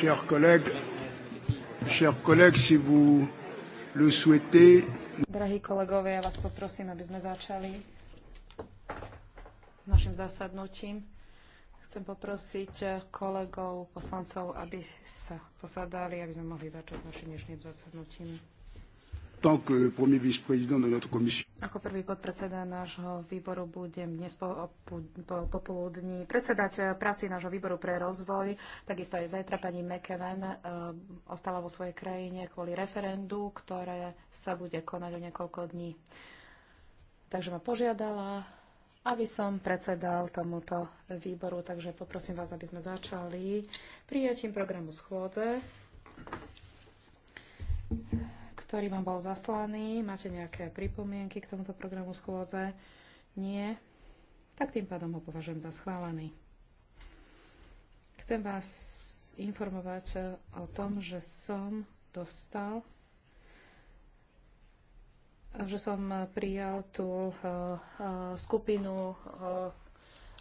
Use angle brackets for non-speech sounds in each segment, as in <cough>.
Chers collègues, chers collègues, si vous le souhaitez. Drahí kolegovia, ja vás poprosím, aby sme začali s našim zasadnutím. Chcem poprosiť kolegov, poslancov, aby sa posadali, aby sme mohli začať s našim dnešným zasadnutím. Ako prvý podpredseda nášho výboru budem dnes po, po, po, popoludní predsedať eh, práci nášho výboru pre rozvoj. Takisto aj zajtra pani McEwen eh, ostala vo svojej krajine kvôli referendu, ktoré sa bude konať o niekoľko dní. Takže ma požiadala, aby som predsedal tomuto výboru. Takže poprosím vás, aby sme začali prijatím programu schôdze ktorý vám bol zaslaný. Máte nejaké pripomienky k tomuto programu schôdze? Nie? Tak tým pádom ho považujem za schválený. Chcem vás informovať eh, o tom, že som dostal že som prijal tú eh, eh, skupinu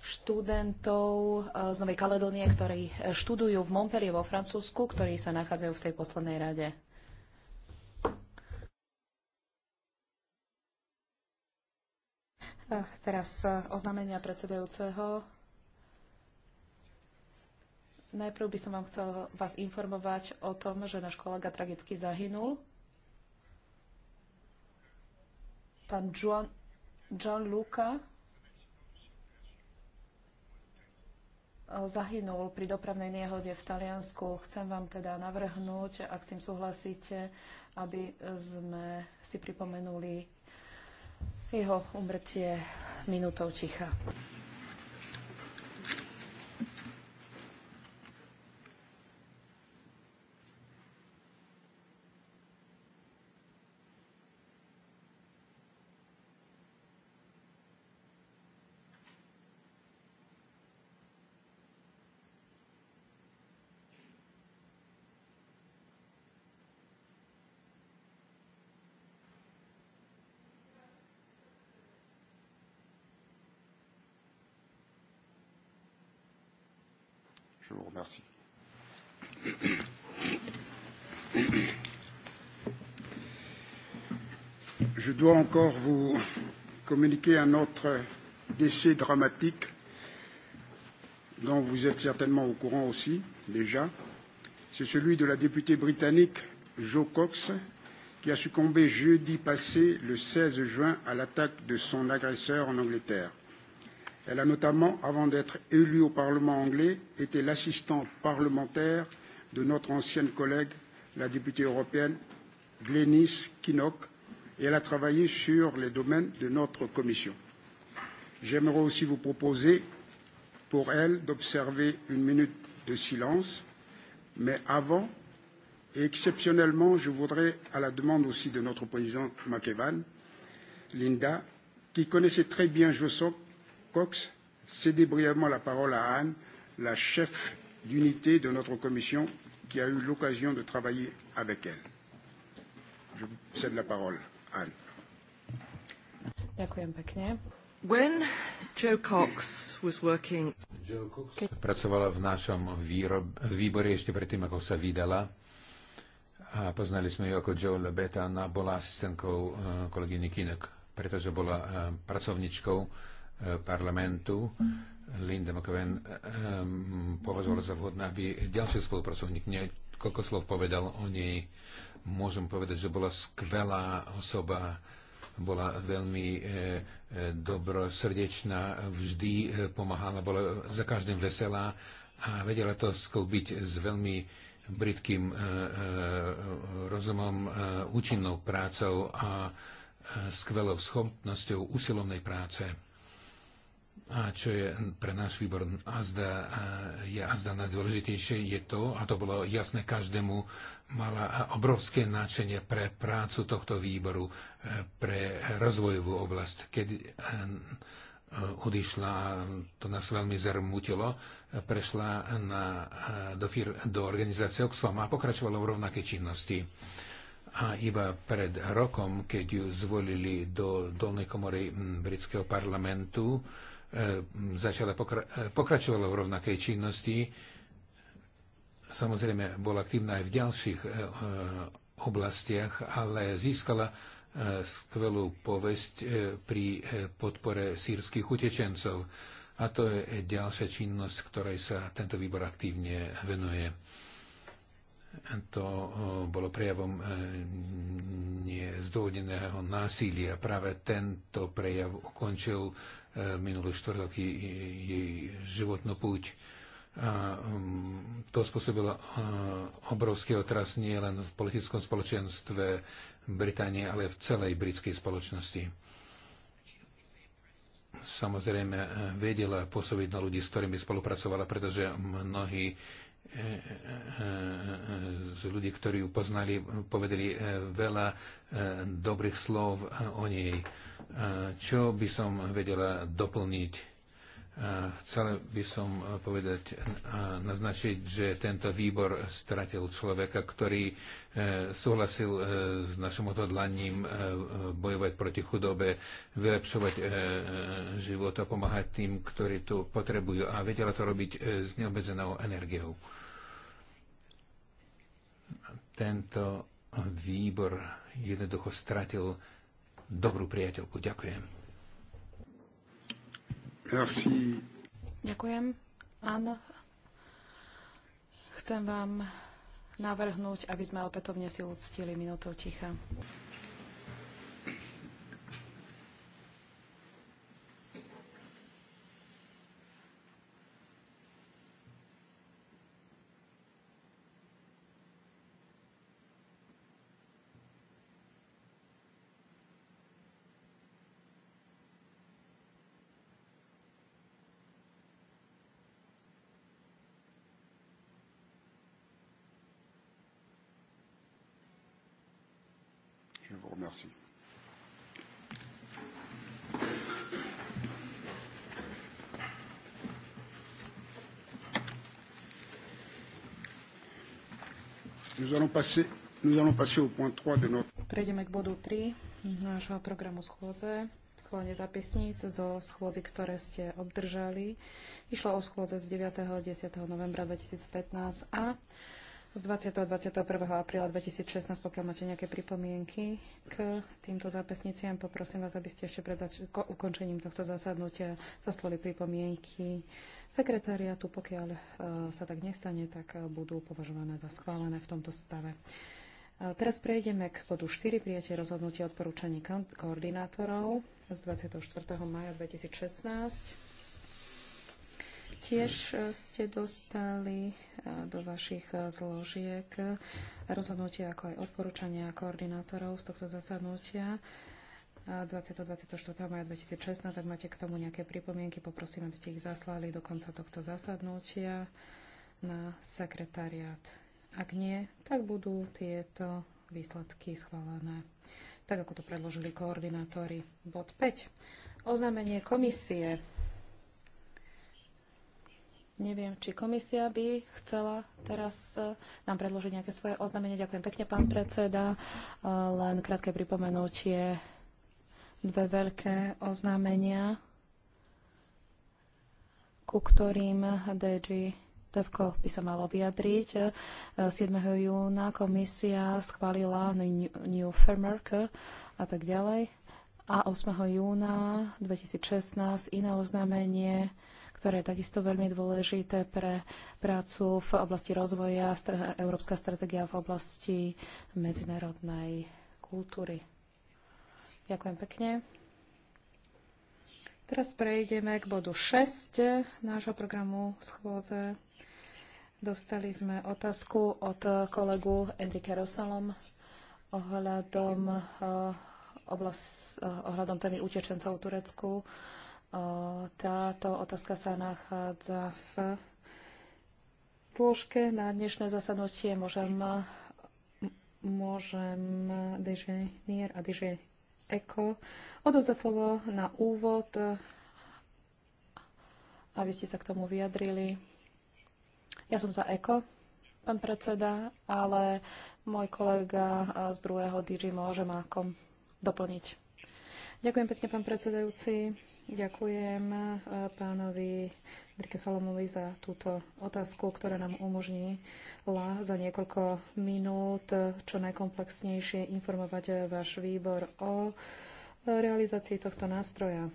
študentov z Novej Kaledónie, ktorí študujú v Montpellier vo Francúzsku, ktorí sa nachádzajú v tej poslednej rade. teraz e, oznámenia predsedajúceho. Najprv by som vám chcel vás informovať o tom, že náš kolega tragicky zahynul. Pán John, John Luca e, zahynul pri dopravnej nehode v Taliansku. Chcem vám teda navrhnúť, ak s tým súhlasíte, aby sme si pripomenuli jeho umrtie minútou ticha. Je dois encore vous communiquer un autre décès dramatique dont vous êtes certainement au courant aussi déjà. C'est celui de la députée britannique Jo Cox qui a succombé jeudi passé le 16 juin à l'attaque de son agresseur en Angleterre. Elle a notamment, avant d'être élue au Parlement anglais, été l'assistante parlementaire de notre ancienne collègue, la députée européenne Glenis Kinnock, et elle a travaillé sur les domaines de notre commission. J'aimerais aussi vous proposer pour elle d'observer une minute de silence, mais avant, et exceptionnellement, je voudrais, à la demande aussi de notre président Makevan, Linda, qui connaissait très bien Josok, Cox, céder brièvement la parole à Anne, la chef d'unité de notre commission qui a eu l'occasion de travailler avec elle. Je vous cède la parole an. Ďakujem pekne. When Joe Cox was working... Joe Cox Keď... pracovala v našom výrob... výbore ešte predtým, ako sa vydala. A poznali sme ju ako Joe Lebeta. Ona bola asistentkou eh, kolegyny Kinek, pretože bola eh, pracovničkou eh, parlamentu. Linda McVen mm, považovala za vhodné, aby ďalší spolupracovník niekoľko slov povedal o nej môžem povedať, že bola skvelá osoba, bola veľmi e, e dobrosrdečná, vždy e, pomáhala, bola za každým veselá a vedela to sklbiť s veľmi britkým e, e, rozumom, e, účinnou prácou a e, skvelou schopnosťou usilovnej práce. A čo je pre náš výbor azda, e, je azda najdôležitejšie, je to, a to bolo jasné každému, e, mala obrovské náčenie pre prácu tohto výboru, e, pre rozvojovú oblasť. Keď e, odišla, to nás veľmi zarmutilo, e, prešla na, do, fir, do organizácie Oxfam a pokračovala v rovnakej činnosti. A iba pred rokom, keď ju zvolili do dolnej komory britského parlamentu, začala pokra- pokračovala v rovnakej činnosti samozrejme bola aktívna aj v ďalších e, e, oblastiach, ale získala e, skvelú povesť pri podpore sírskych utečencov. A to je ďalšia činnosť, ktorej sa tento výbor aktívne venuje. To bolo prejavom nezdôvodneného násilia. Práve tento prejav ukončil minulý štvrtok jej životnú púť a um, to spôsobilo obrovský otras nie len v politickom spoločenstve Británie, ale v celej britskej spoločnosti. Samozrejme, e, vedela pôsobiť na ľudí, s ktorými spolupracovala, pretože mnohí e, e, z ľudí, ktorí ju poznali, povedali veľa dobrých slov o nej. Čo by som vedela doplniť? Chcel by som e, povedať a naznačiť, že tento výbor stratil človeka, ktorý e, súhlasil e, s našim odhodlaním bojovať proti chudobe, vylepšovať život a pomáhať tým, ktorí to potrebujú. A vedela to robiť s neobmedzenou energiou. Tento výbor jednoducho stratil dobrú priateľku. Ďakujem. Merci. Ďakujem. Áno. Chcem vám navrhnúť, aby sme opätovne si uctili minútou ticha. Merci. Nous allons passer, nous allons passer au point 3 de notre... Prejdeme k bodu 3 nášho programu schôdze schválne zapisníc zo schôdzy, ktoré ste obdržali. Išlo o schôdze z 9. 10. novembra 2015 a z 20. a 21. apríla 2016, pokiaľ máte nejaké pripomienky k týmto zápisniciam, poprosím vás, aby ste ešte pred ukončením tohto zasadnutia zaslali pripomienky sekretariatu. Pokiaľ uh, sa tak nestane, tak uh, budú považované za schválené v tomto stave. E, teraz prejdeme k bodu 4, prijatie rozhodnutia odporúčaní koordinátorov z 24. maja 2016. Tiež e, ste dostali e, do vašich e, zložiek rozhodnutia ako aj odporúčania koordinátorov z tohto zasadnutia 20.24. 24. maja 2016. Ak máte k tomu nejaké pripomienky, poprosím, aby ste ich zaslali do konca tohto zasadnutia na sekretariat. Ak nie, tak budú tieto výsledky schválené, tak ako to predložili koordinátori. Bod 5. Oznámenie komisie Neviem, či komisia by chcela teraz e, nám predložiť nejaké svoje oznámenie. Ďakujem pekne, pán predseda. E, len krátke pripomenutie. Dve veľké oznámenia, ku ktorým DG Devko by sa malo vyjadriť. 7. E, júna komisia schválila New Framework a tak ďalej. A 8. júna 2016 iné oznámenie ktoré je takisto veľmi dôležité pre prácu v oblasti rozvoja, európska stratégia v oblasti medzinárodnej kultúry. Ďakujem pekne. Teraz prejdeme k bodu 6 nášho programu schôdze. Dostali sme otázku od kolegu Enrique Rosalom ohľadom, eh, eh, ohľadom témy utečencov v Turecku táto otázka sa nachádza v zložke na dnešné zasadnutie. Môžem, môžem DJ a DJ Eko odovzdať slovo na úvod, aby ste sa k tomu vyjadrili. Ja som za Eko, pán predseda, ale môj kolega z druhého DG môže ma doplniť. Ďakujem pekne, pán predsedajúci. Ďakujem e, pánovi Drike Salomovi za túto otázku, ktorá nám umožnila za niekoľko minút čo najkomplexnejšie informovať váš výbor o realizácii tohto nástroja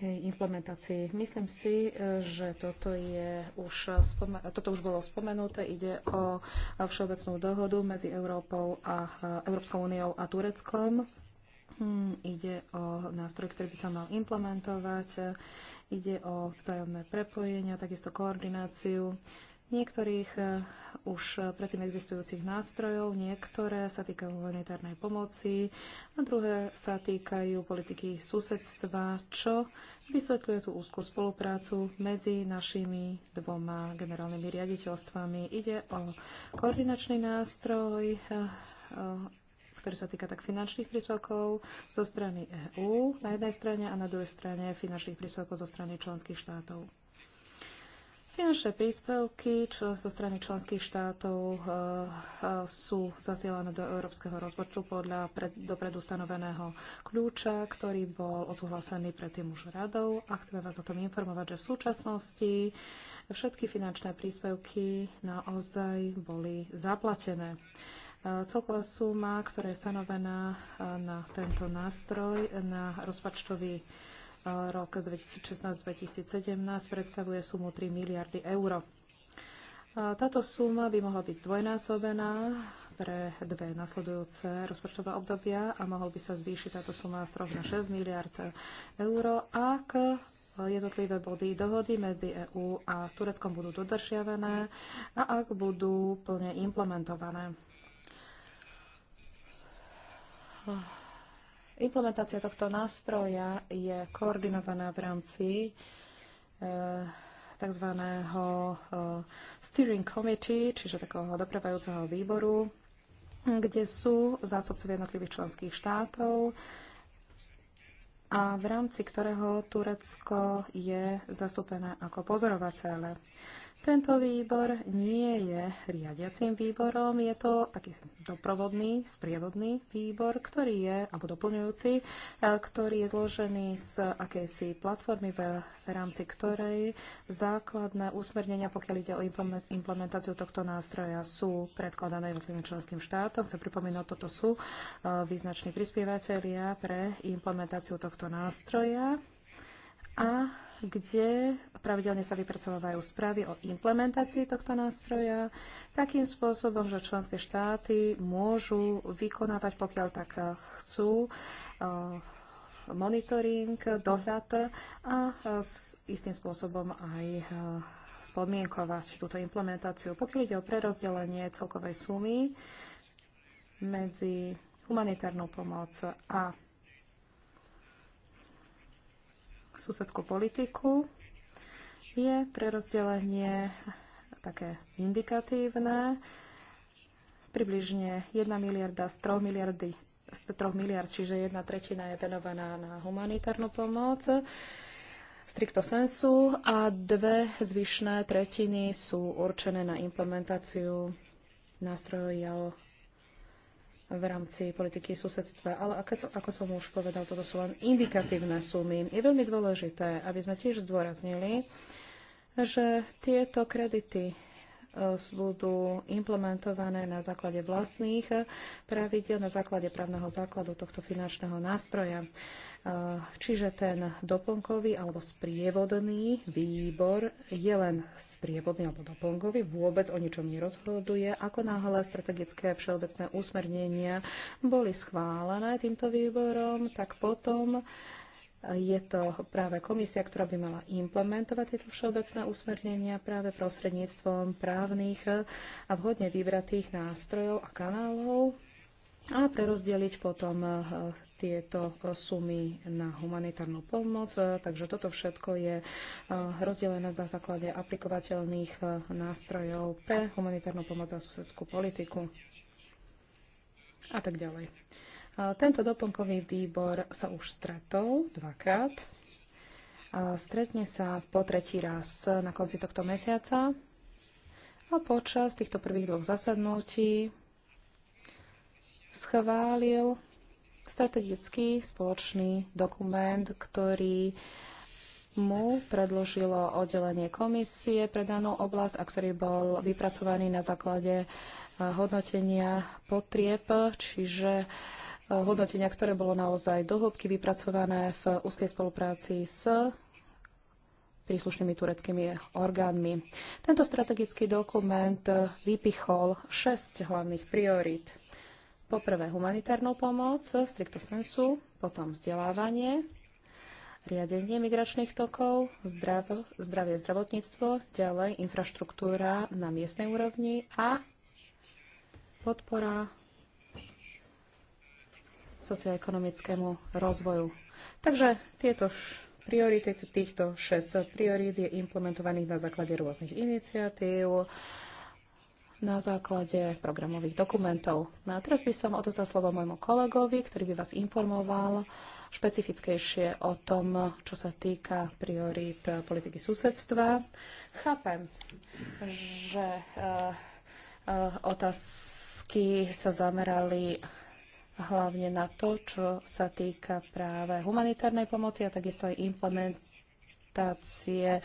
jej implementácii. Myslím si, že toto, je už, toto už bolo spomenuté. Ide o všeobecnú dohodu medzi Európou a Európskou úniou a Tureckom Hm, ide o nástroj, ktorý by sa mal implementovať, ide o vzájomné prepojenia, takisto koordináciu niektorých eh, už predtým existujúcich nástrojov, niektoré sa týkajú humanitárnej pomoci a druhé sa týkajú politiky susedstva, čo vysvetľuje tú úzkú spoluprácu medzi našimi dvoma generálnymi riaditeľstvami. Ide o koordinačný nástroj, eh, eh, ktorý sa týka tak finančných príspevkov zo strany EÚ na jednej strane a na druhej strane finančných príspevkov zo strany členských štátov. Finančné príspevky čo zo strany členských štátov e, e, sú zasielané do európskeho rozpočtu podľa pred, dopredu stanoveného kľúča, ktorý bol odsúhlasený predtým už radou a chceme vás o tom informovať, že v súčasnosti všetky finančné príspevky naozaj boli zaplatené. Celková suma, ktorá je stanovená e, na tento nástroj, na rozpočtový e, rok 2016-2017, predstavuje sumu 3 miliardy eur. E, táto suma by mohla byť zdvojnásobená pre dve nasledujúce rozpočtové obdobia a mohol by sa zvýšiť táto suma z 3 na 6 miliard eur, ak jednotlivé body dohody medzi EÚ a Tureckom budú dodržiavané a ak budú plne implementované. Implementácia tohto nástroja je koordinovaná v rámci e, tzv. E, steering committee, čiže takého dopravajúceho výboru, kde sú zástupcov jednotlivých členských štátov a v rámci ktorého Turecko je zastúpené ako pozorovateľ. Tento výbor nie je riadiacím výborom, je to taký doprovodný, sprievodný výbor, ktorý je, alebo doplňujúci, e, ktorý je zložený z akejsi platformy, v rámci ktorej základné usmernenia, pokiaľ ide o implementáciu tohto nástroja, sú predkladané jednotlivým členským štátom. Chcem pripomínať, toto sú e, význační prispievateľia pre implementáciu tohto nástroja. A kde pravidelne sa vypracovávajú správy o implementácii tohto nástroja takým spôsobom, že členské štáty môžu vykonávať, pokiaľ tak chcú, eh, monitoring, dohľad a s istým spôsobom aj eh, spodmienkovať túto implementáciu. Pokiaľ ide o prerozdelenie celkovej sumy medzi humanitárnou pomoc a susedskú politiku, je prerozdelenie také indikatívne, približne 1 miliarda z 3 miliardy z 3 miliard, čiže jedna tretina je venovaná na humanitárnu pomoc stricto sensu a dve zvyšné tretiny sú určené na implementáciu nástrojov v rámci politiky susedstva. Ale ako som už povedal, toto sú len indikatívne sumy. Je veľmi dôležité, aby sme tiež zdôraznili, že tieto kredity e, budú implementované na základe vlastných pravidel, na základe právneho základu tohto finančného nástroja. Eh, čiže ten doplnkový alebo sprievodný výbor je len sprievodný alebo doplnkový, vôbec o ničom nerozhoduje. Ako náhle strategické všeobecné usmernenia boli schválené týmto výborom, tak potom je to práve komisia, ktorá by mala implementovať tieto všeobecné usmernenia práve prostredníctvom právnych a vhodne vybratých nástrojov a kanálov a prerozdeliť potom eh, tieto sumy na humanitárnu pomoc. Takže toto všetko je eh, rozdelené na základe aplikovateľných eh, nástrojov pre humanitárnu pomoc a susedskú politiku a tak ďalej. Eh, tento doplnkový výbor sa už stretol dvakrát. Stretne sa po tretí raz na konci tohto mesiaca a počas týchto prvých dvoch zasadnutí schválil strategický spoločný dokument, ktorý mu predložilo oddelenie komisie pre danú oblasť a ktorý bol vypracovaný na základe eh, hodnotenia potrieb, čiže eh, hodnotenia, ktoré bolo naozaj dohlbky vypracované v úzkej spolupráci s príslušnými tureckými orgánmi. Tento strategický dokument eh, vypichol šesť hlavných priorít. Poprvé humanitárnu pomoc, stricto sensu, potom vzdelávanie, riadenie migračných tokov, zdrav, zdravie, zdravotníctvo, ďalej infraštruktúra na miestnej úrovni a podpora socioekonomickému rozvoju. Takže tieto priority, týchto 6 priorít je implementovaných na základe rôznych iniciatív, na základe programových dokumentov. No a teraz by som odozdal slovo môjmu kolegovi, ktorý by vás informoval špecifickejšie o tom, čo sa týka priorít eh, politiky susedstva. Chápem, že uh, uh, otázky sa zamerali hlavne na to, čo sa týka práve humanitárnej pomoci a takisto aj implement akceptácie eh,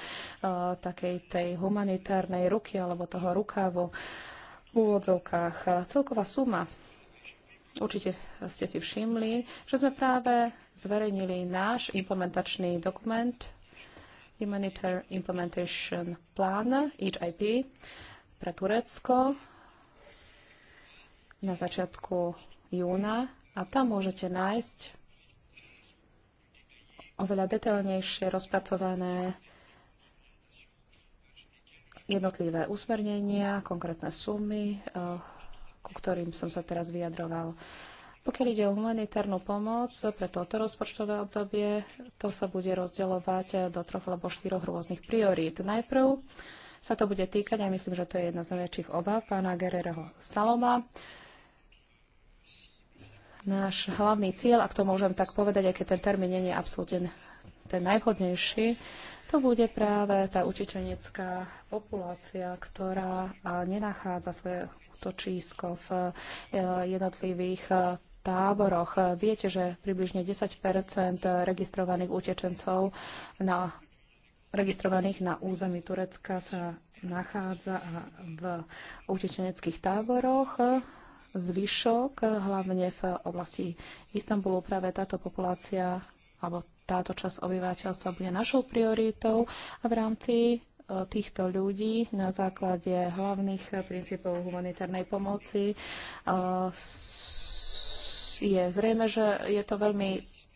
takej tej humanitárnej ruky alebo toho rukávu v úvodzovkách. Celková suma Určite ste si všimli, že sme práve zverejnili náš implementačný dokument Humanitarian Implementation Plan, HIP, pre Turecko na začiatku júna a tam môžete nájsť oveľa detailnejšie rozpracované jednotlivé usmernenia, konkrétne sumy, eh, ku ktorým som sa teraz vyjadroval. Pokiaľ ide o humanitárnu pomoc eh, pre toto rozpočtové obdobie, to sa bude rozdeľovať eh, do troch alebo štyroch rôznych priorít. Najprv sa to bude týkať, a myslím, že to je jedna z najväčších obav pána Guerrero Saloma, náš hlavný cieľ, ak to môžem tak povedať, aj keď ten termín nie je absolútne ten najvhodnejší, to bude práve tá utečenecká populácia, ktorá nenachádza svoje točísko v e, jednotlivých e, táboroch. Viete, že približne 10 registrovaných utečencov na, registrovaných na území Turecka sa nachádza v utečeneckých táboroch zvyšok, hlavne v oblasti Istanbulu. Práve táto populácia alebo táto časť obyvateľstva bude našou prioritou a v rámci e, týchto ľudí na základe hlavných princípov humanitárnej pomoci e, je zrejme, že je to veľmi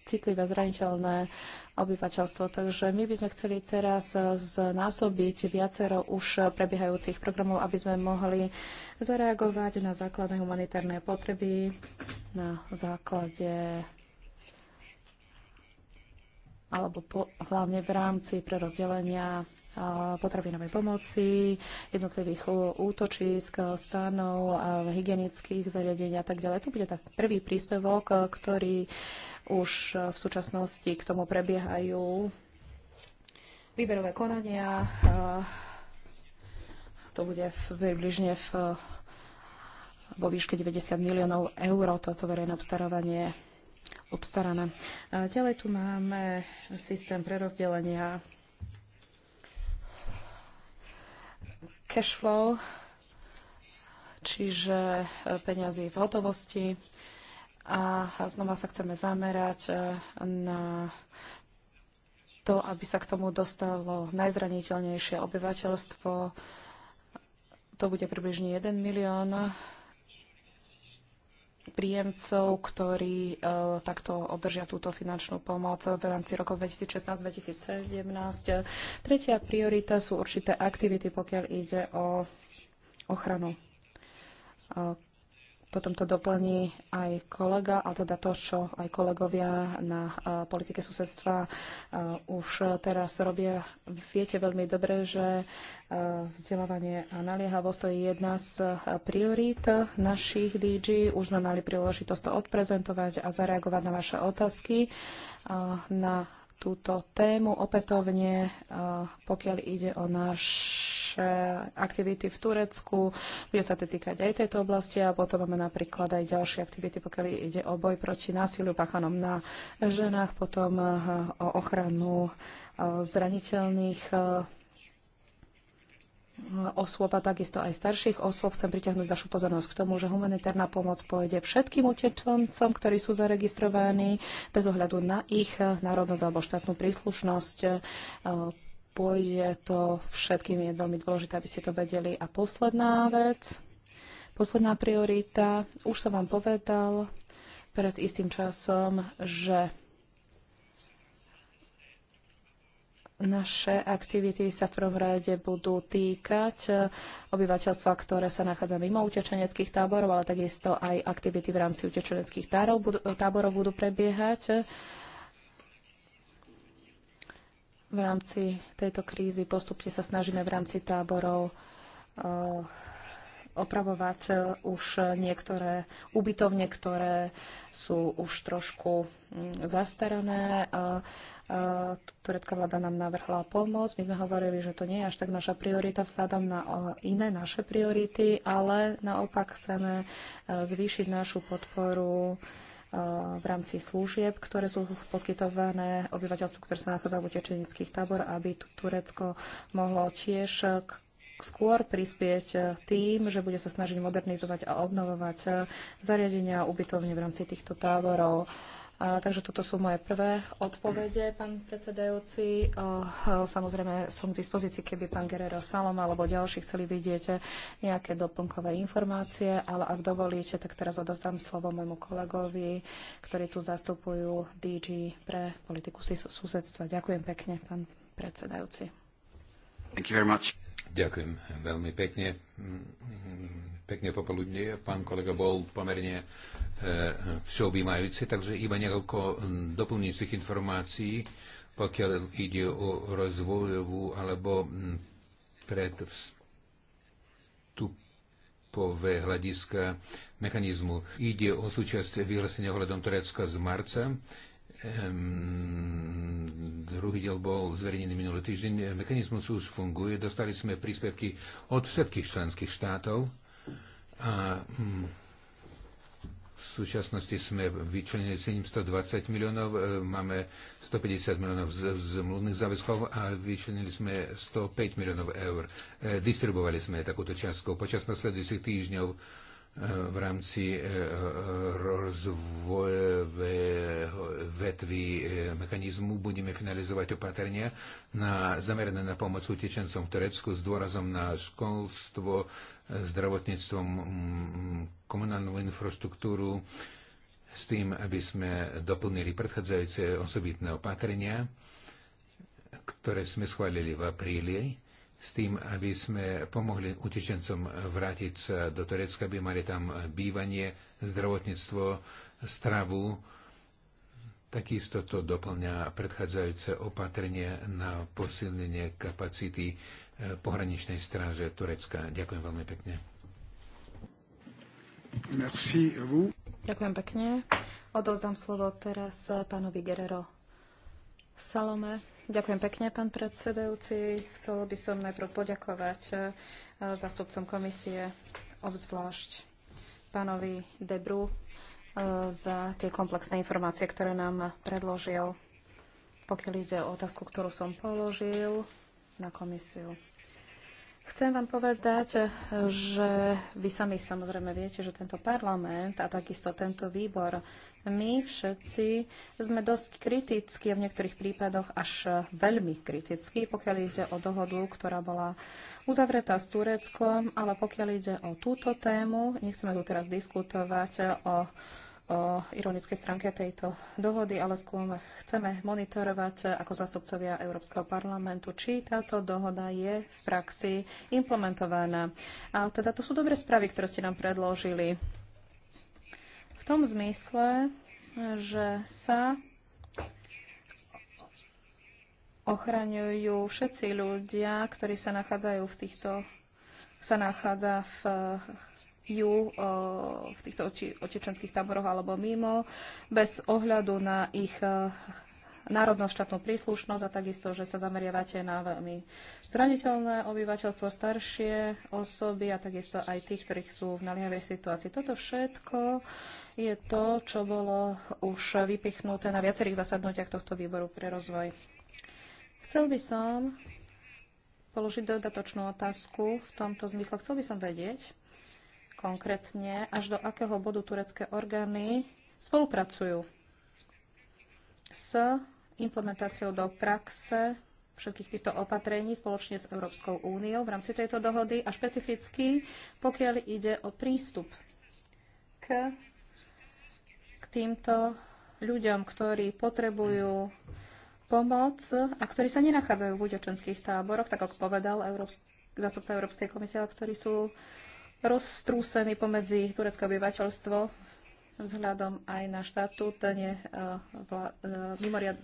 citlivé, zraniteľné obyvateľstvo. Takže my by sme chceli teraz znásobiť viacero už prebiehajúcich programov, aby sme mohli zareagovať na základné humanitárne potreby, na základe alebo po, hlavne v rámci prerozdelenia potravinovej pomoci, jednotlivých útočisk, stanov, hygienických zariadení a tak ďalej. To bude tak prvý príspevok, ktorý už v súčasnosti k tomu prebiehajú výberové konania. To bude v, približne v, vo výške 90 miliónov eur toto verejné obstarávanie obstarané. Ďalej tu máme systém prerozdelenia cash flow, čiže e, peniazy v hotovosti. A znova sa chceme zamerať e, na to, aby sa k tomu dostalo najzraniteľnejšie obyvateľstvo. To bude približne 1 milión príjemcov, ktorí uh, takto obdržia túto finančnú pomoc v rámci rokov 2016-2017. Tretia priorita sú určité aktivity, pokiaľ ide o ochranu uh, potom to doplní aj kolega, a teda to, čo aj kolegovia na politike susedstva už teraz robia. Viete veľmi dobre, že vzdelávanie a naliehavosť to je jedna z priorít našich DG. Už sme mali príležitosť to odprezentovať a zareagovať na vaše otázky na túto tému opätovne, pokiaľ ide o náš naše aktivity v Turecku. Bude sa to týkať aj tejto oblasti a potom máme napríklad aj ďalšie aktivity, pokiaľ ide o boj proti násiliu páchanom na ženách, potom eh, o ochranu eh, zraniteľných eh, osôb a takisto aj starších osôb. Chcem priťahnuť vašu pozornosť k tomu, že humanitárna pomoc pôjde všetkým utečencom, ktorí sú zaregistrovaní bez ohľadu na ich národnosť alebo štátnu príslušnosť pôjde to všetkým, je veľmi dôležité, aby ste to vedeli. A posledná vec, posledná priorita, už som vám povedal pred istým časom, že naše aktivity sa v prvom rade budú týkať obyvateľstva, ktoré sa nachádza mimo utečeneckých táborov, ale takisto aj aktivity v rámci utečeneckých táborov budú, táborov budú prebiehať v rámci tejto krízy postupne sa snažíme v rámci táborov eh, opravovať eh, už niektoré ubytovne, ktoré sú už trošku mm, zastarané. Turecká vláda nám navrhla pomoc. My sme hovorili, že to nie je až tak naša priorita vzhľadom na iné naše priority, ale naopak chceme eh, zvýšiť našu podporu v rámci služieb, ktoré sú poskytované obyvateľstvu, ktoré sa nachádza v utečenických tábor, aby Turecko mohlo tiež skôr prispieť tým, že bude sa snažiť modernizovať a obnovovať zariadenia a ubytovne v rámci týchto táborov. A, takže toto sú moje prvé odpovede, pán predsedajúci. samozrejme som k dispozícii, keby pán Guerrero Salom alebo ďalší chceli vidieť nejaké doplnkové informácie, ale ak dovolíte, tak teraz odozdám slovo môjmu kolegovi, ktorí tu zastupujú DG pre politiku susedstva. Ďakujem pekne, pán predsedajúci. Thank you very much. Ďakujem veľmi pekne. Pekne popoludne. Pán kolega bol pomerne e, všeobjímajúci, takže iba niekoľko doplňujúcich informácií, pokiaľ ide o rozvojovú alebo predvstupové hľadiska mechanizmu. Ide o súčasť vyhlásenia ohľadom Turecka z marca Ehm, druhý diel bol zverejnený minulý týždeň. Mechanizmus už funguje. Dostali sme príspevky od všetkých členských štátov a mm, v súčasnosti sme vyčlenili 720 miliónov, e, máme 150 miliónov z, zmluvných záväzkov a vyčlenili sme 105 miliónov eur. E, distribuovali sme takúto čiastku. Počas nasledujúcich týždňov v rámci e, e, rozvojového vetvy e, mechanizmu budeme finalizovať opatrenia na, zamerané na pomoc utečencom v Turecku s dôrazom na školstvo, zdravotníctvo, komunálnu infraštruktúru s tým, aby sme doplnili predchádzajúce osobitné opatrenia, ktoré sme schválili v apríli s tým, aby sme pomohli utečencom vrátiť sa do Turecka, aby mali tam bývanie, zdravotníctvo, stravu. Takisto to doplňa predchádzajúce opatrenie na posilnenie kapacity eh, pohraničnej stráže Turecka. Ďakujem veľmi pekne. Merci vous. Ďakujem pekne. Odovzdám slovo teraz eh, pánovi Gerero Salome Ďakujem pekne, pán predsedajúci. Chcela by som najprv poďakovať e, zástupcom komisie, obzvlášť pánovi Debru, e, za tie komplexné informácie, ktoré nám predložil, pokiaľ ide o otázku, ktorú som položil na komisiu. Chcem vám povedať, že vy sami samozrejme viete, že tento parlament a takisto tento výbor, my všetci sme dosť kritickí a v niektorých prípadoch až veľmi kritickí, pokiaľ ide o dohodu, ktorá bola uzavretá s Tureckom, ale pokiaľ ide o túto tému, nechceme tu teraz diskutovať o o ironickej stránke tejto dohody, ale skôr chceme monitorovať eh, ako zastupcovia Európskeho parlamentu, či táto dohoda je v praxi implementovaná. A teda to sú dobré správy, ktoré ste nám predložili. V tom zmysle, že sa ochraňujú všetci ľudia, ktorí sa nachádzajú v týchto sa nachádza v ju e, v týchto oči, táboroch alebo mimo, bez ohľadu na ich e, národnoštátnu príslušnosť a takisto, že sa zameriavate na veľmi zraniteľné obyvateľstvo, staršie osoby a takisto aj tých, ktorých sú v naliehavej situácii. Toto všetko je to, čo bolo už vypichnuté na viacerých zasadnutiach tohto výboru pre rozvoj. Chcel by som položiť dodatočnú otázku v tomto zmysle. Chcel by som vedieť, konkrétne, až do akého bodu turecké orgány spolupracujú s implementáciou do praxe všetkých týchto opatrení spoločne s Európskou úniou v rámci tejto dohody a špecificky, pokiaľ ide o prístup k, k týmto ľuďom, ktorí potrebujú pomoc a ktorí sa nenachádzajú v utečenských táboroch, tak ako povedal Európsky, zástupca Európskej komisie, ktorí sú roztrúsený pomedzi turecké obyvateľstvo vzhľadom aj na štatút ne, eh, vla, eh, mimoriad,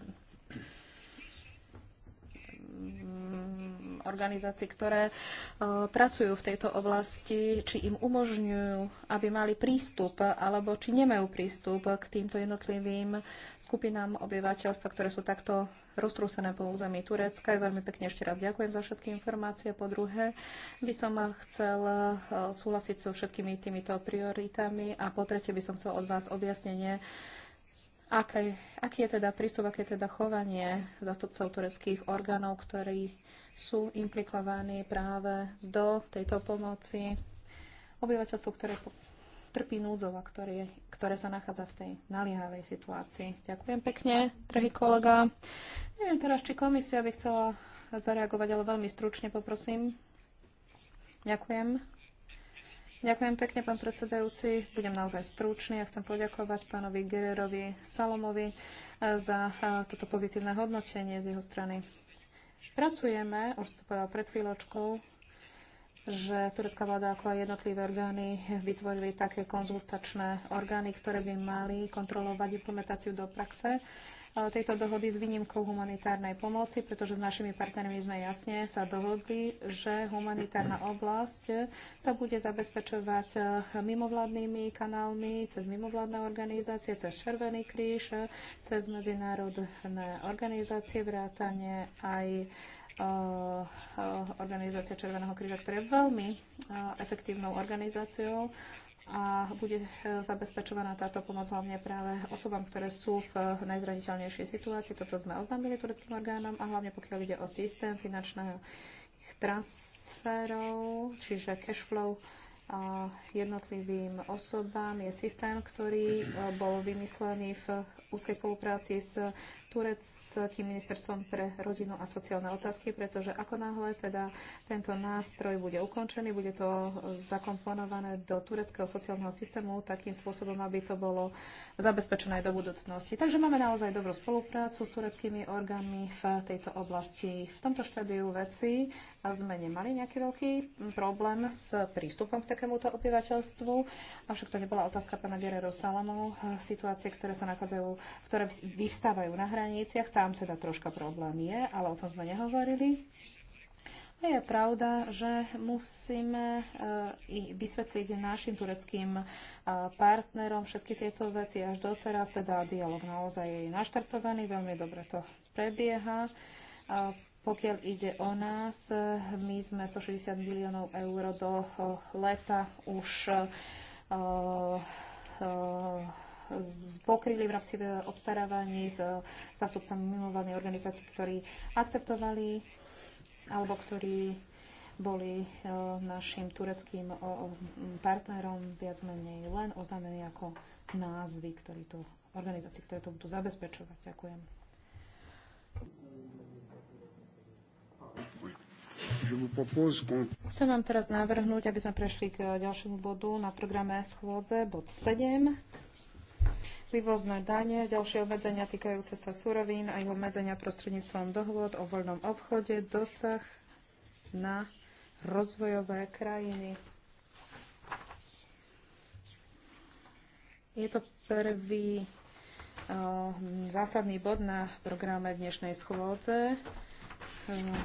mm, organizácií, ktoré eh, pracujú v tejto oblasti, či im umožňujú, aby mali prístup, alebo či nemajú prístup k týmto jednotlivým skupinám obyvateľstva, ktoré sú takto roztrúsené po území Turecka. Veľmi pekne ešte raz ďakujem za všetky informácie. Po druhé, by som chcel e, súhlasiť so všetkými týmito prioritami a po tretie by som chcel od vás objasnenie, aké, aký je teda prístup, aké je teda chovanie zastupcov tureckých orgánov, ktorí sú implikovaní práve do tejto pomoci obyvateľstvu, ktoré trpí núdzov a ktoré, ktoré sa nachádza v tej naliehavej situácii. Ďakujem pekne, drahý kolega. Neviem teraz, či komisia by chcela zareagovať, ale veľmi stručne poprosím. Ďakujem. Ďakujem pekne, pán predsedajúci. Budem naozaj stručný a ja chcem poďakovať pánovi Gererovi Salomovi eh, za eh, toto pozitívne hodnotenie z jeho strany. Pracujeme, už to povedal pred chvíľočkou, že turecká vláda ako aj jednotlivé orgány vytvorili také konzultačné orgány, ktoré by mali kontrolovať implementáciu do praxe eh, tejto dohody s výnimkou humanitárnej pomoci, pretože s našimi partnermi sme jasne sa dohodli, že humanitárna oblasť sa bude zabezpečovať eh, mimovládnymi kanálmi, cez mimovládne organizácie, cez Červený kríž, cez medzinárodné organizácie, vrátane aj Eh, eh, organizácia Červeného kríža, ktorá je veľmi eh, efektívnou organizáciou a bude zabezpečovaná táto pomoc hlavne práve osobám, ktoré sú v najzraniteľnejšej situácii. Toto sme oznámili tureckým orgánom a hlavne pokiaľ ide o systém finančného transferov, čiže cashflow jednotlivým osobám je systém, ktorý bol vymyslený v úzkej spolupráci s tureckým ministerstvom pre rodinu a sociálne otázky, pretože ako náhle teda tento nástroj bude ukončený, bude to zakomponované do tureckého sociálneho systému takým spôsobom, aby to bolo zabezpečené aj do budúcnosti. Takže máme naozaj dobrú spoluprácu s tureckými orgánmi v tejto oblasti. V tomto štádiu veci a sme nemali nejaký veľký problém s prístupom k takémuto obyvateľstvu. Avšak to nebola otázka pána Guerrero Salamov. Situácie, ktoré sa nachádzajú, ktoré vyvstávajú na hraniciach, tam teda troška problém je, ale o tom sme nehovorili. A je pravda, že musíme eh, vysvetliť našim tureckým eh, partnerom všetky tieto veci až doteraz. Teda dialog naozaj je naštartovaný, veľmi dobre to prebieha. Eh, pokiaľ ide o nás, my sme 160 miliónov eur do leta už pokryli v rámci e, obstarávaní s e, zástupcami mimovládnej organizácií, ktorí akceptovali alebo ktorí boli e, našim tureckým partnerom viac menej len oznámení ako názvy, ktorí to, organizácií, ktoré to budú zabezpečovať. Ďakujem. Chcem vám teraz navrhnúť, aby sme prešli k ďalšiemu bodu na programe schôdze, bod 7. Vývozné dane, ďalšie obmedzenia týkajúce sa súrovín a ich obmedzenia prostredníctvom dohôd o voľnom obchode, dosah na rozvojové krajiny. Je to prvý eh, zásadný bod na programe dnešnej schôdze. Hm,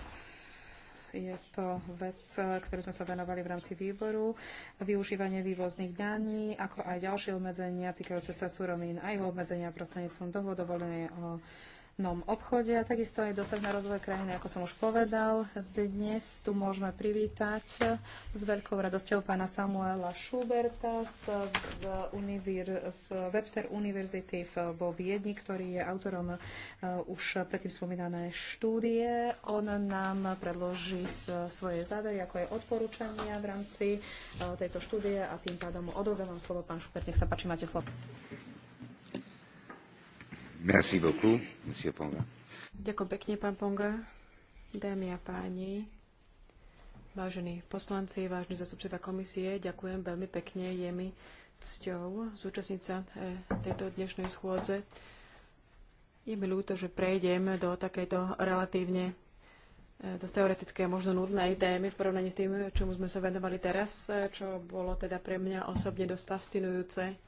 je to vec, ktorú sme sa venovali v rámci výboru. Využívanie vývozných daní, ako aj ďalšie obmedzenia týkajúce sa surovín a obmedzenia prostredníctvom dohodovolenej o nom obchode a takisto aj dosah na rozvoj krajiny, ako som už povedal. Dnes tu môžeme privítať s veľkou radosťou pána Samuela Schuberta z, v univir, z Webster univerzity vo Viedni, ktorý je autorom uh, už predtým spomínané štúdie. On nám predloží svoje závery, ako je odporúčania v rámci uh, tejto štúdie a tým pádom odozávam slovo pán Schubert. Nech sa páči, máte slovo. Ďakujem pekne, pán Ponga. Dámy a páni, vážení poslanci, vážení zastupcovia komisie, ďakujem veľmi pekne. Je mi cťou zúčastniť sa e, tejto dnešnej schôdze. Je mi ľúto, že prejdem do takejto relatívne e, dosť teoretické a možno nudnej témy v porovnaní s tým, čomu sme sa venovali teraz, e, čo bolo teda pre mňa osobne dosť fascinujúce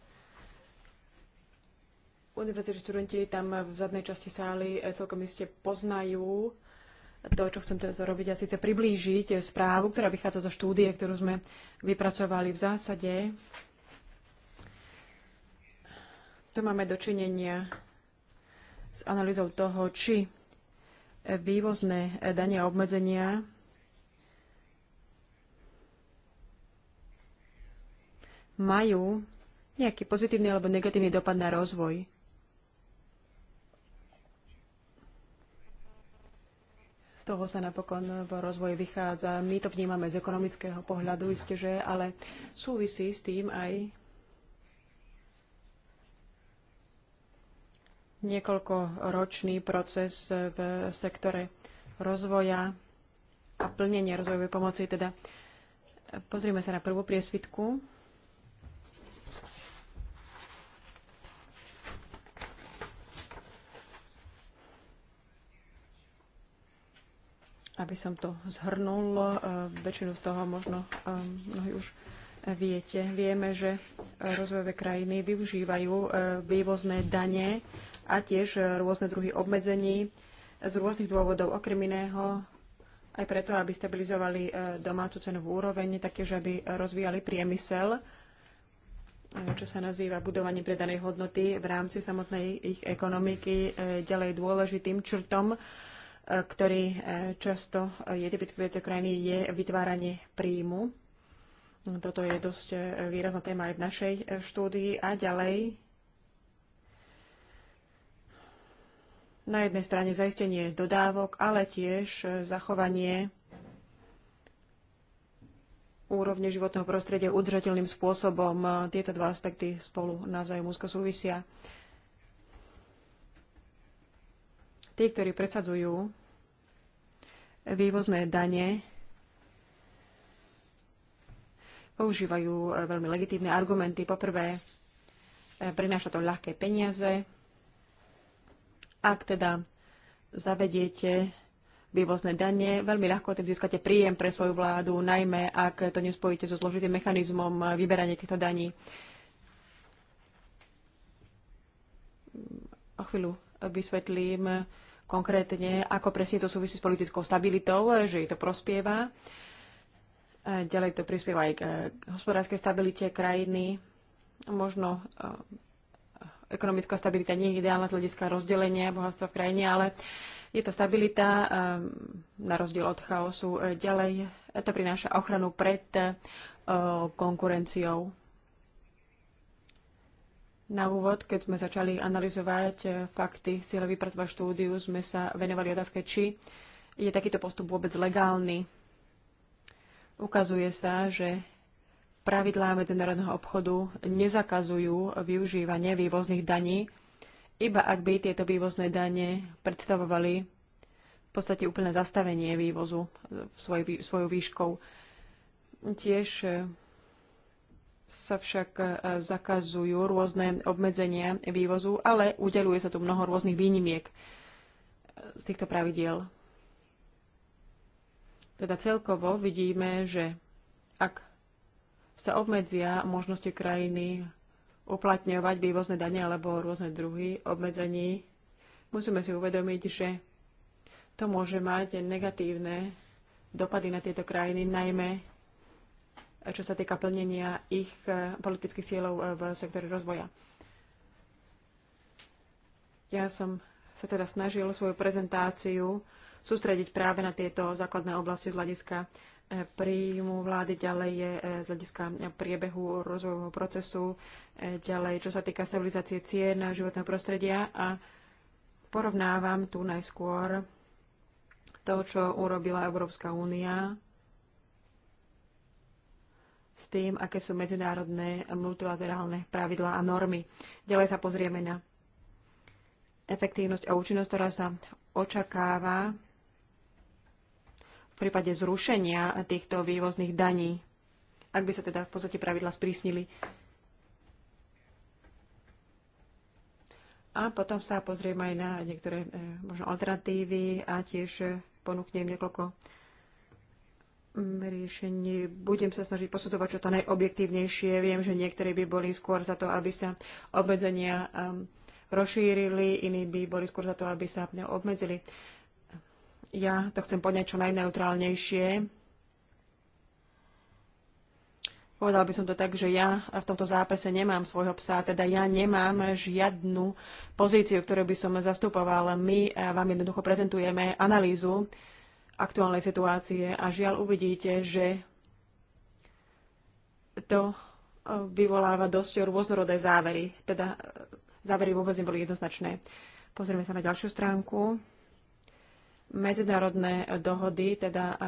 Univerzitní študenti tam v zadnej časti sály eh, celkom iste poznajú to, čo chcem teraz robiť, a síce priblížiť správu, ktorá vychádza zo štúdie, ktorú sme vypracovali v zásade. Tu máme dočinenia s analýzou toho, či vývozné dania a obmedzenia majú nejaký pozitívny alebo negatívny dopad na rozvoj toho sa napokon v rozvoji vychádza. My to vnímame z ekonomického pohľadu, že ale súvisí s tým aj niekoľkoročný proces v sektore rozvoja a plnenie rozvojovej pomoci. Teda pozrime sa na prvú priesvitku. aby som to zhrnul, e, väčšinu z toho možno e, mnohí už viete. Vieme, že rozvojové krajiny využívajú e, vývozné dane a tiež rôzne druhy obmedzení z rôznych dôvodov, okrem iného aj preto, aby stabilizovali domácu cenovú úroveň, taktiež aby rozvíjali priemysel, čo sa nazýva budovanie predanej hodnoty v rámci samotnej ich ekonomiky. Ďalej dôležitým črtom ktorý e, často je typický tejto krajiny, je vytváranie príjmu. Toto je dosť e, výrazná téma aj v našej e, štúdii. A ďalej, na jednej strane zaistenie dodávok, ale tiež zachovanie úrovne životného prostredia udržateľným spôsobom. Tieto dva aspekty spolu navzájom úzko súvisia. Tí, ktorí presadzujú vývozné dane, používajú eh, veľmi legitímne argumenty. Poprvé, eh, prináša to ľahké peniaze. Ak teda zavediete vývozné dane, veľmi ľahko tým získate príjem pre svoju vládu, najmä ak to nespojíte so zložitým mechanizmom eh, vyberania týchto daní. O chvíľu vysvetlím konkrétne, ako presne to súvisí s politickou stabilitou, že jej to prospieva. Ďalej to prispieva aj k e, hospodárskej stabilite krajiny. Možno e, ekonomická stabilita nie je ideálna z hľadiska rozdelenia bohatstva v krajine, ale je to stabilita e, na rozdiel od chaosu. Ďalej to prináša ochranu pred konkurenciou na úvod, keď sme začali analyzovať eh, fakty, cieľe prstva štúdiu, sme sa venovali otázke, či je takýto postup vôbec legálny. Ukazuje sa, že pravidlá medzinárodného obchodu nezakazujú využívanie vývozných daní, iba ak by tieto vývozné dane predstavovali v podstate úplné zastavenie vývozu eh, svoj, svojou výškou. Tiež eh, sa však e, zakazujú rôzne obmedzenia vývozu, ale udeluje sa tu mnoho rôznych výnimiek e, z týchto pravidiel. Teda celkovo vidíme, že ak sa obmedzia možnosti krajiny uplatňovať vývozné dane alebo rôzne druhy obmedzení, musíme si uvedomiť, že to môže mať negatívne dopady na tieto krajiny, najmä čo sa týka plnenia ich eh, politických cieľov eh, v sektore rozvoja. Ja som sa teda snažil svoju prezentáciu sústrediť práve na tieto základné oblasti z hľadiska eh, príjmu vlády, ďalej je z hľadiska priebehu rozvojového procesu, ďalej čo sa týka stabilizácie cien životného prostredia a porovnávam tu najskôr to, čo urobila Európska únia s tým, aké sú medzinárodné multilaterálne pravidlá a normy. Ďalej sa pozrieme na efektívnosť a účinnosť, ktorá sa očakáva v prípade zrušenia týchto vývozných daní, ak by sa teda v podstate pravidla sprísnili. A potom sa pozrieme aj na niektoré eh, možno alternatívy a tiež ponúknem niekoľko riešení. Budem sa snažiť posudovať čo to najobjektívnejšie. Viem, že niektorí by boli skôr za to, aby sa obmedzenia um, rozšírili, iní by boli skôr za to, aby sa obmedzili. Ja to chcem podňať čo najneutrálnejšie. Povedal by som to tak, že ja v tomto zápase nemám svojho psa, teda ja nemám žiadnu pozíciu, ktorú by som zastupoval. My eh, vám jednoducho prezentujeme analýzu, aktuálnej situácie a žiaľ uvidíte, že to e, vyvoláva dosť rôznorodé závery. Teda e, závery vôbec neboli jednoznačné. Pozrieme sa na ďalšiu stránku. Medzinárodné e, dohody, teda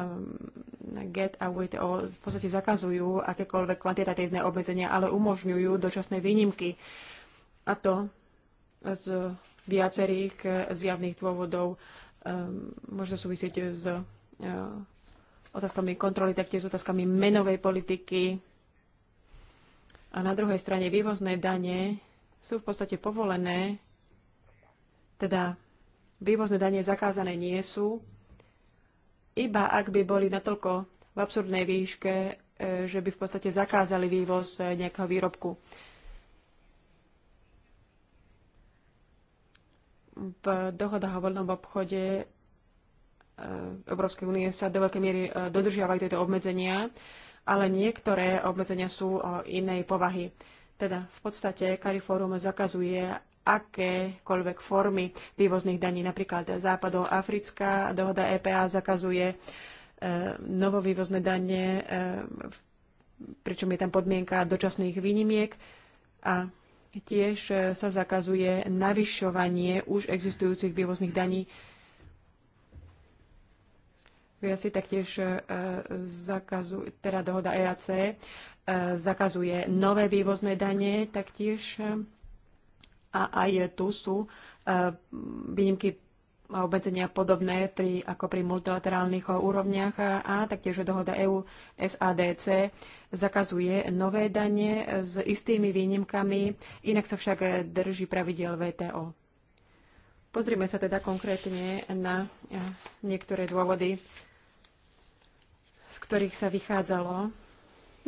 GET a WTO, v podstate zakazujú akékoľvek kvantitatívne obmedzenia, ale umožňujú dočasné výnimky. A to z viacerých zjavných dôvodov Ehm, môže súvisieť s eh, otázkami kontroly, taktiež s otázkami menovej politiky. A na druhej strane vývozné dane sú v podstate povolené, teda vývozné dane zakázané nie sú, iba ak by boli natoľko v absurdnej výške, eh, že by v podstate zakázali vývoz eh, nejakého výrobku. V dohodách o voľnom obchode e, Európskej únie sa do veľkej miery e, dodržiavajú tieto obmedzenia, ale niektoré obmedzenia sú o e, inej povahy. Teda v podstate Cariforum zakazuje akékoľvek formy vývozných daní. Napríklad západoafrická dohoda EPA zakazuje novovývozné dane, pričom je tam podmienka dočasných výnimiek a Tiež e, sa zakazuje navyšovanie už existujúcich vývozných daní. Ja si taktiež e, zakazu, teda dohoda EAC e, zakazuje nové vývozné dane taktiež a aj tu sú výnimky obmedzenia podobné pri, ako pri multilaterálnych úrovniach a taktiež dohoda EU SADC zakazuje nové dane s istými výnimkami, inak sa však drží pravidel VTO. Pozrime sa teda konkrétne na niektoré dôvody, z ktorých sa vychádzalo.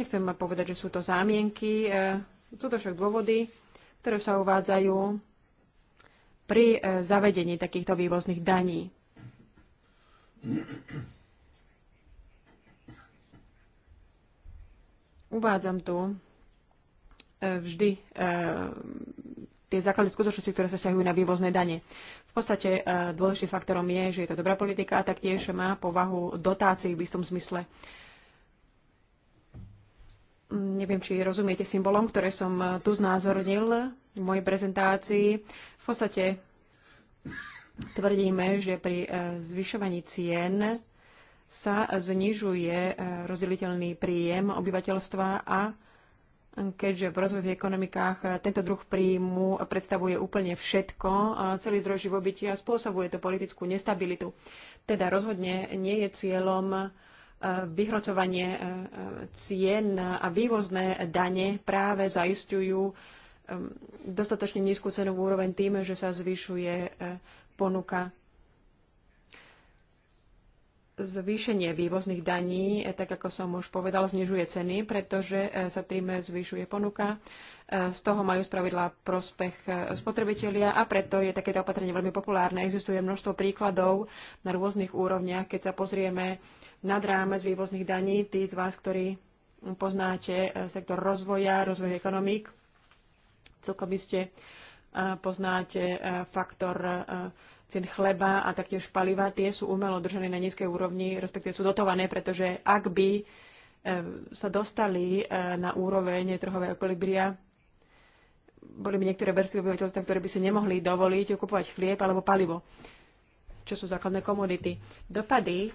Nechcem povedať, že sú to zámienky, e, sú to však dôvody, ktoré sa uvádzajú pri e, zavedení takýchto vývozných daní. Uvádzam tu e, vždy e, tie základné skutočnosti, ktoré sa vzťahujú na vývozné dane. V podstate dôležitým faktorom je, že je to dobrá politika a taktiež má povahu dotácií v istom zmysle. Neviem, či rozumiete symbolom, ktoré som eh, tu znázornil v mojej prezentácii. V podstate tvrdíme, že pri eh, zvyšovaní cien sa znižuje eh, rozdeliteľný príjem obyvateľstva a keďže v rozvojových ekonomikách tento druh príjmu predstavuje úplne všetko, celý zdroj živobytia spôsobuje to politickú nestabilitu. Teda rozhodne nie je cieľom E, vyhrocovanie e, e, cien a vývozné dane práve zaistujú dostatočne nízku cenovú úroveň tým, že sa zvyšuje ponuka zvýšenie vývozných daní, eh, tak ako som už povedal, znižuje ceny, pretože eh, sa tým zvyšuje ponuka. Eh, z toho majú spravidla prospech spotrebitelia a preto je takéto opatrenie veľmi populárne. Existuje množstvo príkladov na rôznych úrovniach. Keď sa pozrieme nad rámec vývozných daní, tí z vás, ktorí poznáte sektor rozvoja, rozvoj ekonomík, celkom by ste poznáte faktor cien chleba a taktiež paliva, tie sú umelo držané na nízkej úrovni, respektíve sú dotované, pretože ak by e, sa dostali e, na úroveň trhového ekolibria, boli by niektoré vrstvy obyvateľstva, ktoré by si nemohli dovoliť kupovať chlieb alebo palivo, čo sú základné komodity. Dopady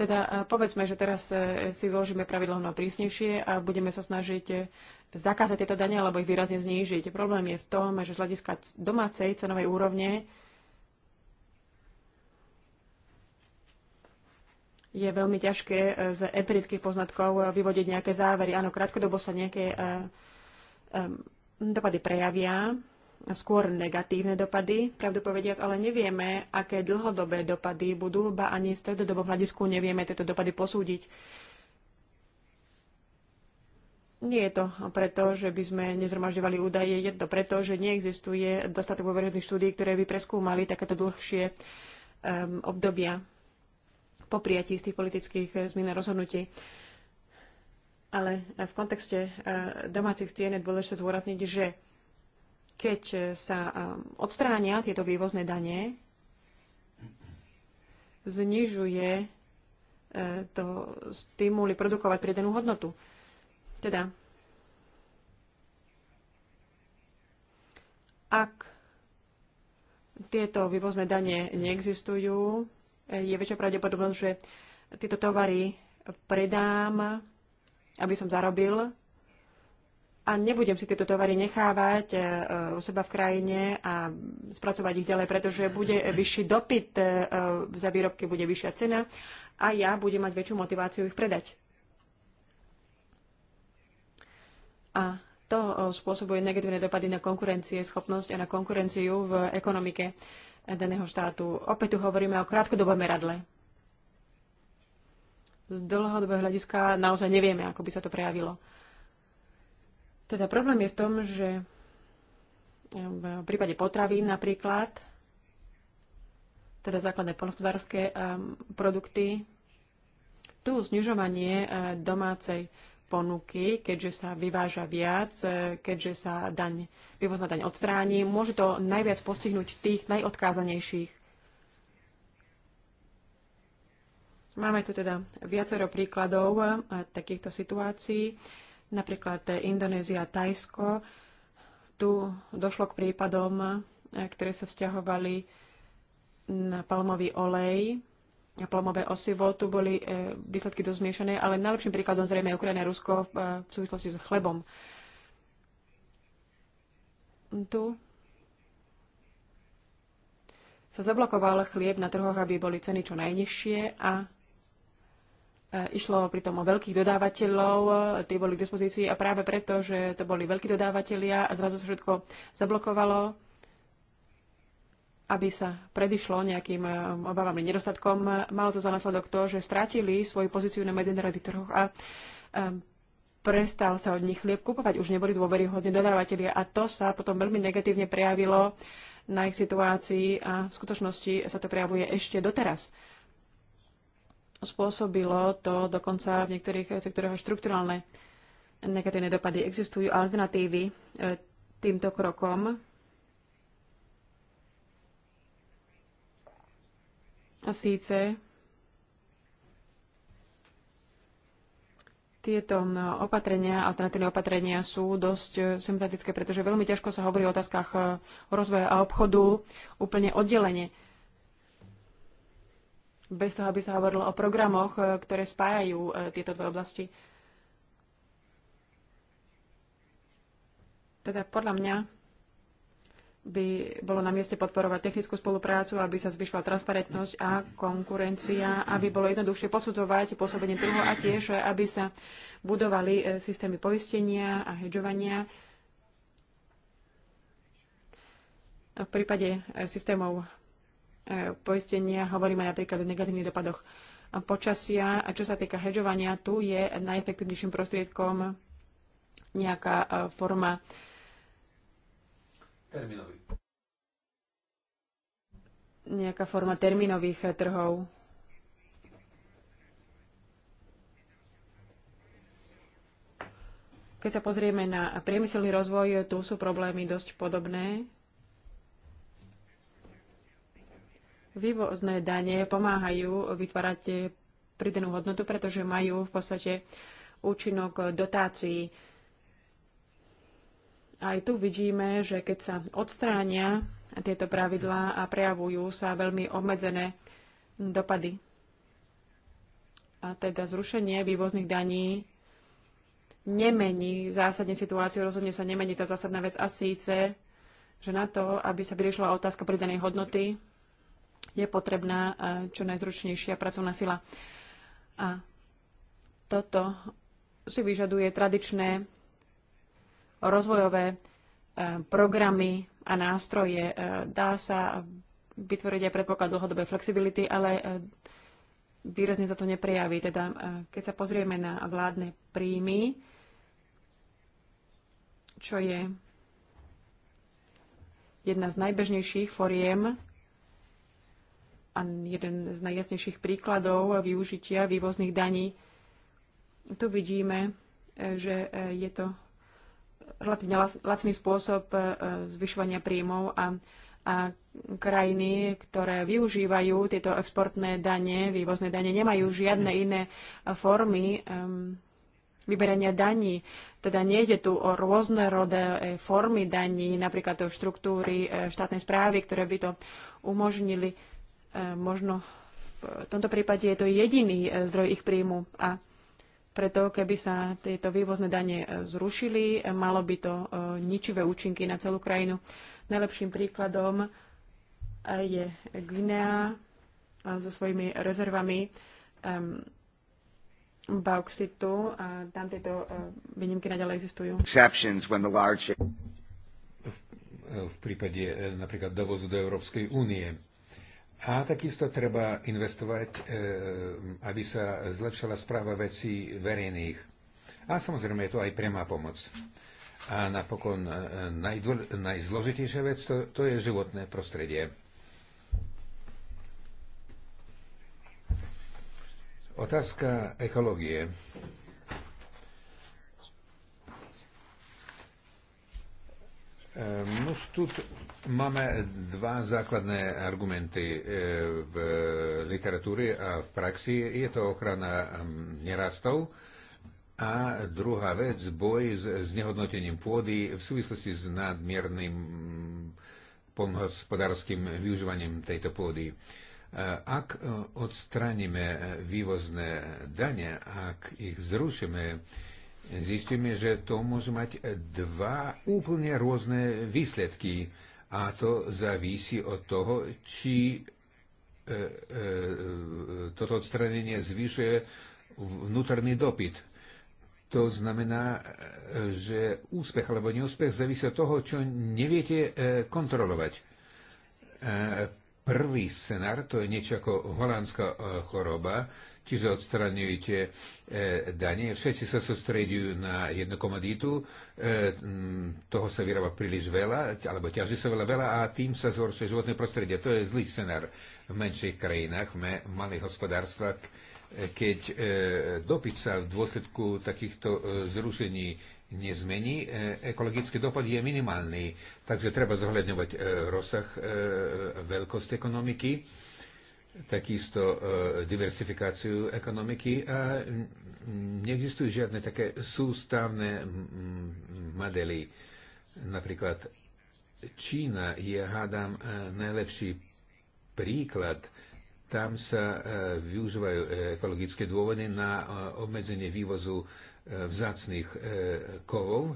Teda eh, povedzme, že teraz eh, si vložíme pravidlo na prísnejšie a budeme sa snažiť eh, zakázať tieto dane alebo ich výrazne znížiť. Problém je v tom, že z hľadiska domácej cenovej úrovne je veľmi ťažké z empirických poznatkov vyvodiť nejaké závery. Áno, krátkodobo sa nejaké dopady prejavia, skôr negatívne dopady, pravdu povediac, ale nevieme, aké dlhodobé dopady budú, ba ani v stredodobom hľadisku nevieme tieto dopady posúdiť. Nie je to preto, že by sme nezromažďovali údaje, je to preto, že neexistuje dostatok verejných štúdií, ktoré by preskúmali takéto dlhšie um, obdobia po prijatí z tých politických eh, zmien a rozhodnutí. Ale eh, v kontexte uh, domácich cien je dôležité zdôrazniť, že keď e, sa e, odstránia tieto vývozné dane, znižuje e, to stimuli produkovať pridanú hodnotu. Teda, ak tieto vývozné dane neexistujú, je väčšia pravdepodobnosť, že tieto tovary predám, aby som zarobil a nebudem si tieto tovary nechávať e, e, u seba v krajine a spracovať ich ďalej, pretože bude vyšší dopyt e, za výrobky, bude vyššia cena a ja budem mať väčšiu motiváciu ich predať. A to spôsobuje negatívne dopady na konkurencie, schopnosť a na konkurenciu v ekonomike daného štátu. Opäť tu hovoríme o krátkodobom meradle. Z dlhodobého hľadiska naozaj nevieme, ako by sa to prejavilo. Teda problém je v tom, že v prípade potravín napríklad, teda základné polnospodárske produkty, tu znižovanie eh, domácej ponuky, keďže sa vyváža viac, eh, keďže sa daň, vývozná daň odstráni, môže to najviac postihnúť tých najodkázanejších. Máme tu teda viacero príkladov eh, takýchto situácií. Napríklad Indonézia, Tajsko. Tu došlo k prípadom, eh, ktoré sa vzťahovali na palmový olej, a palmové osivo. Tu boli eh, výsledky dosť zmiešané, ale najlepším príkladom zrejme je Ukrajina a Rusko eh, v súvislosti s chlebom. Tu sa zablokoval chlieb na trhoch, aby boli ceny čo najnižšie a E, išlo pritom o veľkých dodávateľov, e, tí boli k dispozícii a práve preto, že to boli veľkí dodávateľia a zrazu sa všetko zablokovalo, aby sa predišlo nejakým e, obavám nedostatkom. Malo to za následok to, že strátili svoju pozíciu na medzinárodných trhoch a prestal sa od nich chlieb kupovať, už neboli dôveryhodní dodávateľia a to sa potom veľmi negatívne prejavilo na ich situácii a v skutočnosti sa to prejavuje ešte doteraz. Spôsobilo to dokonca v niektorých sektoroch štruktúralne negatívne dopady. Existujú alternatívy e, týmto krokom. A síce tieto opatrenia, alternatívne opatrenia sú dosť sympatické, pretože veľmi ťažko sa hovorí o otázkach e, rozvoja a obchodu úplne oddelenie bez toho, aby sa hovorilo o programoch, e, ktoré spájajú e, tieto dve oblasti. Teda podľa mňa by bolo na mieste podporovať technickú spoluprácu, aby sa zvyšovala transparentnosť a konkurencia, aby bolo jednoduchšie posudzovať pôsobenie trhu a tiež, e, aby sa budovali systémy poistenia a hedžovania. V prípade systémov poistenia, hovoríme napríklad o negatívnych dopadoch počasia. A čo sa týka hedžovania, tu je najefektívnejším prostriedkom nejaká e, forma terminový. nejaká forma termínových e, trhov. Keď sa pozrieme na priemyselný rozvoj, tu sú problémy dosť podobné Vývozné dane pomáhajú vytvárať pridanú hodnotu, pretože majú v podstate účinok dotácií. Aj tu vidíme, že keď sa odstránia tieto pravidlá a prejavujú sa veľmi obmedzené dopady. A teda zrušenie vývozných daní nemení zásadne situáciu, rozhodne sa nemení tá zásadná vec a síce, že na to, aby sa vyriešila otázka pridanej hodnoty, je potrebná e, čo najzručnejšia pracovná sila. A toto si vyžaduje tradičné rozvojové e, programy a nástroje. E, dá sa vytvoriť aj predpoklad dlhodobej flexibility, ale výrazne sa to neprejaví. Teda, keď sa pozrieme na vládne príjmy, čo je jedna z najbežnejších foriem a jeden z najjasnejších príkladov využitia vývozných daní. Tu vidíme, eh, že eh, je to relatívne lacný spôsob eh, zvyšovania príjmov a, a krajiny, ktoré využívajú tieto exportné dane, vývozné dane, nemajú žiadne iné formy um, vyberania daní. Teda nejde tu o rôzne rôznorodé formy daní, napríklad o štruktúry štátnej správy, ktoré by to umožnili. E, možno v tomto prípade je to jediný e, zdroj ich príjmu a preto, keby sa tieto vývozné dane e, zrušili, malo by to ničivé účinky na celú krajinu. Najlepším príkladom je Guinea so svojimi rezervami um, bauxitu a tam tieto uh, výnimky naďalej existujú. V prípade napríklad dovozu do Európskej únie a takisto treba investovať, eh, aby sa zlepšala správa vecí verejných. A samozrejme je to aj priama pomoc. A napokon eh, najdôl, najzložitejšia vec to, to je životné prostredie. Otázka ekológie. Eh, Nož tu Máme dva základné argumenty e, v literatúre a v praxi. Je to ochrana nerastov a druhá vec, boj s znehodnotením pôdy v súvislosti s nadmierným polnohospodárským využívaním tejto pôdy. E, ak e, odstraníme vývozné dane, ak ich zrušíme, zistíme, že to môže mať dva úplne rôzne výsledky a to závisí od toho, či e, e, toto odstranenie zvyšuje vnútorný dopyt. To znamená, e, že úspech alebo neúspech závisí od toho, čo neviete kontrolovať prvý scenár, to je niečo ako holandská e, choroba, čiže odstraňujete e, danie, všetci sa sústredujú na jednu komoditu, e, toho sa vyrába príliš veľa, alebo ťaží sa veľa, veľa a tým sa zhoršuje životné prostredie. To je zlý scenár v menších krajinách, v malých hospodárstvách, keď dopyt sa v dôsledku takýchto zrušení nezmení, e, ekologický dopad je minimálny. Takže treba zohľadňovať e, rozsah, e, veľkosť ekonomiky, takisto diversifikáciu ekonomiky a neexistujú žiadne také sústavné modely. Napríklad Čína je, hádam, najlepší príklad. Tam sa využívajú ekologické dôvody na obmedzenie vývozu E, vzácných e, kovov.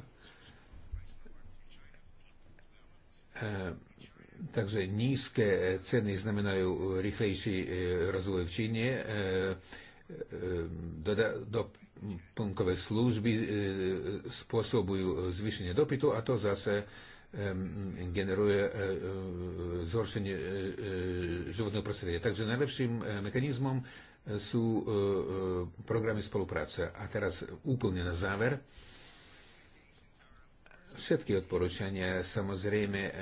E, takže nízke ceny znamenajú rýchlejší rozvoj v Číne, doplnkové služby spôsobujú zvýšenie dopytu a to zase generuje zhoršenie životného prostredia. Takže najlepším mechanizmom sú e, e, programy spolupráce. A teraz úplne na záver. Všetky odporúčania samozrejme e,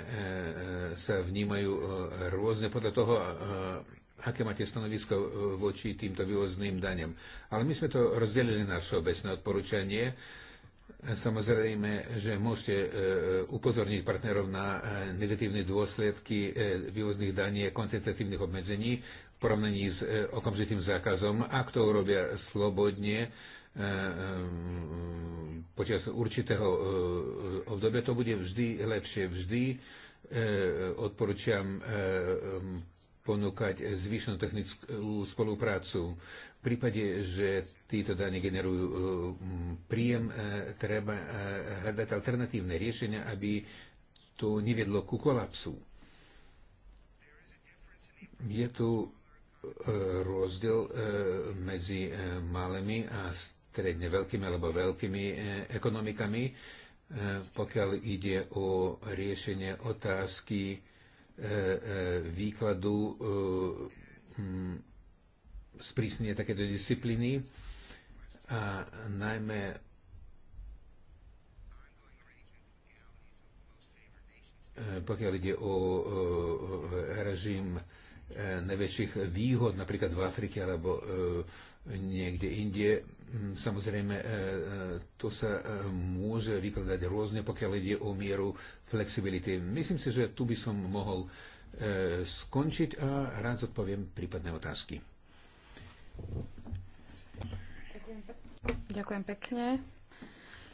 sa vnímajú rôzne podľa toho, aké máte stanovisko voči týmto vývozným daniam. Ale my sme to rozdelili na všeobecné odporúčanie. Samozrejme, že môžete upozorniť partnerov na negatívne dôsledky vývozných daní a kvantitatívnych obmedzení porovnaní s e, okamžitým zákazom. Ak to urobia slobodne e, e, počas určitého obdobia, to bude vždy lepšie. Vždy odporúčam ponúkať zvýšenú technickú spoluprácu. V prípade, že títo dáne generujú príjem, treba hľadať alternatívne riešenia, aby to neviedlo ku kolapsu. Je tu rozdiel e, medzi e, malými a stredne veľkými alebo veľkými e, ekonomikami, pokiaľ ide o riešenie otázky výkladu sprísnenie takéto disciplíny a najmä pokiaľ ide o režim E, najväčších výhod, napríklad v Afrike alebo e, niekde inde. Mm, samozrejme, e, to sa môže vykladať rôzne, pokiaľ ide o mieru flexibility. Myslím si, že tu by som mohol skončiť a rád zodpoviem prípadné otázky. Ďakujem pekne.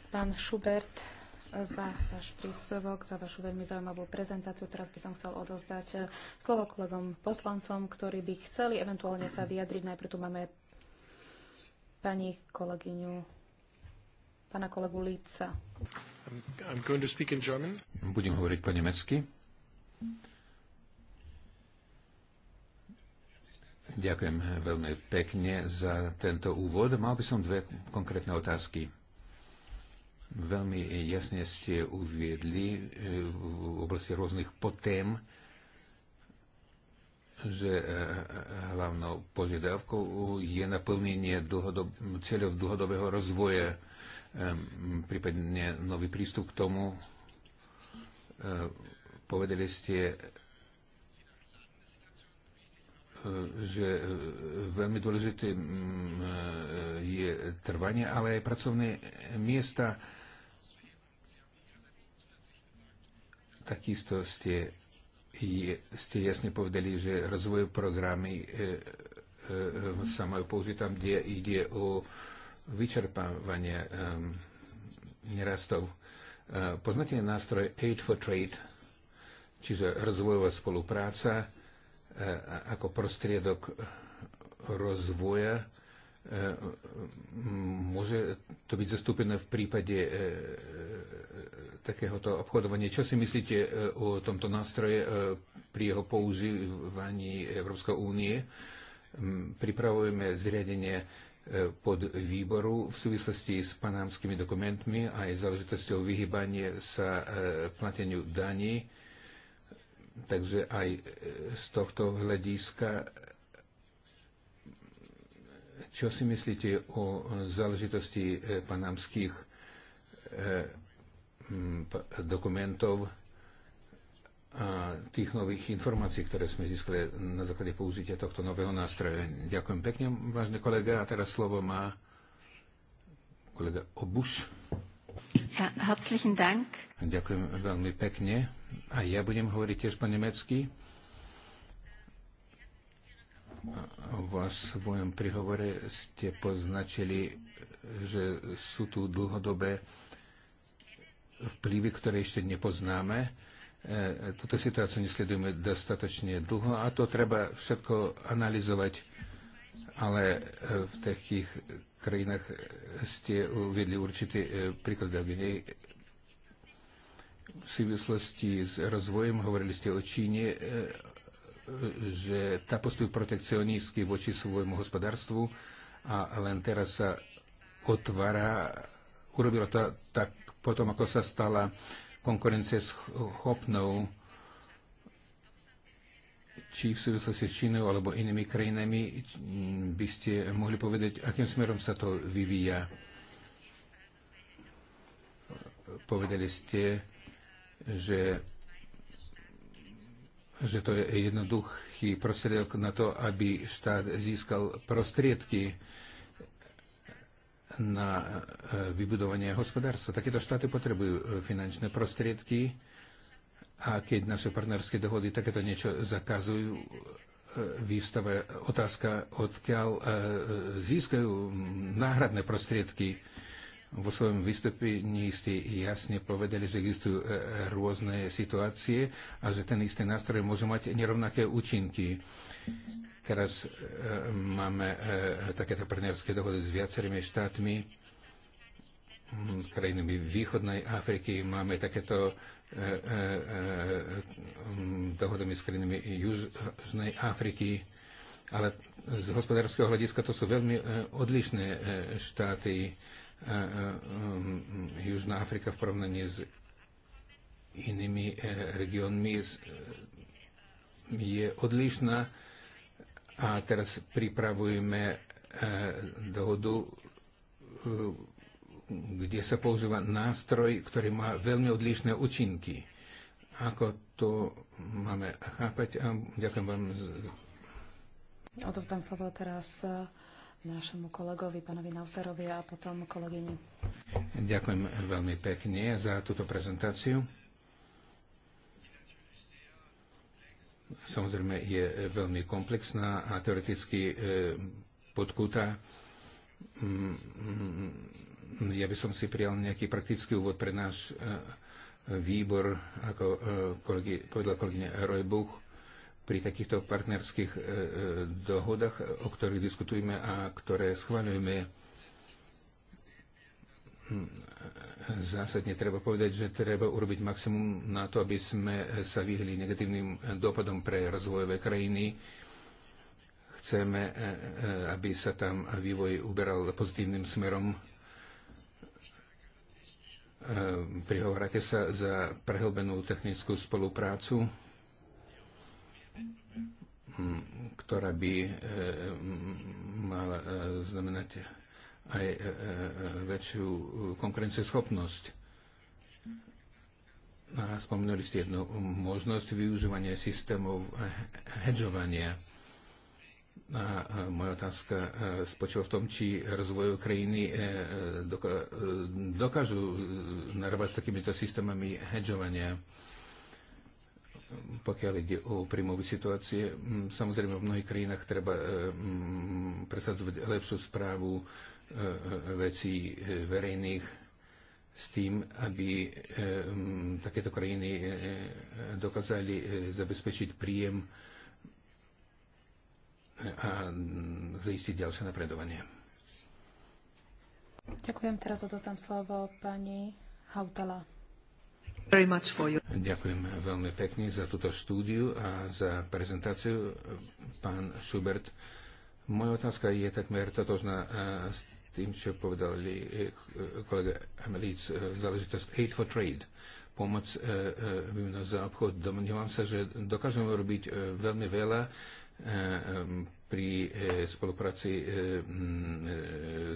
Pán Schubert, za váš príspevok, za vašu veľmi zaujímavú prezentáciu. Teraz by som chcel odozdať eh, slovo kolegom poslancom, ktorí by chceli eventuálne sa vyjadriť. Najprv tu máme pani kolegyňu, pana kolegu Líca. Budem hovoriť po nemecky. Ďakujem eh, veľmi pekne za tento úvod. Mal by som dve konkrétne otázky. Veľmi jasne ste uviedli e, v oblasti rôznych potém, že e, e, hlavnou požiadavkou je naplnenie dlhodob, cieľov dlhodobého rozvoja, prípadne nový prístup k tomu. Povedali ste, že e, veľmi dôležité mm, e, je trvanie, ale aj pracovné miesta. Takisto ste, ste jasne povedali, že rozvoj programy e, sa majú použiť tam, kde ide o vyčerpávanie nerastov. Poznáte nástroj Aid for Trade, čiže rozvojová spolupráca, ako prostriedok rozvoja e, môže to byť zastúpené v prípade e, e, takéhoto obchodovania. Čo si myslíte o tomto nástroje pri jeho používaní Európskej únie? Pripravujeme zriadenie pod výboru v súvislosti s panámskymi dokumentmi a aj záležitosťou vyhybanie sa plateniu daní Takže aj e, z tohto hľadiska, čo si myslíte o záležitosti e, panamských e, dokumentov a tých nových informácií, ktoré sme získali na základe použitia tohto nového nástroja. Ďakujem pekne, vážne kolega. A teraz slovo má kolega Obuš. Herzlichen Dank. Ďakujem veľmi pekne. A ja budem hovoriť tiež po nemecky. Vo svojom prihovore ste poznačili, že sú tu dlhodobé vplyvy, ktoré ešte nepoznáme. E, Toto situáciu nesledujeme dostatočne dlho a to treba všetko analyzovať. Ale e, v takých krajinách ste uvedli určitý e, príklad aby v súvislosti s rozvojem, hovorili ste o Číne, e, že tá postup protekcionistky voči svojmu hospodárstvu a len teraz sa otvára, urobila to tak potom, ako sa stala konkurencia schopnou či v súvislosti s Čínou alebo inými krajinami by ste mohli povedať, akým smerom sa to vyvíja. Povedali ste, že, že to je jednoduchý prostriedok na to, aby štát získal prostriedky na e, vybudovanie hospodárstva. Takéto štáty potrebujú e, finančné prostriedky a keď naše partnerské dohody takéto niečo zakazujú, e, výstava otázka, odkiaľ získajú náhradné prostriedky vo svojom vystúpení ste jasne povedali, že existujú e, e, rôzne situácie a že ten istý nástroj môže mať nerovnaké účinky. Teraz e, máme takéto partnerské dohody s viacerými štátmi, krajinami východnej Afriky, máme takéto dohodami s krajinami južnej Afriky, ale z hospodárskeho hľadiska to sú veľmi odlišné štáty E, e, um, Južná Afrika v porovnaní s inými e, regiónmi je odlišná a teraz pripravujeme dohodu, kde sa používa nástroj, ktorý má veľmi odlišné účinky. Ako to máme chápať? ďakujem vám. Odovzdám slovo teraz nášmu kolegovi, pánovi Nauserovi a potom kolegyni. Ďakujem veľmi pekne za túto prezentáciu. Samozrejme je veľmi komplexná a teoreticky e, podkúta. Mm, mm, ja by som si prijal nejaký praktický úvod pre náš e, výbor, ako e, kolegi, povedala kolegyňa Rojbuch pri takýchto partnerských e, e, dohodách, o ktorých diskutujeme a ktoré schváľujeme. Hm, zásadne treba povedať, že treba urobiť maximum na to, aby sme sa vyhli negatívnym dopadom pre rozvojové krajiny. Chceme, e, aby sa tam vývoj uberal pozitívnym smerom Prihovoráte sa za prehlbenú technickú spoluprácu ktorá by e, mala e, znamenať aj e, väčšiu konkurencieschopnosť. A spomínali ste jednu možnosť využívania systémov hedžovania. A moja otázka spočíva v tom, či rozvoj krajiny dokážu narábať s takýmito systémami hedžovania pokiaľ ide o príjmové situácie. Samozrejme, v mnohých krajinách treba e, presadzovať lepšiu správu e, e, vecí verejných s tým, aby takéto krajiny dokázali zabezpečiť príjem a zaistiť ďalšie napredovanie. Ďakujem, teraz odotám slovo pani Hautala. Ďakujem veľmi pekne za túto štúdiu a za prezentáciu, pán Schubert. Moja otázka je takmer totožná e, s tým, čo povedali e, kolega Amelíc, e, záležitosť Aid for Trade pomoc výmena za obchod. Domnívam sa, že dokážeme robiť veľmi veľa pri spolupráci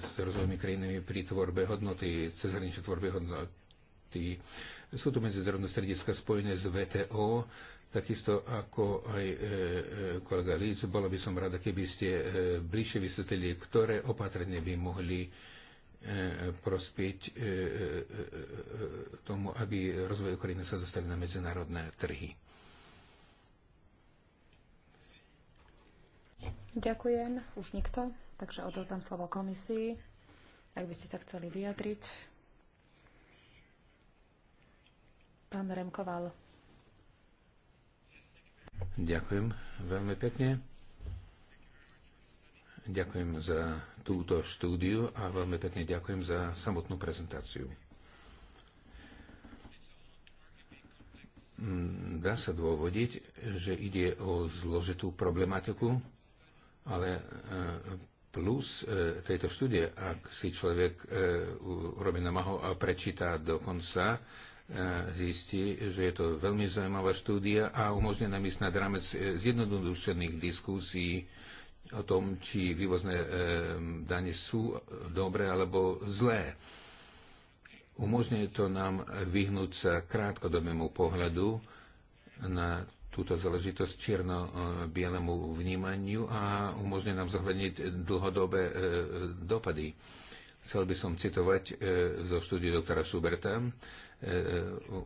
s rozvojmi krajinami pri tvorbe hodnoty, cezhraničnej tvorbe hodnoty kontakty. Sú tu medzinárodné strediska spojené s VTO, takisto ako aj e, e, kolega Líc. Bola by som rada, keby ste e, bližšie vysvetlili, ktoré opatrenie by mohli e, prospieť e, e, tomu, aby rozvoj Ukrajiny sa dostali na medzinárodné trhy. Ďakujem. Už nikto. Takže odozdám slovo komisii. Ak by ste sa chceli vyjadriť. Pán Remkoval. Ďakujem veľmi pekne. Ďakujem za túto štúdiu a veľmi pekne ďakujem za samotnú prezentáciu. Mm, dá sa dôvodiť, že ide o zložitú problematiku, ale e, plus e, tejto štúdie, ak si človek e, urobí namahu a prečíta dokonca, konca, E, zistí, že je to veľmi zaujímavá štúdia a umožňuje nám ísť nad rámec e, zjednodušených diskusí o tom, či vývozné e, dane sú dobré alebo zlé. Umožňuje to nám vyhnúť sa krátkodobému pohľadu na túto záležitosť čierno-bielemu vnímaniu a umožňuje nám zohľadniť dlhodobé dopady. Chcel by som citovať zo štúdie doktora Schuberta. E, e,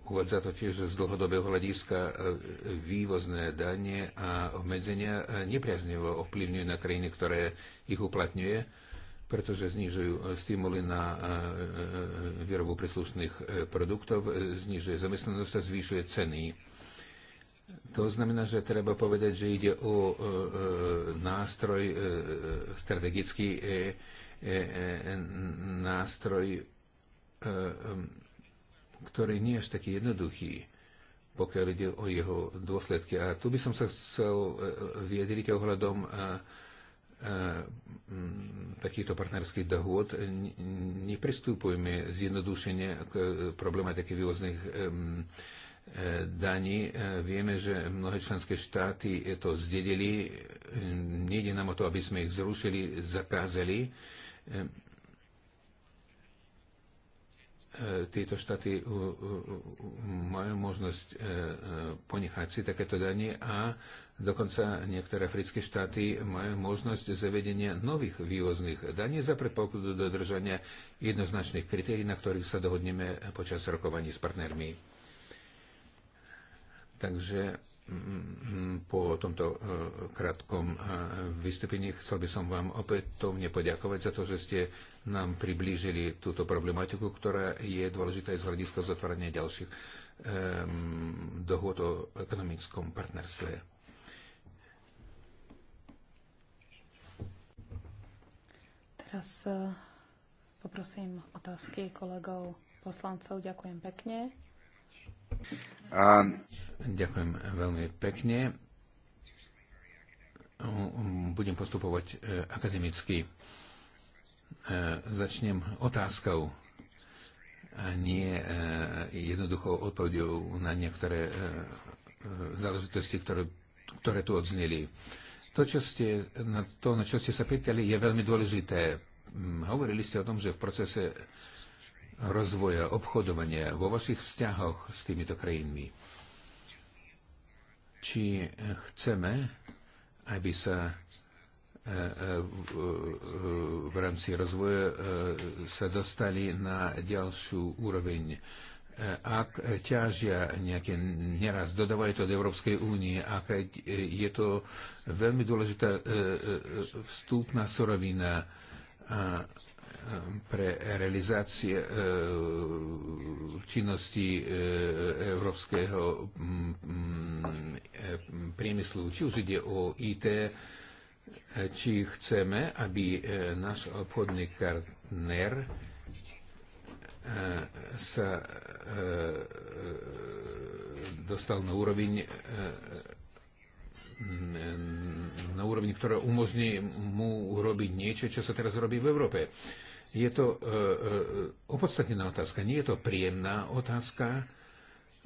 uvádza to tiež z dlhodobého hľadiska e, vývozné danie a obmedzenia nepriaznevo ovplyvňujú na krajiny, ktoré ich uplatňuje, pretože znižujú stimuly na výrobu príslušných produktov, znižuje zamestnanosť a zvyšuje ceny. To znamená, že treba povedať, že ide o nástroj, strategický nástroj ktorý nie je až taký jednoduchý, pokiaľ ide o jeho dôsledky. A tu by som sa chcel e, e, vyjadriť ohľadom e, takýchto partnerských dohôd nepristupujme zjednodušenie k problematike vývozných daní. Vieme, že mnohé členské štáty to zdedili. Nejde nám o to, aby sme ich zrušili, zakázali. E, tieto štáty majú možnosť e, e, ponechať si takéto danie a dokonca niektoré africké štáty majú možnosť zavedenia nových vývozných daní za predpokladu dodržania jednoznačných kritérií, na ktorých sa dohodneme počas rokovaní s partnermi. Takže po tomto e, krátkom e, vystúpení. Chcel by som vám opätovne poďakovať za to, že ste nám priblížili túto problematiku, ktorá je dôležitá aj z hľadiska zatvárania ďalších dohod o ekonomickom partnerstve. Teraz e, poprosím otázky kolegov poslancov. Ďakujem pekne. Ďakujem veľmi pekne. Budem postupovať e, akademicky. E, začnem otázkou a nie e, jednoduchou odpovedou na niektoré záležitosti, ktoré, ktoré tu odzneli. To, čo ste, na to, na čo ste sa pýtali, je veľmi dôležité. Hovorili ste o tom, že v procese rozvoja, obchodovania vo vašich vzťahoch s týmito krajinmi. Či chceme, aby sa e, e, e, v rámci rozvoja sa dostali na ďalšiu úroveň. Ak ťažia nejaké, neraz dodávajú to do Európskej únie, a keď je to veľmi dôležitá vstupná surovina, pre realizácie e, činnosti e, európskeho mm, mm, e, priemyslu, či už ide o IT, či chceme, aby náš obchodný partner sa dostal na úroveň na úrovni, ktorá umožní mu urobiť niečo, čo sa teraz robí v Európe. Je to e, e, opodstatnená otázka, nie je to príjemná otázka,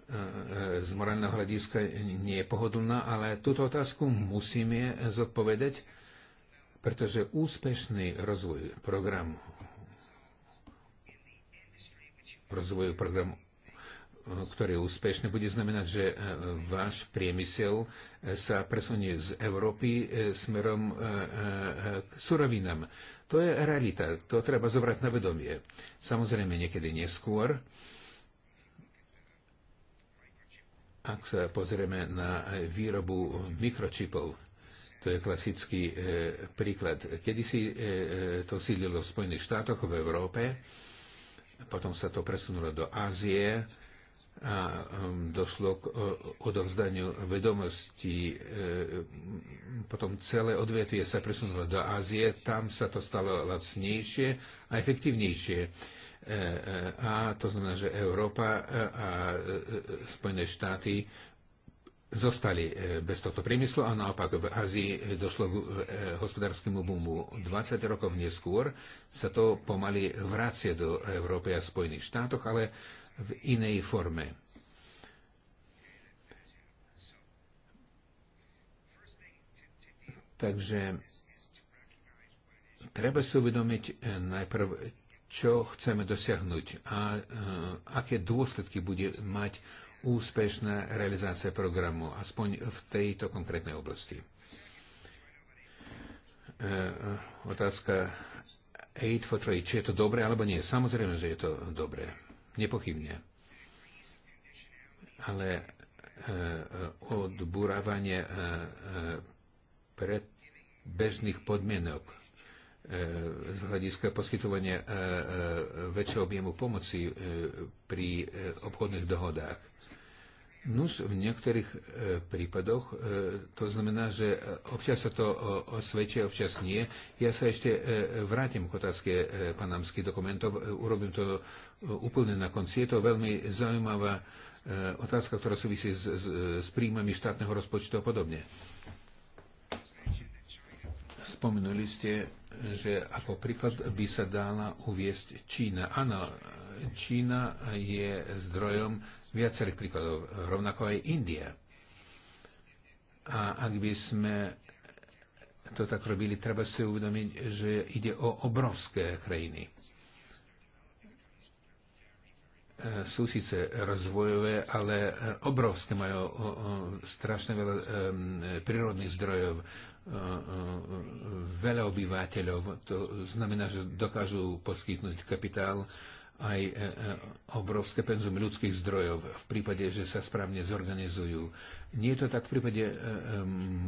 e, z morálneho hľadiska nie je pohodlná, ale túto otázku musíme zodpovedať, pretože úspešný rozvoj programu rozvoju programu, ktorý je úspešný, bude znamenať, že váš priemysel sa presunie z Európy smerom k surovinám. To je realita, to treba zobrať na vedomie. Samozrejme, niekedy neskôr, ak sa pozrieme na výrobu mikročipov, to je klasický e, príklad. Kedy si e, e to sídlilo v Spojených štátoch, v Európe, potom sa to presunulo do Ázie, a um, došlo k odovzdaniu vedomostí. E, potom celé odvetvie sa presunulo do Ázie, tam sa to stalo lacnejšie a efektívnejšie. E, e, a to znamená, že Európa a Spojené štáty zostali bez tohto priemyslu a naopak v Ázii došlo k hospodárskému boomu. 20 rokov neskôr sa to pomaly vracia do Európy a Spojených štátoch, ale v inej forme. Takže treba si uvedomiť eh, najprv, čo chceme dosiahnuť a eh, aké dôsledky bude mať úspešná realizácia programu, aspoň v tejto konkrétnej oblasti. Eh, otázka 8 for 3. či je to dobré alebo nie. Samozrejme, že je to dobré nepochybne. Ale e, e, odburávanie e, pred bežných podmienok z hľadiska poskytovania väčšieho objemu pomoci pri obchodných dohodách No, v niektorých e, prípadoch, e, to znamená, že e, občas sa to osvedčia, občas nie. Ja sa ešte e, vrátim k otázke e, panamských dokumentov, e, urobím to e, úplne na konci. Je to veľmi zaujímavá e, otázka, ktorá súvisí s, s, s príjmami štátneho rozpočtu a podobne. Spomenuli ste, že ako príklad by sa dala uviesť Čína. Áno, Čína je zdrojom viacerých príkladov, rovnako aj India. A ak by sme to tak robili, treba si uvedomiť, že ide o obrovské krajiny. E, sú síce rozvojové, ale e, obrovské majú strašne veľa e, prírodných zdrojov, veľa obyvateľov. To znamená, že dokážu poskytnúť kapitál aj e, e, obrovské penzum ľudských zdrojov v prípade, že sa správne zorganizujú. Nie je to tak v prípade e,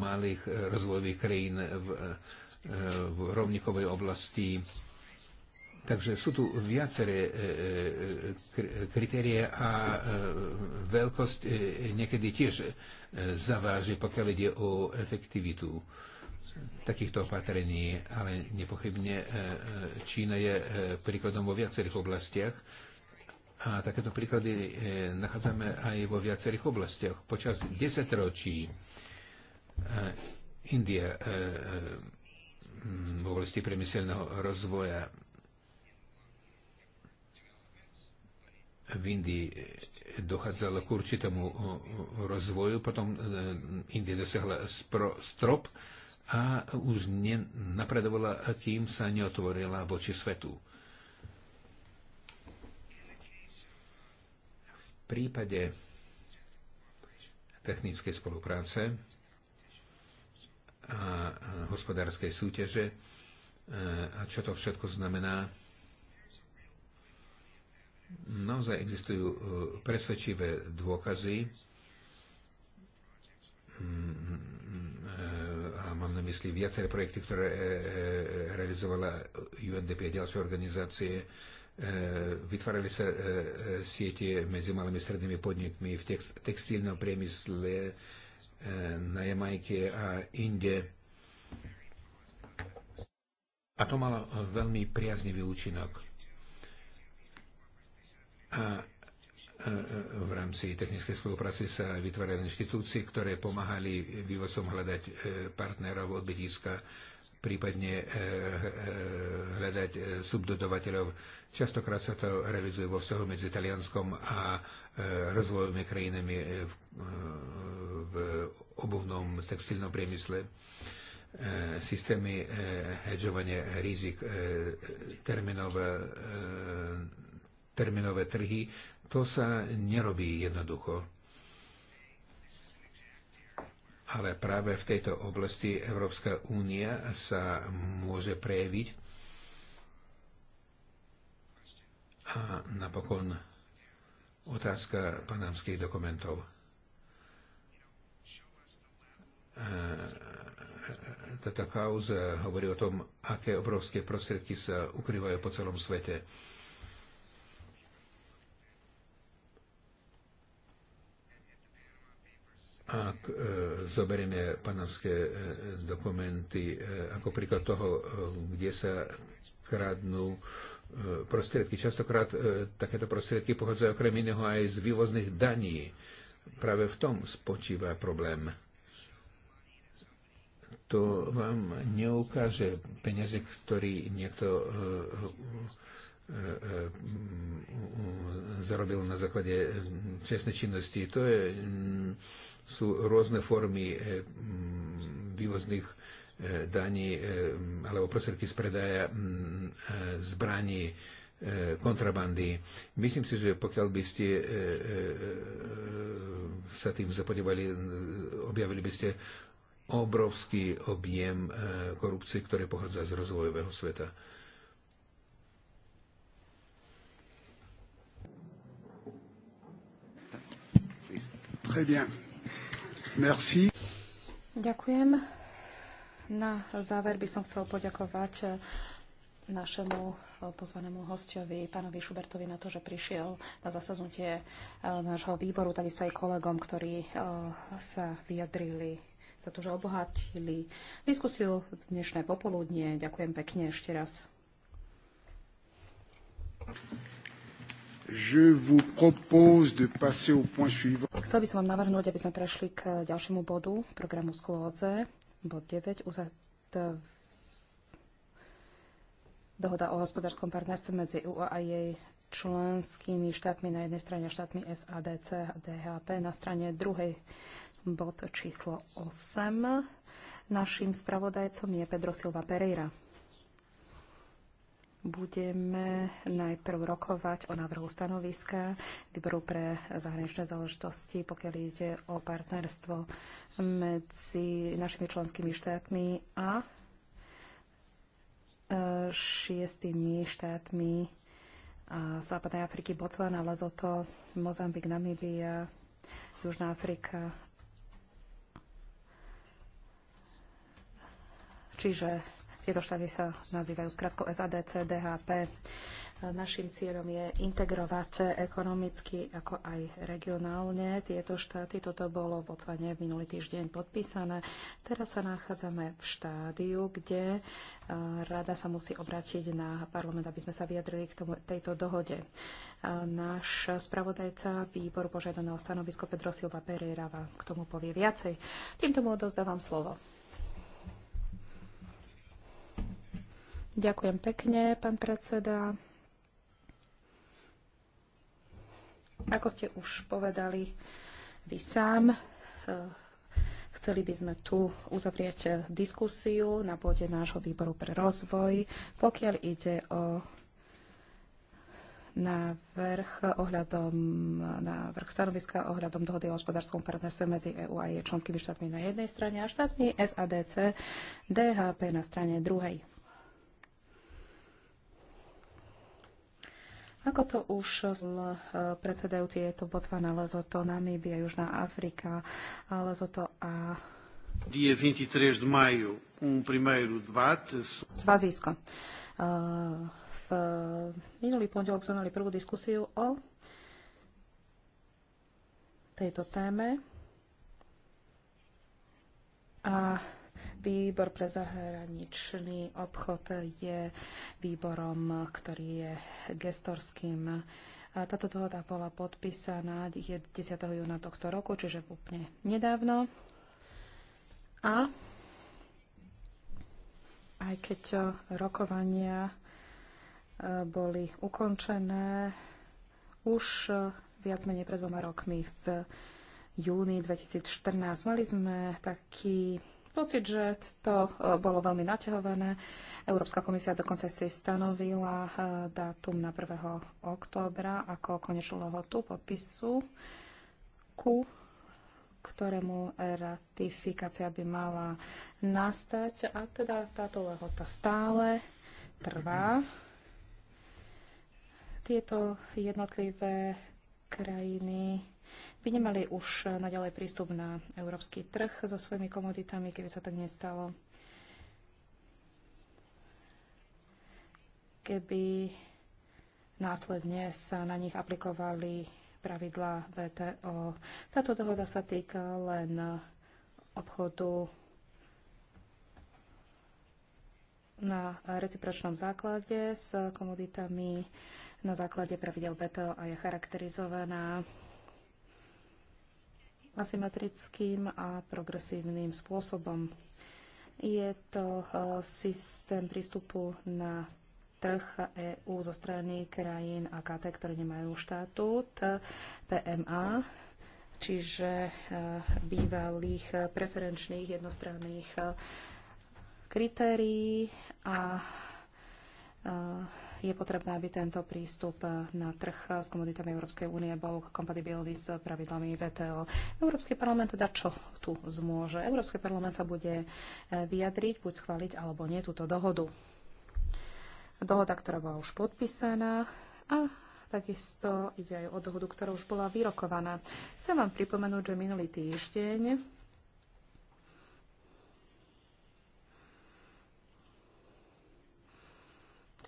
malých rozvojových krajín v, v rovnikovej oblasti. Takže sú tu viaceré kritérie a veľkosť niekedy tiež zaváži, pokiaľ ide o efektivitu takýchto opatrení, ale nepochybne e, e, Čína je e, príkladom vo viacerých oblastiach a takéto príklady nachádzame aj vo viacerých oblastiach. Počas desaťročí India v oblasti priemyselného rozvoja v Indii dochádzalo k určitému rozvoju, potom India dosiahla strop a už nenapredovala, kým sa neotvorila voči svetu. V prípade technickej spolupráce a hospodárskej súťaže a čo to všetko znamená, naozaj existujú e, presvedčivé dôkazy mysli viaceré projekty, ktoré e, e, realizovala UNDP a ďalšie organizácie. E, vytvárali sa siete medzi malými strednými podnikmi v textilnom priemysle na Jamajke a inde. A to malo veľmi priaznivý účinok. A v rámci technickej spolupráce sa vytvárali inštitúcie, ktoré pomáhali vývozcom hľadať e, partnerov odbytiska, prípadne e, e, hľadať subdodovateľov. Častokrát sa to realizuje vo vzťahu medzi Talianskom a rozvojovými krajinami v obuvnom textilnom priemysle systémy hedžovania rizik, terminové, terminové trhy to sa nerobí jednoducho. Ale práve v tejto oblasti Európska únia sa môže prejaviť a napokon otázka panamských dokumentov. E, táto kauza hovorí o tom, aké obrovské prostriedky sa ukrývajú po celom svete Ak e, zoberieme panamské e, dokumenty e, ako príklad toho, e, kde sa kradnú e, prostriedky, častokrát e, takéto prostriedky pochádzajú okrem iného aj z vývozných daní. Práve v tom spočíva problém. To vám neukáže peniaze, ktorý niekto e, e, e, zarobil na základe e, čestnej činnosti. To je sú rôzne formy eh, mm, vývozných eh, daní eh, mm, alebo prostriedky z predaja mm, zbraní kontrabandy. Myslím si, že pokiaľ by ste sa tým zapodívali, objavili by ste obrovský objem korupcie, ktoré pochádza z rozvojového sveta. Très bien. Merci. Ďakujem. Na záver by som chcel poďakovať eh, našemu eh, pozvanému hostovi, pánovi Šubertovi, na to, že prišiel na zasadnutie eh, nášho výboru, takisto aj kolegom, ktorí sa vyjadrili za to, že obohatili diskusiu dnešné popoludnie. Ďakujem pekne ešte raz. Je vous propose de passer au point suivant. Chcel by som vám navrhnúť, aby sme prešli k ďalšiemu bodu programu schôdze, bod 9, uzat... dohoda o hospodárskom partnerstve medzi EU a jej členskými štátmi na jednej strane štátmi SADC a DHP, na strane druhej bod číslo 8. Naším spravodajcom je Pedro Silva Pereira. Budeme najprv rokovať o návrhu stanoviska výboru pre zahraničné záležitosti, pokiaľ ide o partnerstvo medzi našimi členskými štátmi a e, šiestými štátmi Západnej Afriky, Botswana, Lesotho, Mozambik, Namíbia, Južná Afrika. Čiže tieto štáty sa nazývajú skratko SADC, DHP. Našim cieľom je integrovať ekonomicky ako aj regionálne tieto štáty. Toto bolo v Botsvane minulý týždeň podpísané. Teraz sa nachádzame v štádiu, kde e, rada sa musí obrátiť na parlament, aby sme sa vyjadrili k tomu, tejto dohode. E, náš spravodajca výboru požiadaného stanovisko Pedro Silva vám k tomu povie viacej. Týmto mu odozdávam slovo. Ďakujem pekne, pán predseda. Ako ste už povedali vy sám, eh, Chceli by sme tu uzavrieť eh, diskusiu na pôde nášho výboru pre rozvoj, pokiaľ ide o návrh ohľadom, eh, vrch stanoviska ohľadom dohody o hospodárskom partnerstve medzi EÚ a jej členskými štátmi na jednej strane a štátmi SADC DHP na strane druhej. Ako to už eh, predsedajúci, je to Botswana, Lesoto, Namíbia, Južná Afrika, eh, Lesoto a Dia 23 e de maio, um primeiro debate. Svazísko. Eh, v minulý pondelok sme mali prvú diskusiu o tejto téme. A Výbor pre zahraničný obchod je výborom, ktorý je gestorským. Táto dohoda bola podpísaná 10. júna tohto roku, čiže úplne nedávno. A aj keď rokovania e, boli ukončené už e, viac menej pred dvoma rokmi v júni 2014. Mali sme taký pocit, že to e, bolo veľmi naťahované. Európska komisia dokonca si stanovila e, dátum na 1. októbra ako konečnú lehotu podpisu ku ktorému ratifikácia by mala nastať. A teda táto lehota stále trvá. Tieto jednotlivé krajiny by nemali už naďalej prístup na európsky trh so svojimi komoditami, keby sa tak nestalo. Keby následne sa na nich aplikovali pravidlá VTO. Táto dohoda sa týka len obchodu na recipročnom základe s komoditami na základe pravidel VTO a je charakterizovaná asymetrickým a progresívnym spôsobom. Je to eh, systém prístupu na trh EÚ zo strany krajín AKT, ktoré nemajú štatút PMA, čiže eh, bývalých preferenčných jednostranných eh, kritérií a Eh, je potrebné, aby tento prístup eh, na trh eh, s komoditami Európskej únie bol kompatibilný s pravidlami VTO. Európsky parlament teda čo tu zmôže? Európsky parlament sa bude vyjadriť, buď schváliť alebo nie túto dohodu. Dohoda, ktorá bola už podpísaná a takisto ide aj o dohodu, ktorá už bola vyrokovaná. Chcem vám pripomenúť, že minulý týždeň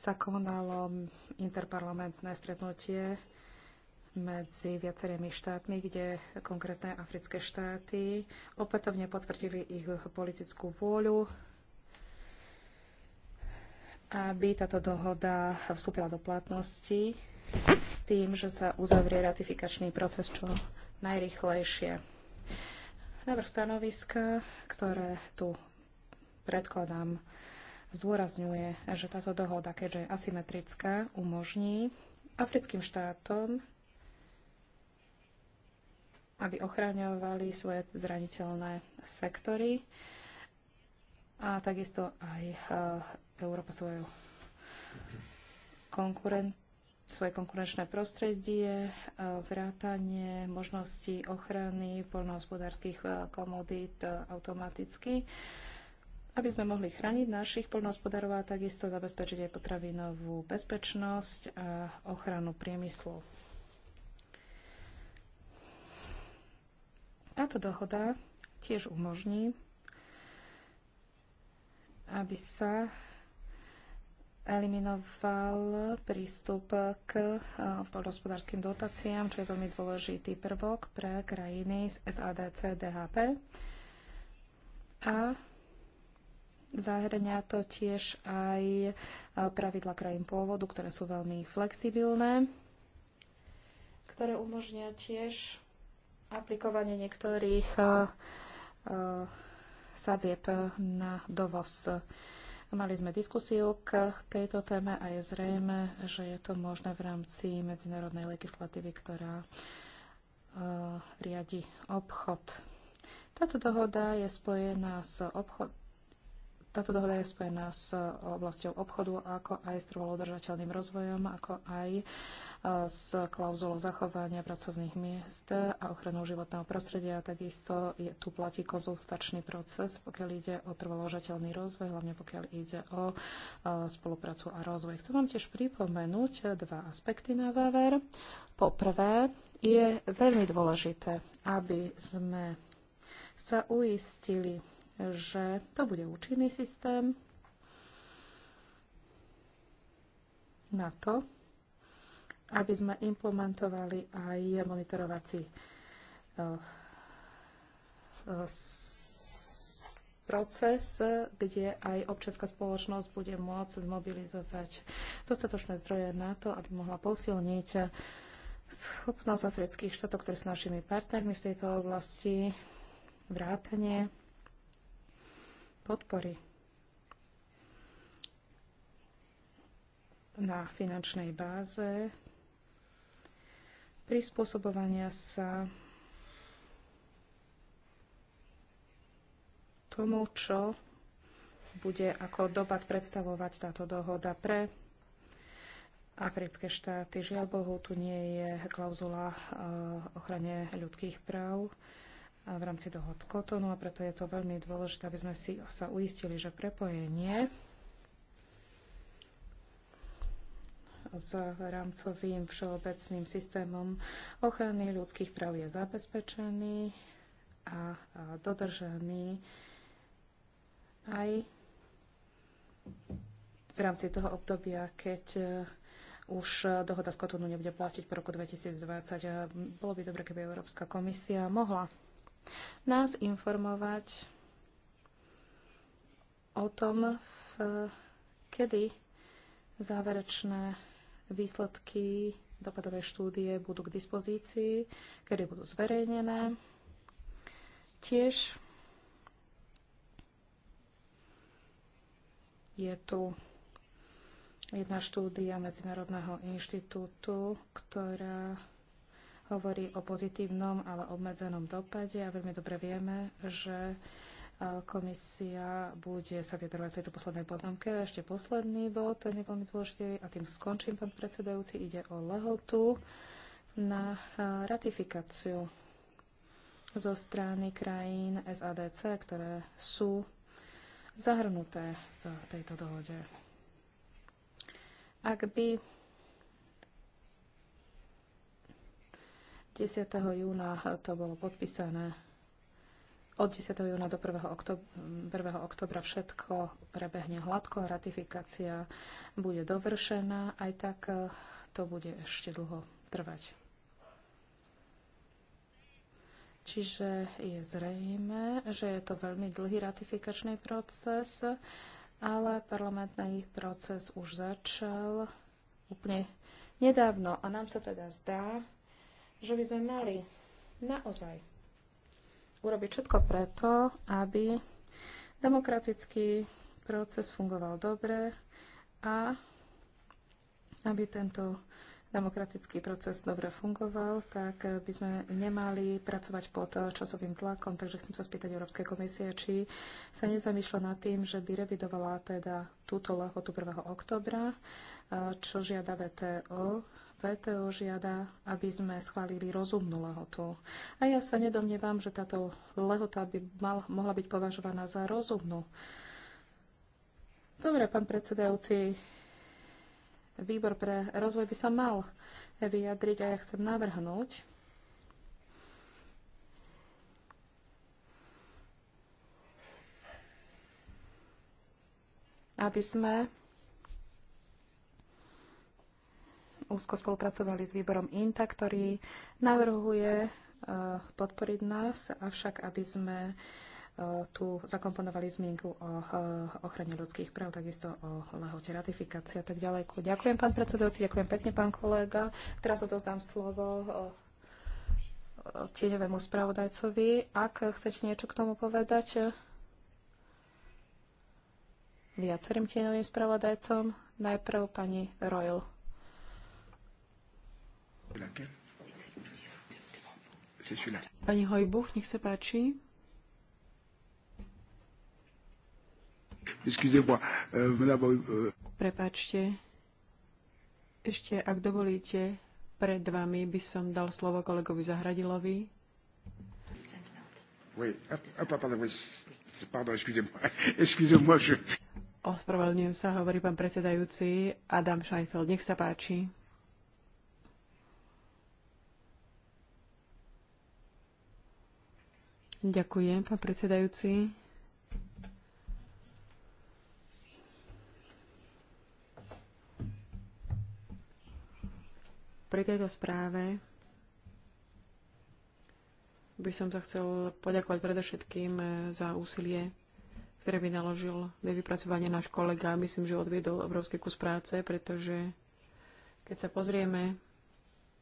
sa konalo interparlamentné stretnutie medzi viacerými štátmi, kde konkrétne africké štáty opätovne potvrdili ich politickú vôľu, aby táto dohoda vstúpila do platnosti tým, že sa uzavrie ratifikačný proces čo najrychlejšie. Návrh stanoviska, ktoré tu predkladám zdôrazňuje, že táto dohoda, keďže je asymetrická, umožní africkým štátom, aby ochraňovali svoje zraniteľné sektory a takisto aj eh, Európa svoju konkurent, svoje konkurenčné prostredie, eh, vrátanie možností ochrany poľnohospodárskych eh, komodít automaticky aby sme mohli chrániť našich poľnohospodárov a takisto zabezpečiť aj potravinovú bezpečnosť a ochranu priemyslu. Táto dohoda tiež umožní, aby sa eliminoval prístup k e, poľnohospodárským dotáciám, čo je veľmi dôležitý prvok pre krajiny z SADC, DHP. A Zahrňa to tiež aj pravidla krajín pôvodu, ktoré sú veľmi flexibilné, ktoré umožnia tiež aplikovanie niektorých sadzieb na dovoz. Mali sme diskusiu k tejto téme a je zrejme, že je to možné v rámci medzinárodnej legislatívy, ktorá riadi obchod. Táto dohoda je spojená s obchod, táto dohoda je spojená s eh, oblasťou obchodu, ako aj s trvalodržateľným rozvojom, ako aj eh, s klauzulou zachovania pracovných miest a ochranou životného prostredia. Takisto je, tu platí konzultačný proces, pokiaľ ide o trvalodržateľný rozvoj, hlavne pokiaľ ide o eh, spoluprácu a rozvoj. Chcem vám tiež pripomenúť dva aspekty na záver. Poprvé, je veľmi dôležité, aby sme sa uistili že to bude účinný systém na to, aby sme implementovali aj monitorovací eh, proces, kde aj občianská spoločnosť bude môcť mobilizovať dostatočné zdroje na to, aby mohla posilniť schopnosť afrických štátov, ktoré sú našimi partnermi v tejto oblasti, vrátanie podpory na finančnej báze prispôsobovania sa tomu, čo bude ako dopad predstavovať táto dohoda pre africké štáty. Žiaľ Bohu, tu nie je klauzula eh, ochrane ľudských práv v rámci toho skotonu, a preto je to veľmi dôležité, aby sme si sa uistili, že prepojenie s rámcovým všeobecným systémom ochrany ľudských práv je zabezpečený a dodržaný aj v rámci toho obdobia, keď e, už dohoda z Kotonu nebude platiť po roku 2020. E, bolo by dobre, keby Európska komisia mohla nás informovať o tom, v, kedy záverečné výsledky dopadové štúdie budú k dispozícii, kedy budú zverejnené. Tiež je tu jedna štúdia Medzinárodného inštitútu, ktorá hovorí o pozitívnom, ale obmedzenom dopade a veľmi dobre vieme, že komisia bude sa vyjadrovať v tejto poslednej poznámke. Ešte posledný bod, ten je veľmi dôležitý a tým skončím, pán predsedajúci. Ide o lehotu na ratifikáciu zo strany krajín SADC, ktoré sú zahrnuté v tejto dohode. Ak by 10. júna to bolo podpísané. Od 10. júna do 1. Oktobra, 1. oktobra všetko prebehne hladko ratifikácia bude dovršená. Aj tak e, to bude ešte dlho trvať. Čiže je zrejme, že je to veľmi dlhý ratifikačný proces, ale parlamentný proces už začal úplne nedávno a nám sa teda zdá, že by sme mali naozaj urobiť všetko preto, aby demokratický proces fungoval dobre a aby tento demokratický proces dobre fungoval, tak by sme nemali pracovať pod časovým tlakom. Takže chcem sa spýtať Európskej komisie, či sa nezamýšľa nad tým, že by revidovala teda túto lehotu 1. oktobra, čo žiada VTO, VTO žiada, aby sme schválili rozumnú lehotu. A ja sa nedomnievam, že táto lehota by mal, mohla byť považovaná za rozumnú. Dobre, pán predsedajúci, výbor pre rozvoj by sa mal vyjadriť a ja chcem navrhnúť, aby sme úzko spolupracovali s výborom INTA, ktorý navrhuje e, podporiť nás, avšak aby sme e, tu zakomponovali zmienku o e, ochrane ľudských práv, takisto o lehote ratifikácie a tak ďalej. Ďakujem, pán predsedovci. ďakujem pekne, pán kolega. Teraz odozdám slovo tieňovému spravodajcovi. Ak chcete niečo k tomu povedať viacerým tieňovým spravodajcom, najprv pani Royal. Pani Hojbuch, nech sa páči. Euh, euh, Prepačte, ešte ak dovolíte, pred vami by som dal slovo kolegovi Zahradilovi. Ospravedlňujem sa, hovorí pán predsedajúci Adam Scheinfeld. Nech sa páči. Ďakujem, pán predsedajúci. Pri tejto správe by som sa chcel poďakovať predovšetkým eh, za úsilie, ktoré naložil na vypracovanie náš kolega. Myslím, že odviedol obrovský kus práce, pretože keď sa pozrieme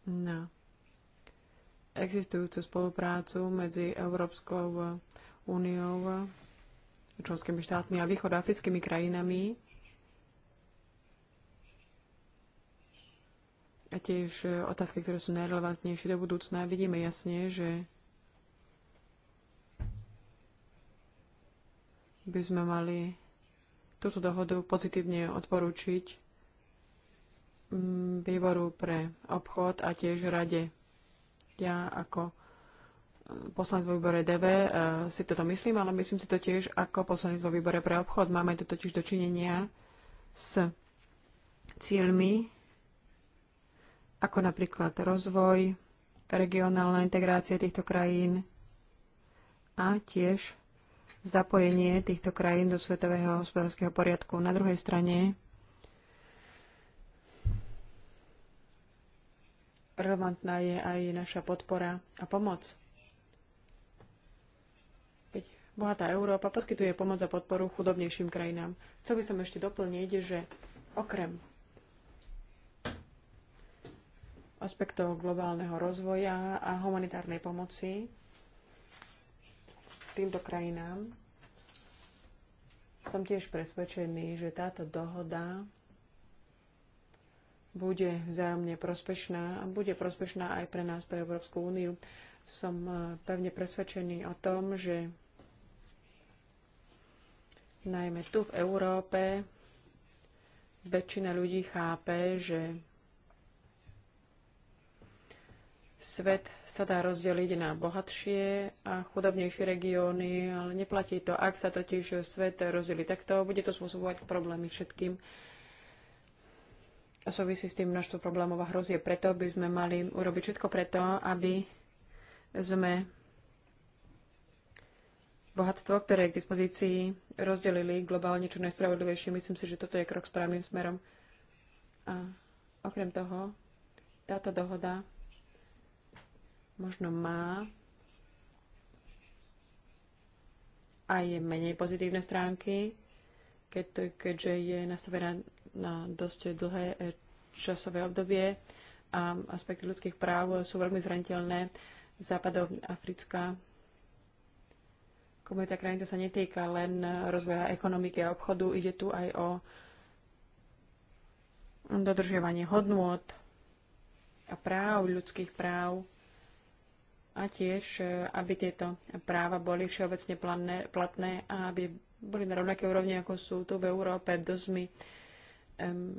na existujúcu spoluprácu medzi Európskou úniou, členskými štátmi a východoafrickými krajinami a tiež otázky, ktoré sú najrelevantnejšie do budúcna. Vidíme jasne, že by sme mali túto dohodu pozitívne odporúčiť mm, výboru pre obchod a tiež rade ja ako eh, poslanec vo výbore DV eh, si toto myslím, ale myslím si to tiež ako poslanec vo výbore pre obchod. Máme tu totiž dočinenia s cieľmi, ako napríklad rozvoj, regionálna integrácia týchto krajín a tiež zapojenie týchto krajín do svetového hospodárskeho poriadku. Na druhej strane relevantná je aj naša podpora a pomoc. Keď bohatá Európa poskytuje pomoc a podporu chudobnejším krajinám. Chcel by som ešte doplniť, že okrem aspektov globálneho rozvoja a humanitárnej pomoci týmto krajinám. Som tiež presvedčený, že táto dohoda bude vzájomne prospešná a bude prospešná aj pre nás, pre Európsku úniu. Som e, pevne presvedčený o tom, že najmä tu v Európe väčšina ľudí chápe, že svet sa dá rozdeliť na bohatšie a chudobnejšie regióny, ale neplatí to. Ak sa totiž svet rozdelí takto, bude to spôsobovať problémy všetkým a súvisí s tým množstvo problémov a hrozie. Preto by sme mali urobiť všetko preto, aby sme bohatstvo, ktoré je k dispozícii, rozdelili globálne čo najspravodlivejšie. Myslím si, že toto je krok správnym smerom. A okrem toho, táto dohoda možno má aj menej pozitívne stránky, keď, keďže je nastavená na dosť dlhé e, časové obdobie a aspekty ľudských práv sú veľmi zraniteľné. Západoafrická komunita krajín to sa netýka len rozvoja ekonomiky a obchodu, ide tu aj o dodržiavanie hodnôt a práv, ľudských práv a tiež, e, aby tieto práva boli všeobecne platné a aby boli na rovnaké úrovni, ako sú tu v Európe. Dosť mi um,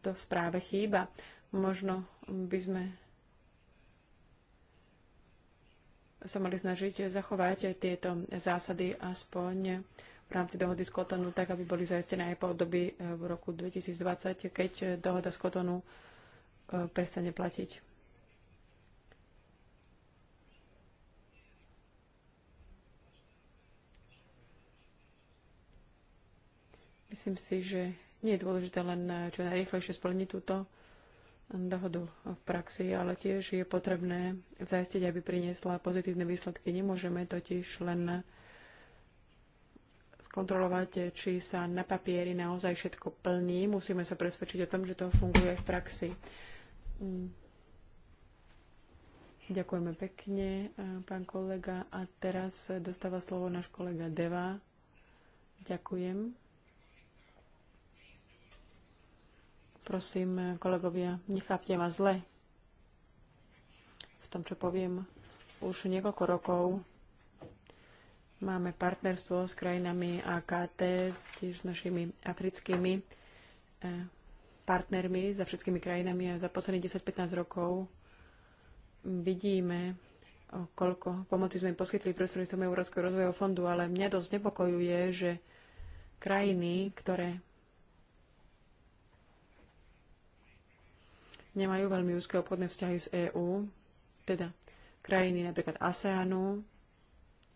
to v správe chýba. Možno by sme sa mali snažiť zachovať tieto zásady aspoň v rámci dohody z Kotonu, tak aby boli zaistené aj po období v roku 2020, keď dohoda z Kotonu eh, prestane platiť. Myslím si, že nie je dôležité len eh, čo najrýchlejšie splniť túto eh, dohodu v praxi, ale tiež je potrebné zaistiť, aby priniesla pozitívne výsledky. Nemôžeme totiž len eh, skontrolovať, či sa na papieri naozaj všetko plní. Musíme sa presvedčiť o tom, že to funguje v praxi. Mm. Ďakujeme pekne, pán kolega. A teraz dostáva slovo náš kolega Deva. Ďakujem. Prosím, kolegovia, nechápte ma zle v tom, čo poviem. Už niekoľko rokov máme partnerstvo s krajinami AKT, tiež s našimi africkými eh, partnermi, za všetkými krajinami a za posledných 10-15 rokov vidíme, koľko pomoci sme im poskytli prostredníctvom Európskeho rozvojového fondu, ale mňa dosť nepokojuje, že krajiny, ktoré nemajú veľmi úzke obchodné vzťahy z EÚ, teda krajiny napríklad ASEANu,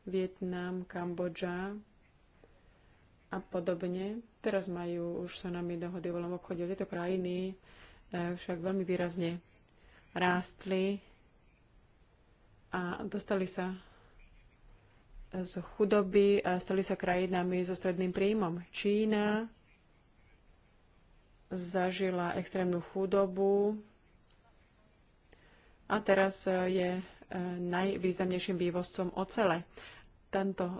Vietnam, Kambodža a podobne. Teraz majú už sa nami dohody o voľnom obchode. Tieto krajiny e, však veľmi výrazne rástli a dostali sa z chudoby a stali sa krajinami so stredným príjmom. Čína zažila extrémnu chudobu a teraz e, je e, najvýznamnejším vývozcom ocele. Tento e,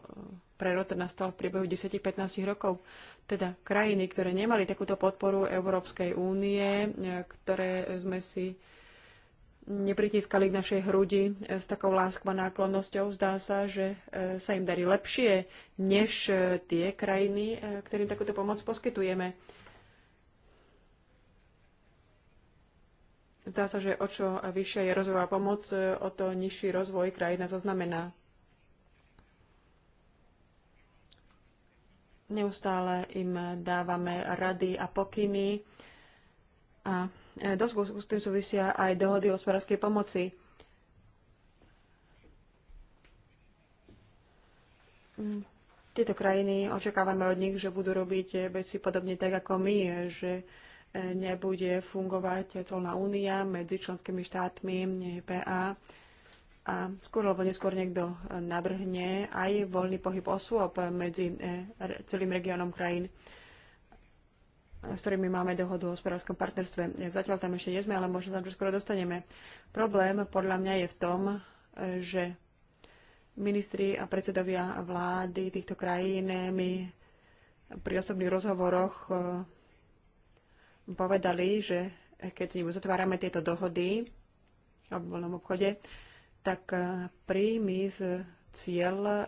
prerod nastal v priebehu 10-15 rokov. Teda krajiny, ktoré nemali takúto podporu Európskej únie, ktoré sme si nepritiskali k našej hrudi s takou láskou a náklonnosťou. Zdá sa, že sa im darí lepšie, než tie krajiny, ktorým takúto pomoc poskytujeme. Zdá sa, že o čo vyššia je rozvojová pomoc, e, o to nižší rozvoj krajina zaznamená. Neustále im dávame rady a pokyny a e, dosť s tým súvisia aj dohody o hospodárskej pomoci. Mm, tieto krajiny očakávame od nich, že budú robiť e, veci podobne tak ako my, že nebude fungovať colná únia medzi členskými štátmi PA a skôr alebo neskôr niekto navrhne aj voľný pohyb osôb medzi e, celým regiónom krajín, s ktorými máme dohodu o hospodárskom partnerstve. Zatiaľ tam ešte nie sme, ale možno tam skoro dostaneme. Problém podľa mňa je v tom, že ministri a predsedovia vlády týchto krajín mi pri osobných rozhovoroch e, povedali, že keď s ním uzatvárame tieto dohody o voľnom obchode, tak e, príjmy z cieľ e,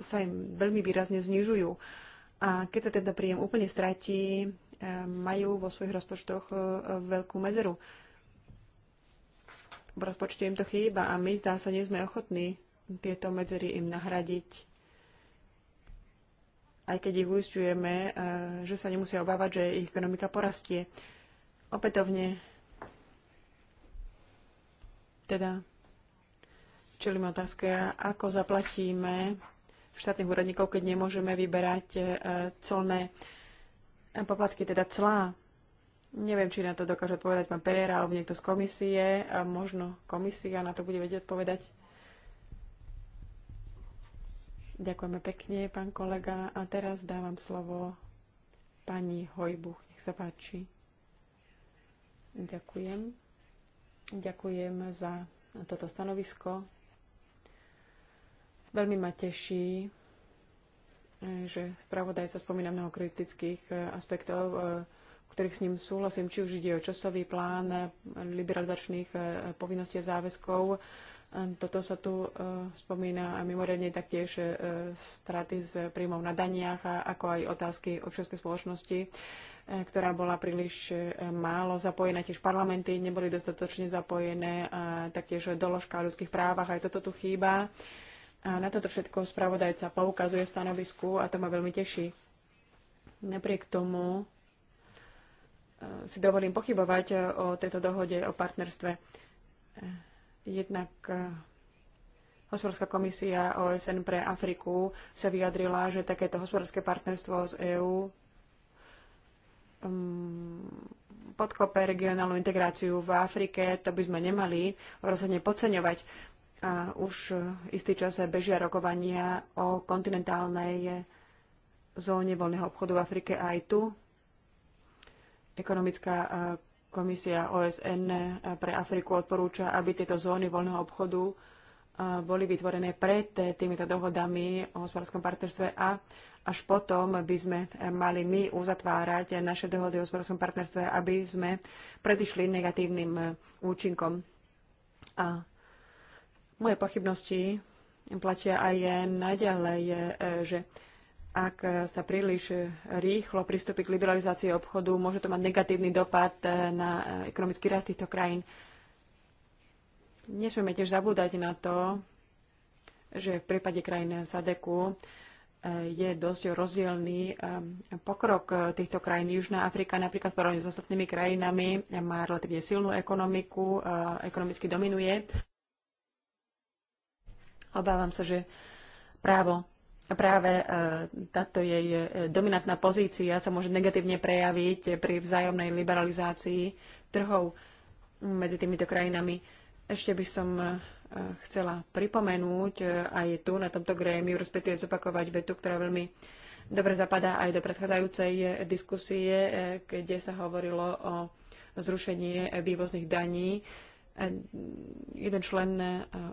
sa im veľmi výrazne znižujú. A keď sa teda príjem úplne stratí, e, majú vo svojich rozpočtoch veľkú medzeru. V rozpočte im to chýba a my zdá sa, nie sme ochotní tieto medzery im nahradiť aj keď ich uistujeme, e, že sa nemusia obávať, že ich ekonomika porastie. Opätovne teda čelíme otázke, ako zaplatíme štátnych úradníkov, keď nemôžeme vyberať e, colné poplatky, teda clá. Neviem, či na to dokáže odpovedať pán Pereira alebo niekto z komisie. Možno komisia na to bude vedieť odpovedať. Ďakujeme pekne, pán kolega. A teraz dávam slovo pani Hojbuch. Nech sa páči. Ďakujem. Ďakujem za toto stanovisko. Veľmi ma teší, že spravodajca spomína mnoho kritických eh, aspektov, eh, v ktorých s ním súhlasím, či už ide o časový plán liberalizačných eh, povinností a záväzkov, toto sa tu e, spomína a mimoriadne taktiež e, straty z príjmov na daniach, ako aj otázky občianskej spoločnosti, e, ktorá bola príliš málo zapojená. Tiež parlamenty neboli dostatočne zapojené, a taktiež doložka o ľudských právach, aj toto tu chýba. A na toto všetko spravodajca poukazuje stanovisku a to ma veľmi teší. Napriek tomu si dovolím pochybovať o tejto dohode o partnerstve Jednak eh, Hospodárska komisia OSN pre Afriku sa vyjadrila, že takéto hospodárske partnerstvo z EÚ mm, podkope regionálnu integráciu v Afrike, to by sme nemali rozhodne podceňovať. A už eh, istý čas bežia rokovania o kontinentálnej eh, zóne voľného obchodu v Afrike aj tu. Ekonomická Komisia OSN eh, pre Afriku odporúča, aby tieto zóny voľného obchodu eh, boli vytvorené pred eh, týmito dohodami o hospodárskom partnerstve a až potom by sme mali my uzatvárať naše dohody o hospodárskom partnerstve, aby sme predišli negatívnym účinkom. A moje pochybnosti platia aj naďalej, že ak e, sa príliš rýchlo pristúpi k liberalizácii obchodu, môže to mať negatívny dopad e, na e, ekonomický rast týchto krajín. Nesmieme tiež zabúdať na to, že v prípade krajín Sadeku je dosť rozdielný pokrok týchto krajín. Južná Afrika napríklad v porovnaní s ostatnými krajinami má relatívne silnú ekonomiku, ekonomicky dominuje. Obávam sa, že právo práve e, táto jej e, dominantná pozícia sa môže negatívne prejaviť pri vzájomnej liberalizácii trhov medzi týmito krajinami. Ešte by som e, chcela pripomenúť aj tu na tomto grémiu, respektíve zopakovať vetu, ktorá veľmi dobre zapadá aj do predchádzajúcej diskusie, kde sa hovorilo o zrušení vývozných daní jeden člen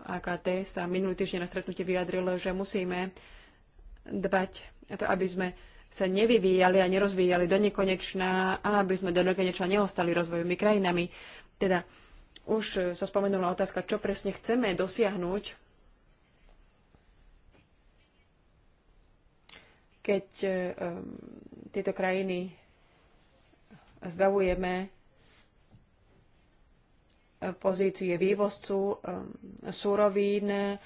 AKT sa minulý týždeň na stretnutí vyjadril, že musíme dbať na to, aby sme sa nevyvíjali a nerozvíjali do nekonečná a aby sme do nekonečna neostali rozvojovými krajinami. Teda už sa spomenula otázka, čo presne chceme dosiahnuť, keď um, tieto krajiny zbavujeme pozície vývozcu um, surovín. E,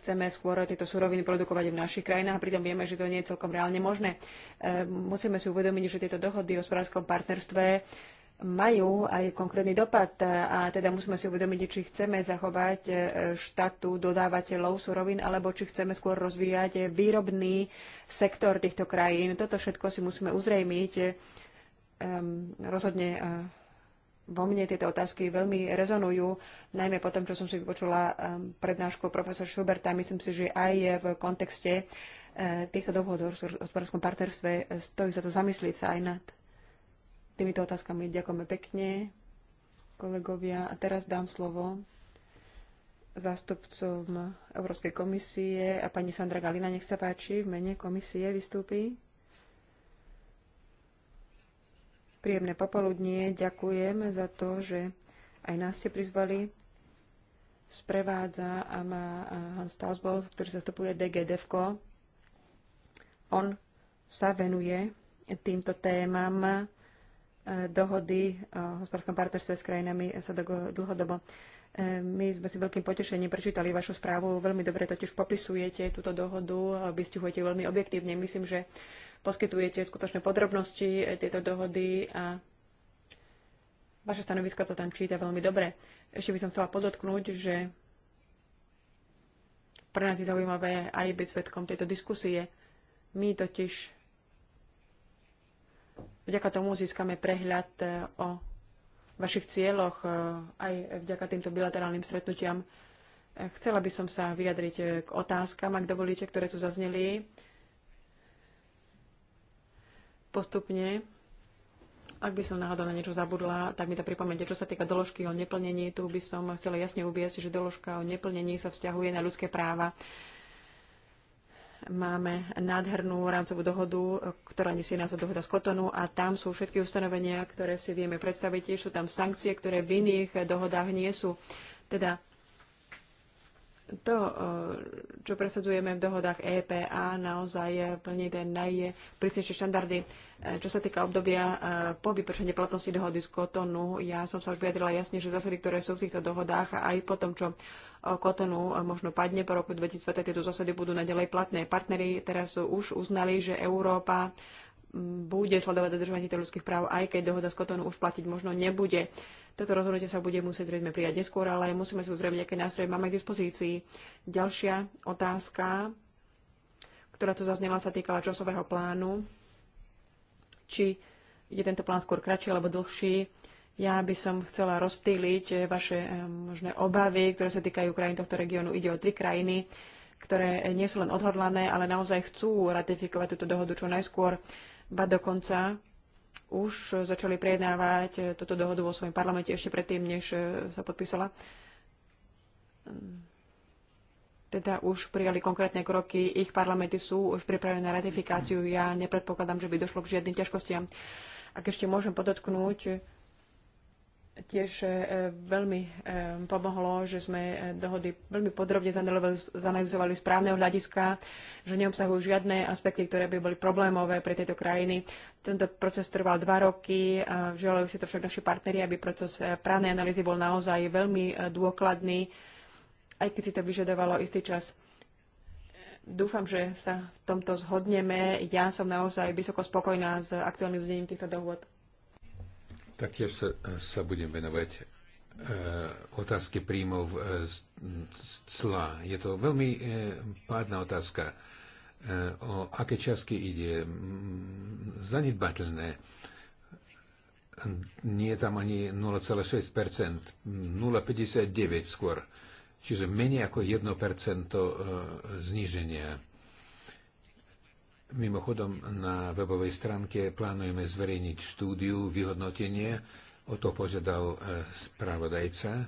chceme skôr tieto suroviny produkovať v našich krajinách, pritom vieme, že to nie je celkom reálne možné. E, musíme si uvedomiť, že tieto dohody o hospodárskom partnerstve majú aj konkrétny dopad a teda musíme si uvedomiť, či chceme zachovať e, štátu dodávateľov surovín alebo či chceme skôr rozvíjať výrobný sektor týchto krajín. Toto všetko si musíme uzrejmiť. Um, rozhodne vo mne tieto otázky veľmi rezonujú, najmä po tom, čo som si vypočula um, prednášku profesor Schuberta. Myslím si, že aj v kontexte uh, týchto dohodov o hospodárskom partnerstve uh, stojí za to zamyslieť sa aj nad týmito otázkami. Ďakujeme pekne, kolegovia. A teraz dám slovo zástupcom Európskej komisie a pani Sandra Galina, nech sa páči, v mene komisie vystúpi. Príjemné popoludnie. Ďakujem za to, že aj nás ste prizvali. Sprevádza a má Hans Tausbold, ktorý zastupuje DGDFko. On sa venuje týmto témam e, dohody o hospodárskom partnerstve s krajinami sa dlhodobo. E, my sme si veľkým potešením prečítali vašu správu, veľmi dobre totiž popisujete túto dohodu, vystihujete veľmi objektívne. Myslím, že poskytujete skutočné podrobnosti eh, tejto dohody a vaše stanovisko sa tam číta veľmi dobre. Ešte by som chcela podotknúť, že pre nás je zaujímavé aj byť svetkom tejto diskusie. My totiž vďaka tomu získame prehľad eh, o vašich cieľoch eh, aj vďaka týmto bilaterálnym stretnutiam. Chcela by som sa vyjadriť k otázkam, ak dovolíte, ktoré tu zazneli postupne. Ak by som náhodou na niečo zabudla, tak mi to pripomente. Čo sa týka doložky o neplnení, tu by som chcela jasne uviesť, že doložka o neplnení sa vzťahuje na ľudské práva. Máme nádhernú rámcovú dohodu, ktorá nesie nás dohoda z Kotonu a tam sú všetky ustanovenia, ktoré si vieme predstaviť. Sú tam sankcie, ktoré v iných dohodách nie sú. Teda to, eh, čo presadzujeme v dohodách EPA, naozaj plní tie najprísnejšie štandardy. Eh, čo sa týka obdobia eh, po vypršení platnosti dohody z Kotonu, ja som sa už vyjadrila jasne, že zásady, ktoré sú v týchto dohodách, aj po tom, čo Kotonu možno padne po roku 2020, tieto zásady budú naďalej platné. Partnery teraz už uznali, že Európa mm, bude sledovať dodržovanie ľudských práv, aj keď dohoda z Kotonu už platiť možno nebude. Uh, toto rozhodnutie sa bude musieť zrejme prijať neskôr, ale musíme si uzrieť, aké nástroje máme k dispozícii. Ďalšia otázka, ktorá tu zaznela, sa týkala časového plánu. Či je tento plán skôr kratší alebo dlhší? Ja by som chcela rozptýliť eh, vaše eh, možné obavy, ktoré sa týkajú krajín tohto regiónu. Ide o tri krajiny ktoré eh, nie sú len odhodlané, ale naozaj chcú ratifikovať túto dohodu čo najskôr, ba dokonca už začali prejednávať eh, túto dohodu vo svojom parlamente ešte predtým, než eh, sa podpísala. Teda už prijali konkrétne kroky, ich parlamenty sú už pripravené na ratifikáciu. Ja nepredpokladám, že by došlo k žiadnym ťažkostiam. Ak ešte môžem podotknúť, tiež e, veľmi e, pomohlo, že sme e, dohody veľmi podrobne zanalizovali správneho hľadiska, že neobsahujú žiadne aspekty, ktoré by boli problémové pre tieto krajiny. Tento proces trval dva roky, a želajú si to však naši partneri, aby proces právnej analýzy bol naozaj veľmi dôkladný, aj keď si to vyžadovalo istý čas. Dúfam, že sa v tomto zhodneme. Ja som naozaj vysoko spokojná s aktuálnym vznením týchto dohôd. Taktiež sa, sa budem venovať e, otázke príjmov e, z cla. Je to veľmi e, pádna otázka. O aké časky ide? Zanedbateľné. Nie je tam ani 0,6%, 0,59 skôr. Čiže menej ako 1% zníženia Mimochodom, na webovej stránke plánujeme zverejniť štúdiu, vyhodnotenie. O to požiadal e, spravodajca.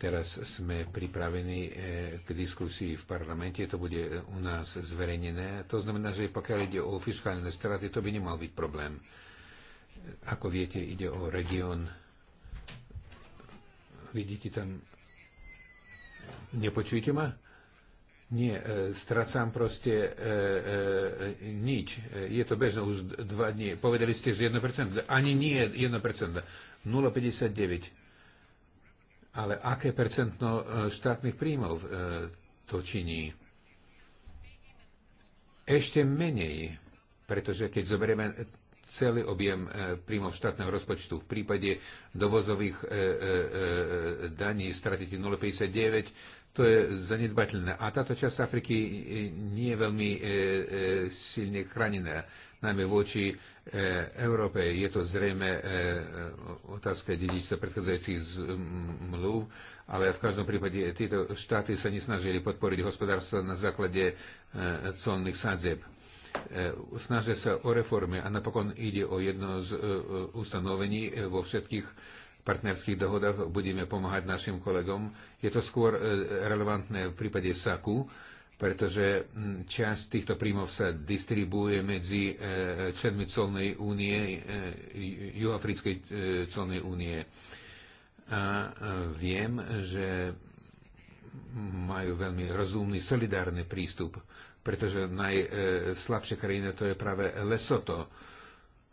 Teraz sme pripravení e, k diskusii v parlamente. To bude e, u nás zverejnené. To znamená, že pokiaľ ide o fiskálne straty, to by nemal byť problém. Ako viete, ide o región. Vidíte tam... Nepočujete ma? Nie, e, strácam proste e, e, nič. E, je to bežné už dva dní. Povedali ste, že 1%. Ani nie 1%. 0,59. Ale aké percentno e, štátnych príjmov e, to činí? Ešte menej, pretože keď zoberieme celý objem e, príjmov štátneho rozpočtu. V prípade dovozových daní stratíte 0,59, to je zanedbateľné. A táto časť Afriky e, nie je veľmi e, e, silne chránená, najmä voči e, Európe. Je to zrejme e, otázka dedičstva predchádzajúcich mluv, ale v každom prípade tieto štáty sa nesnažili podporiť hospodárstvo na základe e, colných sádzeb. E, snažia sa o reformy a napokon ide o jedno z e, ustanovení vo všetkých partnerských dohodách budeme pomáhať našim kolegom. Je to skôr e, relevantné v prípade SAKU, pretože časť týchto príjmov sa distribuuje medzi e, členmi colnej únie, e, juhoafrickej colnej únie. A viem, že majú veľmi rozumný, solidárny prístup, pretože najslabšia krajina to je práve Lesoto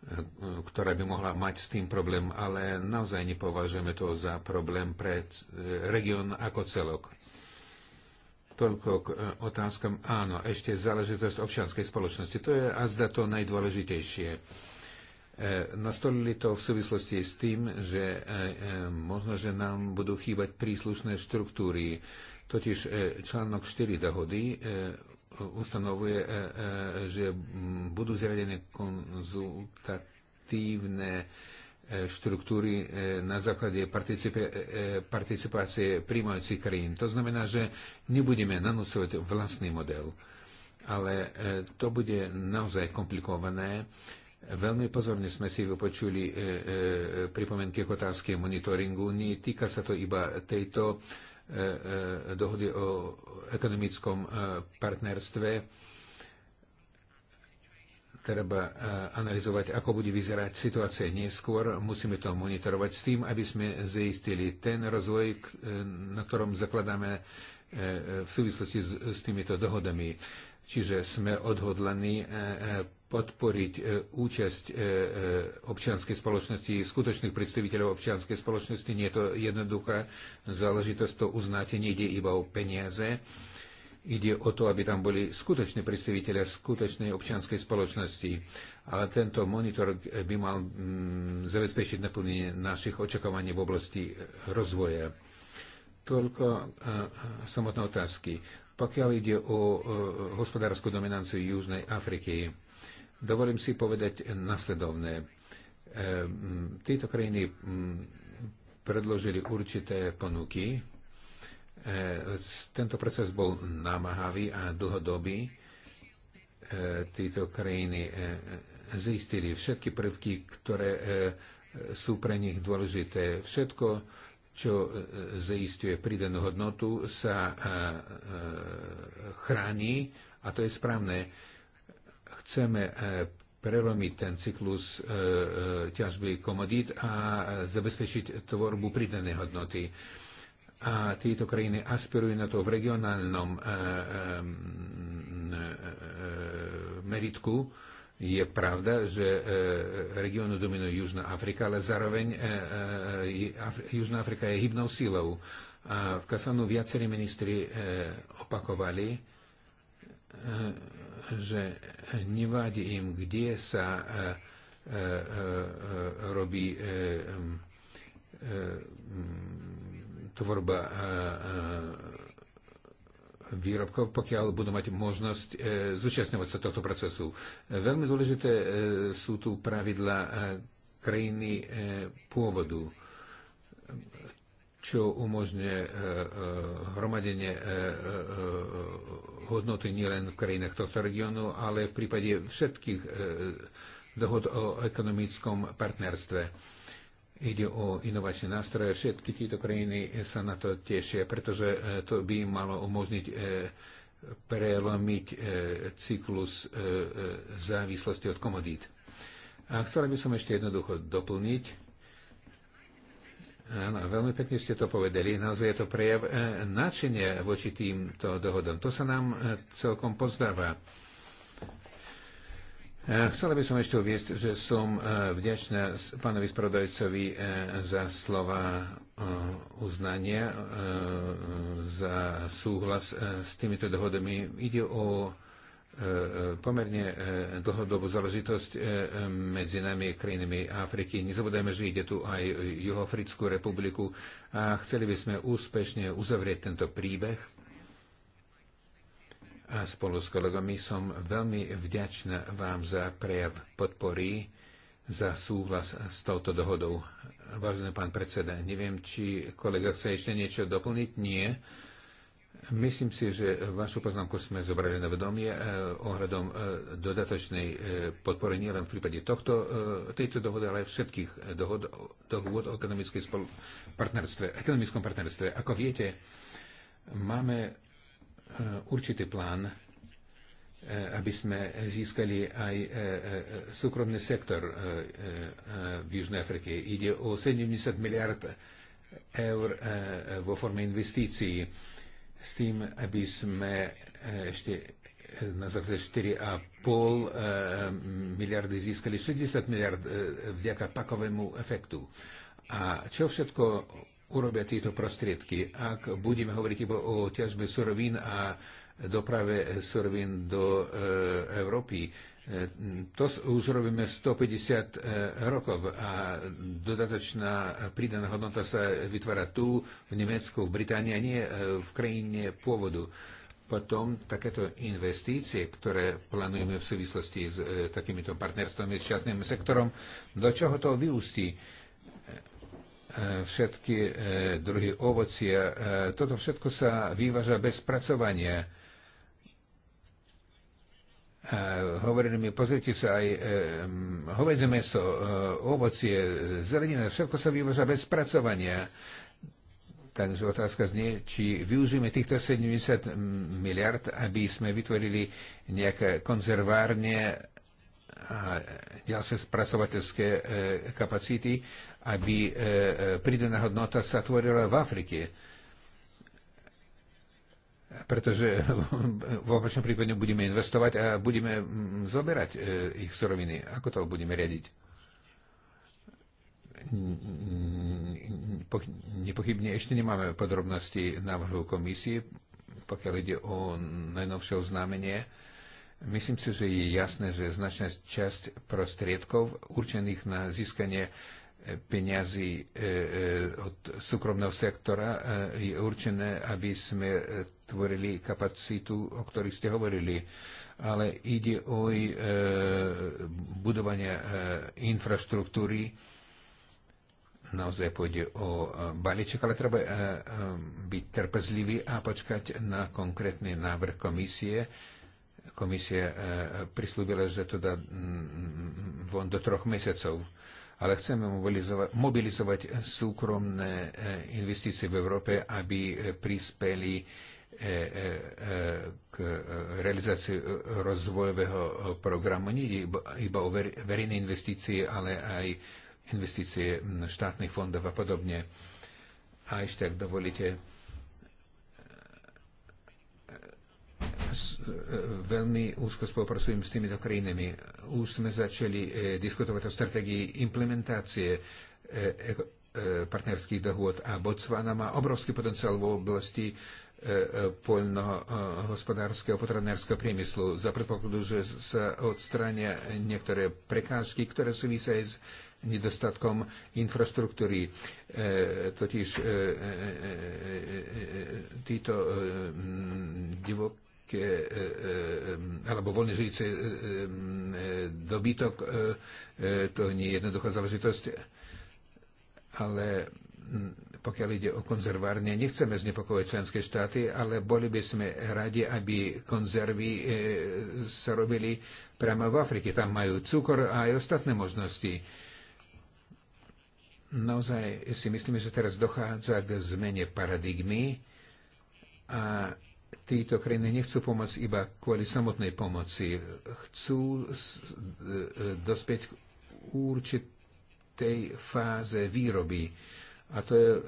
E, ktorá by mohla mať s tým problém, ale naozaj nepovažujeme to za problém pre e, región ako celok. Toľko k e, otázkam. Áno, ešte záležitosť občianskej spoločnosti. To je a zda to najdôležitejšie. Nastolili to v súvislosti s tým, že možno, že nám budú chýbať príslušné štruktúry. Totiž článok 4 dohody ustanovuje, e, e, že budú zriadené konzultatívne e, štruktúry na základe participácie príjmajúcich krajín. To znamená, že nebudeme nanúcovať vlastný model, ale to bude naozaj komplikované. Veľmi pozorne sme si vypočuli pripomienky k otázke monitoringu. týka sa to iba tejto E, e, dohody o ekonomickom e, partnerstve. Treba analyzovať, ako bude vyzerať situácia neskôr. Musíme to monitorovať s tým, aby sme zaistili ten rozvoj, na ktorom zakladáme v súvislosti s týmito dohodami. Čiže sme odhodlaní podporiť e, účasť e, e, občianskej spoločnosti, skutočných predstaviteľov občianskej spoločnosti. Nie je to jednoduchá záležitosť, to uznáte, nejde iba o peniaze. Ide o to, aby tam boli skutoční predstaviteľia skutočnej občianskej spoločnosti. Ale tento monitor by mal zabezpečiť naplnenie našich očakávaní v oblasti rozvoja. Toľko samotné otázky. Pokiaľ ide o hospodárskú dominanciu Južnej Afriky, Dovolím si povedať nasledovné. E, tieto krajiny predložili určité ponuky. E, tento proces bol námahavý a dlhodobý. E, tieto krajiny zistili všetky prvky, ktoré sú pre nich dôležité. Všetko, čo zaistuje pridanú hodnotu, sa chráni a to je správne Chceme e, prelomiť ten cyklus e, e, ťažby komodít a zabezpečiť tvorbu pridanej hodnoty. A tieto krajiny aspirujú na to v regionálnom meritku. Je pravda, že regiónu dominuje Južná Afrika, ale zároveň Južná Afrika je hybnou síľou. A v Kasanu viacerí ministri opakovali, že nevadí im, kde sa robí tvorba výrobkov, pokiaľ budú mať možnosť e, zúčastňovať sa tohto procesu. Veľmi dôležité e, sú tu pravidla e, krajiny pôvodu čo umožňuje e, e, hromadenie e, hodnoty nielen v krajinách tohto regiónu, ale v prípade všetkých dohod o ekonomickom partnerstve. Ide o inovačné nástroje. Všetky tieto krajiny sa na to tešia, pretože to by im malo umožniť prelomiť cyklus závislosti od komodít. A chcela by som ešte jednoducho doplniť, Áno, veľmi pekne ste to povedali. Naozaj je to prejav e, nadšenia voči týmto dohodom. To sa nám e, celkom pozdáva. E, chcela by som ešte uviesť, že som vďačná pánovi spravodajcovi za slova uznania, za súhlas s týmito dohodami. Ide o E, e, pomerne e, dlhodobú záležitosť medzi nami krajinami Afriky. Nezabudajme, že ide tu aj Juhoafrickú republiku a chceli by sme úspešne uzavrieť tento príbeh. A spolu s kolegami som veľmi vďačná vám za prejav podpory, za súhlas s touto dohodou. Vážený pán predseda, neviem, či kolega chce ešte niečo doplniť? Nie. Myslím si, že vašu poznámku sme zobrali na vedomie eh, ohľadom eh, dodatočnej eh, podpory nielen v prípade tohto, tejto dohody, ale aj všetkých dohod, dohod o ekonomickej partnerstve, ekonomickom partnerstve. Ako viete, máme určitý plán, aby sme získali aj súkromný sektor v Južnej Afrike. Ide o 70 miliard eur vo forme investícií s tým, aby sme e, ešte e, na základe 4,5 e, miliardy získali 60 miliard vďaka pakovému efektu. A čo všetko urobia tieto prostriedky? Ak budeme hovoriť iba o ťažbe surovín a doprave surovín do Európy, E, to už robíme 150 e, rokov a dodatočná pridaná hodnota sa vytvára tu, v Nemecku, v Británii a nie e, v krajine pôvodu. Potom takéto investície, ktoré plánujeme v súvislosti s takýmito partnerstvami s časným sektorom, do čoho to vyústí? všetky e, druhy ovocia, e, toto všetko sa vyváža bez pracovania. E, hovorili mi, pozrite sa aj e, hovedze meso, e, ovocie, zelenina, všetko sa vyvoža bez spracovania. Takže otázka znie, či využijeme týchto 70 miliard, aby sme vytvorili nejaké konzervárne a ďalšie spracovateľské e, kapacity, aby e, e prídená hodnota sa tvorila v Afrike pretože <laughs> v opačnom prípade budeme investovať a budeme mm, zoberať e, ich suroviny. Ako to budeme riadiť? Nepochybne ešte nemáme podrobnosti návrhu komisie, pokiaľ ide o najnovšie oznámenie. Myslím si, že je jasné, že značná časť prostriedkov určených na získanie peniazy e, e, od súkromného sektora e, je určené, aby sme tvorili kapacitu, o ktorých ste hovorili, ale ide o budovanie infraštruktúry, naozaj pôjde o balíček, ale treba byť trpezlivý a počkať na konkrétny návrh komisie, komisia prislúbila, že to dá von do troch mesiacov ale chceme mobilizovať, mobilizovať eh, súkromné eh, investície v Európe, aby eh, prispeli k realizácii rozvojového programu. Nie iba o verejné investície, ale aj investície hm, štátnych fondov a podobne. A ešte, ak dovolíte, veľmi úzko spolupracujem s týmito krajinami. Už sme začali diskutovať o stratégii implementácie partnerských dohôd a Botswana má obrovský potenciál v oblasti poľnohospodárskeho potravinárskeho priemyslu za predpokladu, že sa odstránia niektoré prekážky, ktoré súvisia aj s nedostatkom infraštruktúry. E, totiž e, e, títo divoké ke, e, alebo voľne e, e, dobytok, e, to nie je jednoduchá záležitosť, ale pokiaľ ide o konzervárne, nechceme znepokojovať členské štáty, ale boli by sme radi, aby konzervy e, sa robili priamo v Afrike. Tam majú cukor a aj ostatné možnosti. Naozaj si myslíme, že teraz dochádza k zmene paradigmy a títo krajiny nechcú pomôcť iba kvôli samotnej pomoci. Chcú e, e, dospieť k určitej fáze výroby. A to je e,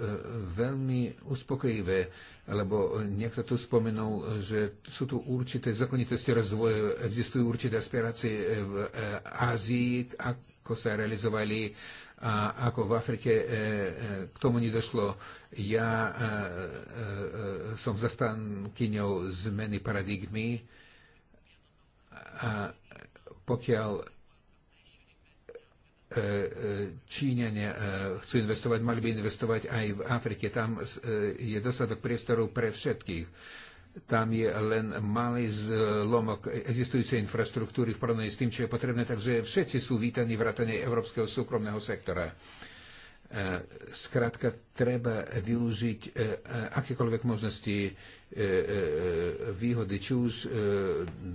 veľmi uspokojivé, lebo niekto tu spomenul, že sú tu určité zakonitosti rozvoja, existujú určité aspirácie v Ázii, ako sa realizovali a ako v Afrike e, e, k tomu nedošlo. Ja e, som zastankyňou zmeny paradigmy a pokiaľ Číňania chcú investovať, mali by investovať aj v Afrike. Tam je dostatok priestorov pre všetkých tam je len malý zlomok existujúcej infraštruktúry v porovnaní s tým, čo je potrebné, takže všetci sú vítaní vrátane európskeho súkromného sektora. E, skrátka, treba využiť e, e, akékoľvek možnosti výhody, či už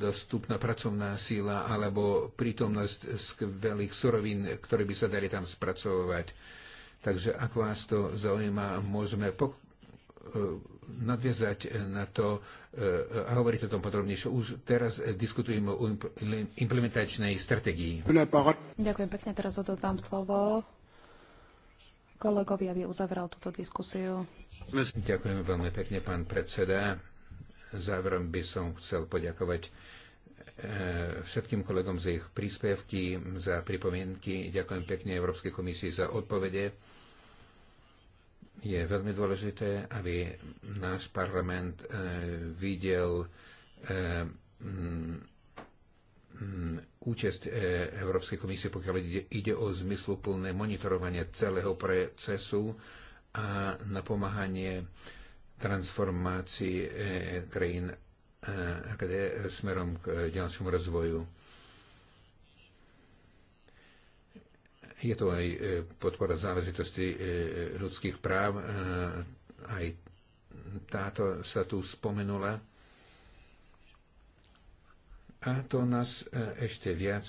dostupná pracovná síla, alebo prítomnosť skvelých surovín, ktoré by sa dali tam spracovať. Takže ak vás to zaujíma, môžeme pok- nadviazať na to e, a hovoriť o tom podrobnejšie. Už teraz diskutujeme o implementačnej strategii. Ďakujem pekne, teraz odozdám slovo kolegovi, aby uzavral túto diskusiu. Ďakujem veľmi pekne, pán predseda. Záverom by som chcel poďakovať e, všetkým kolegom za ich príspevky, za pripomienky. Ďakujem pekne Európskej komisii za odpovede je veľmi dôležité, aby náš parlament e, videl e, účasť e, Európskej komisie, pokiaľ ide, ide o zmysluplné monitorovanie celého procesu a napomáhanie transformácii krajín e, smerom k ďalšiemu rozvoju. Je to aj e, podpora záležitosti e, ľudských práv, e, aj táto sa tu spomenula. A to nás ešte viac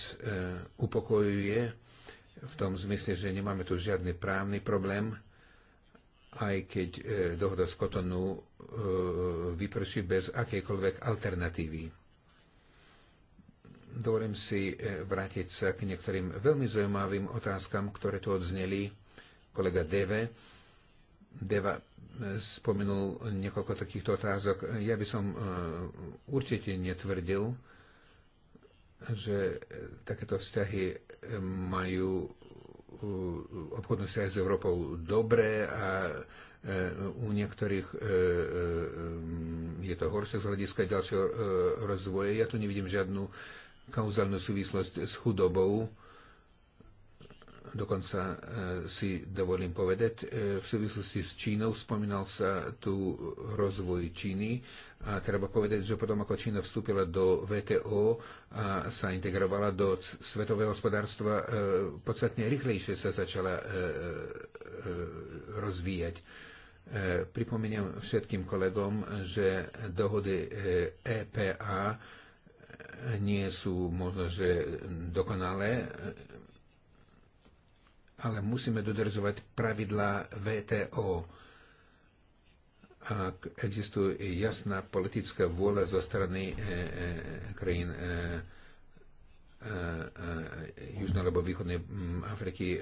upokojuje v tom zmysle, že nemáme tu žiadny právny problém, aj keď dohoda z Kotonu vyprší bez akejkoľvek alternatívy dovolím si e, vrátiť sa k niektorým veľmi zaujímavým otázkam, ktoré tu odzneli. Kolega Deve. Deva e, spomenul niekoľko takýchto otázok. Ja by som e, určite netvrdil, že takéto vzťahy majú obchodné vzťahy s Európou dobré a u niektorých je to horšie z hľadiska ďalšieho rozvoje. Ja tu nevidím žiadnu kauzálnu súvislosť s chudobou. Dokonca e, si dovolím povedať, e, v súvislosti s Čínou spomínal sa tu rozvoj Číny a treba povedať, že potom ako Čína vstúpila do VTO a sa integrovala do svetového hospodárstva, e, podstatne rýchlejšie sa začala rozvíjať. Pripomínam všetkým kolegom, že dohody EPA nie sú možno, že dokonalé, ale musíme dodržovať pravidlá VTO. Ak existuje jasná politická vôľa zo strany e, e, krajín e, e, e Južnej alebo Východnej mm, Afriky e,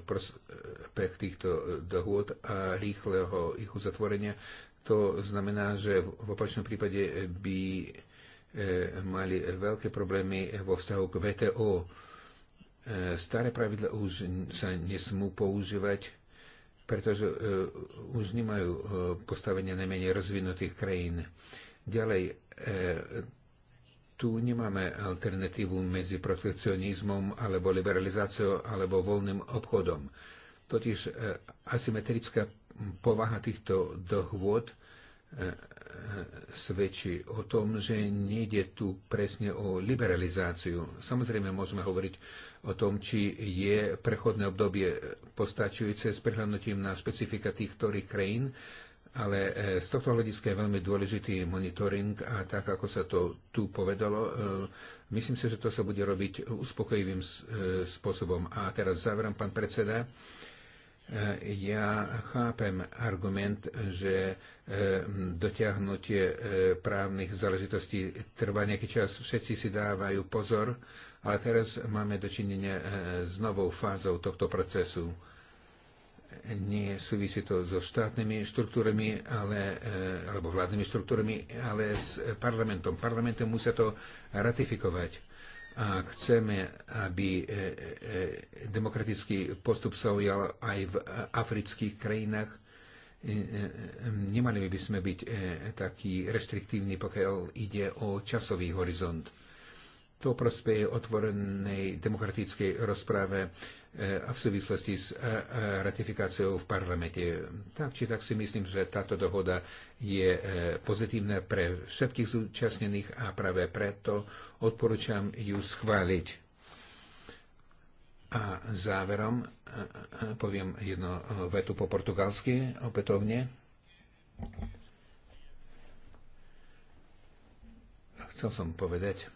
v prospech týchto dohôd a rýchleho ich uzatvorenia, to znamená, že v opačnom prípade by E, mali veľké problémy vo vzťahu k VTO. E, staré pravidla už sa nesmú používať, pretože e, už nemajú postavenie najmenej rozvinutých krajín. Ďalej, tu nemáme alternatívu medzi protekcionizmom alebo liberalizáciou alebo voľným obchodom. Totiž asymetrická povaha týchto dohôd svedčí o tom, že nejde tu presne o liberalizáciu. Samozrejme, môžeme hovoriť o tom, či je prechodné obdobie postačujúce s prehľadnutím na špecifika tých ktorých krajín, ale e, z tohto hľadiska je veľmi dôležitý monitoring a tak, ako sa to tu povedalo, e, myslím si, že to sa bude robiť uspokojivým e, spôsobom. A teraz záverom, pán predseda, ja chápem argument, že e, dotiahnutie e, právnych záležitostí trvá nejaký čas, všetci si dávajú pozor, ale teraz máme dočinenie e, s novou fázou tohto procesu. Nie súvisí to so štátnymi štruktúrami, ale, alebo vládnymi štruktúrami, ale s parlamentom. Parlamentom musia to ratifikovať a chceme, aby e, e, e, demokratický postup sa ujal aj v afrických krajinách, nemali by sme byť taký restriktívny, pokiaľ ide o časový horizont. To prospeje otvorenej demokratickej rozprave E, a v súvislosti s e, e, ratifikáciou v parlamente. Tak či tak si myslím, že táto dohoda je pozitívna pre všetkých zúčastnených a práve preto odporúčam ju schváliť. A záverom poviem jedno vetu po portugalsky opätovne. Chcel som povedať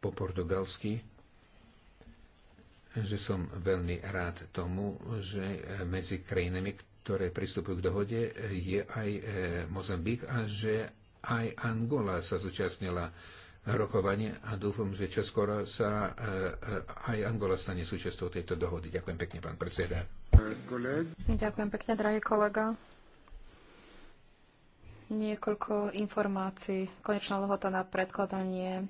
po portugalsky, že som veľmi rád tomu, že e, medzi krajinami, ktoré pristupujú k dohode, je aj e, Mozambik a že aj Angola sa zúčastnila rokovanie a dúfam, že čoskoro sa e, aj Angola stane súčasťou tejto dohody. Ďakujem pekne, pán predseda. Ďakujem pekne, drahý kolega niekoľko informácií. Konečná lohota na predkladanie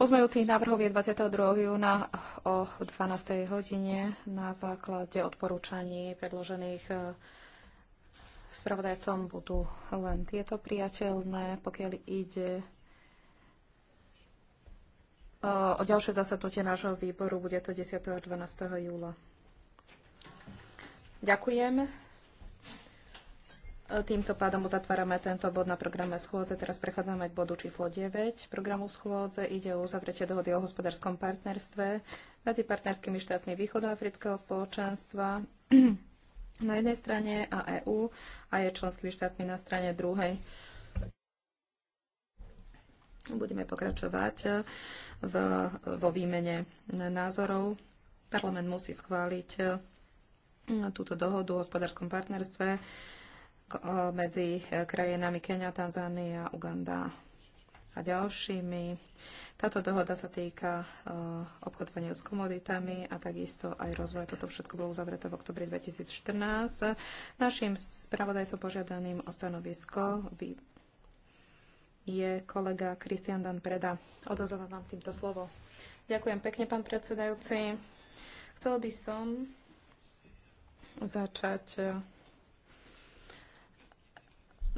Pozmejúcich návrhov je 22. júna o 12. hodine na základe odporúčaní predložených e, spravodajcom budú len tieto priateľné, pokiaľ ide e, O ďalšie zasadnutie nášho výboru bude to 10. až 12. júla. Ďakujem. Týmto pádom uzatvárame tento bod na programe schôdze. Teraz prechádzame k bodu číslo 9 programu schôdze. Ide o uzavretie dohody o hospodárskom partnerstve medzi partnerskými štátmi východoafrického spoločenstva <clears throat> na jednej strane a EÚ a je členskými štátmi na strane druhej. Budeme pokračovať eh, v, vo výmene názorov. Parlament musí schváliť eh, túto dohodu o hospodárskom partnerstve E, medzi e, krajinami Kenia, Tanzánia, Uganda a ďalšími. Táto dohoda sa týka e, obchodovania s komoditami a takisto aj rozvoja. Toto všetko bolo uzavreté v oktobri 2014. Našim spravodajcom požiadaným o stanovisko je kolega Kristian Dan Preda. Odozovám vám týmto slovo. Ďakujem pekne, pán predsedajúci. Chcel by som začať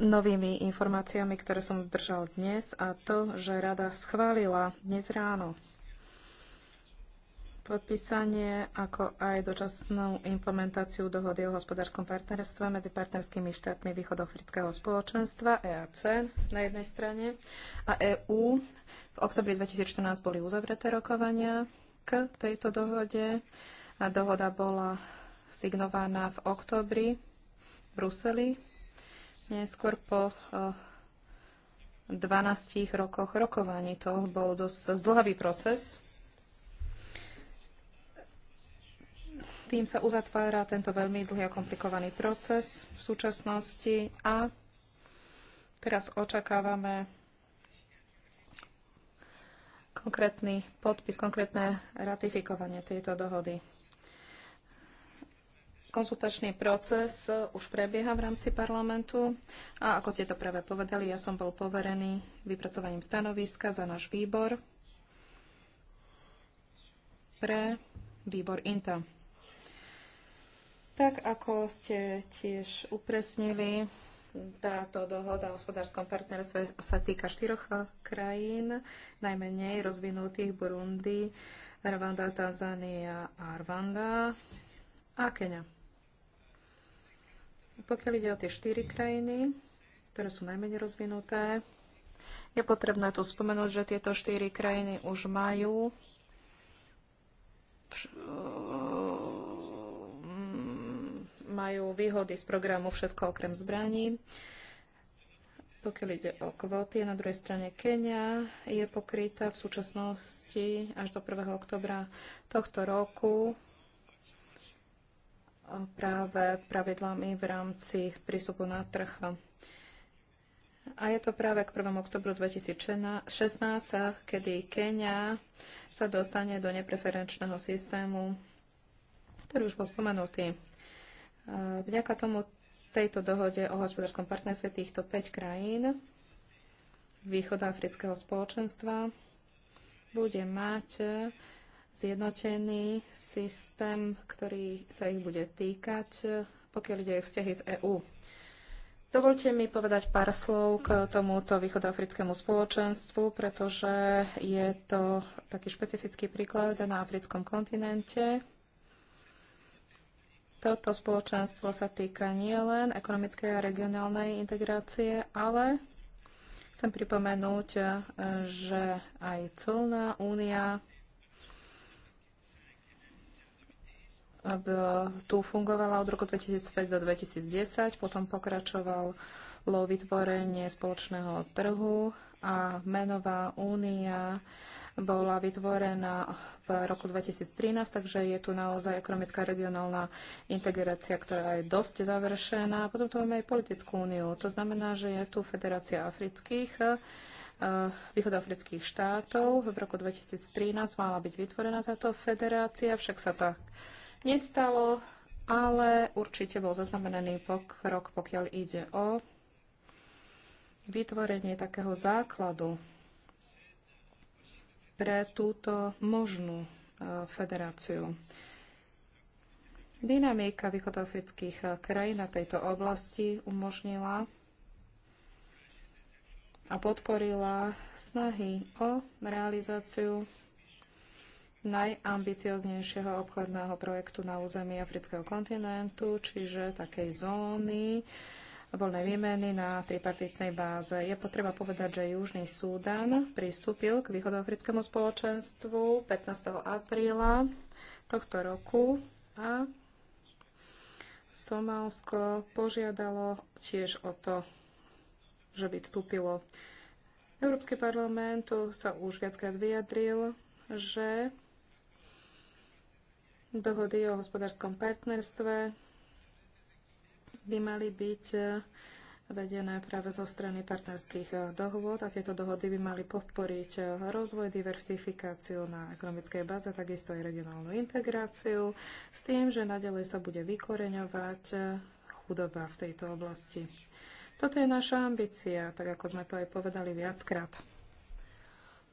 novými informáciami, ktoré som držal dnes a to, že rada schválila dnes ráno podpísanie, ako aj dočasnú implementáciu dohody o hospodárskom partnerstve medzi partnerskými štátmi Východoafrického spoločenstva EAC na jednej strane a EÚ. V oktobri 2014 boli uzavreté rokovania k tejto dohode a dohoda bola signovaná v oktobri v Bruseli Neskôr po 12 eh, rokoch rokovaní to bol dosť zdlhavý proces. Tým sa uzatvára tento veľmi dlhý a komplikovaný proces v súčasnosti a teraz očakávame konkrétny podpis, konkrétne ratifikovanie tejto dohody. Konzultačný proces eh, už prebieha v rámci parlamentu a ako ste to práve povedali, ja som bol poverený vypracovaním stanoviska za náš výbor pre výbor INTA. Tak ako ste tiež upresnili, táto dohoda o hospodárskom partnerstve sa týka štyroch eh, krajín, najmenej rozvinutých Burundi, Rwanda, Tanzania a Rwanda a Kenia. Pokiaľ ide o tie štyri krajiny, ktoré sú najmenej rozvinuté, je potrebné tu spomenúť, že tieto štyri krajiny už majú mm, majú výhody z programu Všetko okrem zbraní. Pokiaľ ide o kvóty, na druhej strane Kenia je pokrytá v súčasnosti až do 1. oktobra tohto roku práve pravidlami v rámci prístupu na trh. A je to práve k 1. oktobru 2016, kedy Kenia sa dostane do nepreferenčného systému, ktorý už bol spomenutý. Vďaka tomu tejto dohode o hospodárskom partnerstve týchto 5 krajín východoafrického spoločenstva bude mať zjednotený systém, ktorý sa ich bude týkať, pokiaľ ide o vzťahy z EÚ. Dovolte mi povedať pár slov k tomuto východoafrickému spoločenstvu, pretože je to taký špecifický príklad na africkom kontinente. Toto spoločenstvo sa týka nielen ekonomickej a regionálnej integrácie, ale chcem pripomenúť, že aj colná únia E, tu fungovala od roku 2005 do 2010, potom pokračoval lo vytvorenie spoločného trhu a menová únia bola vytvorená v roku 2013, takže je tu naozaj ekonomická regionálna integrácia, ktorá je dosť završená. Potom tu máme aj politickú úniu. To znamená, že je tu Federácia afrických e, východoafrických štátov. V roku 2013 mala byť vytvorená táto federácia, však sa tak nestalo, ale určite bol zaznamenaný pokrok, pokiaľ ide o vytvorenie takého základu pre túto možnú e, federáciu. Dynamika východoafrických e, krajín na tejto oblasti umožnila a podporila snahy o realizáciu najambicioznejšieho obchodného projektu na území afrického kontinentu, čiže takej zóny voľnej výmeny na tripartitnej báze. Je potreba povedať, že Južný Súdan pristúpil k východoafrickému spoločenstvu 15. apríla tohto roku a Somálsko požiadalo tiež o to, že by vstúpilo. Európsky parlament sa už viackrát vyjadril, že dohody o hospodárskom partnerstve by mali byť eh, vedené práve zo strany partnerských eh, dohôd a tieto dohody by mali podporiť eh, rozvoj, divertifikáciu na ekonomickej báze, takisto aj regionálnu integráciu, s tým, že nadalej sa bude vykoreňovať chudoba v tejto oblasti. Toto je naša ambícia, tak ako sme to aj povedali viackrát.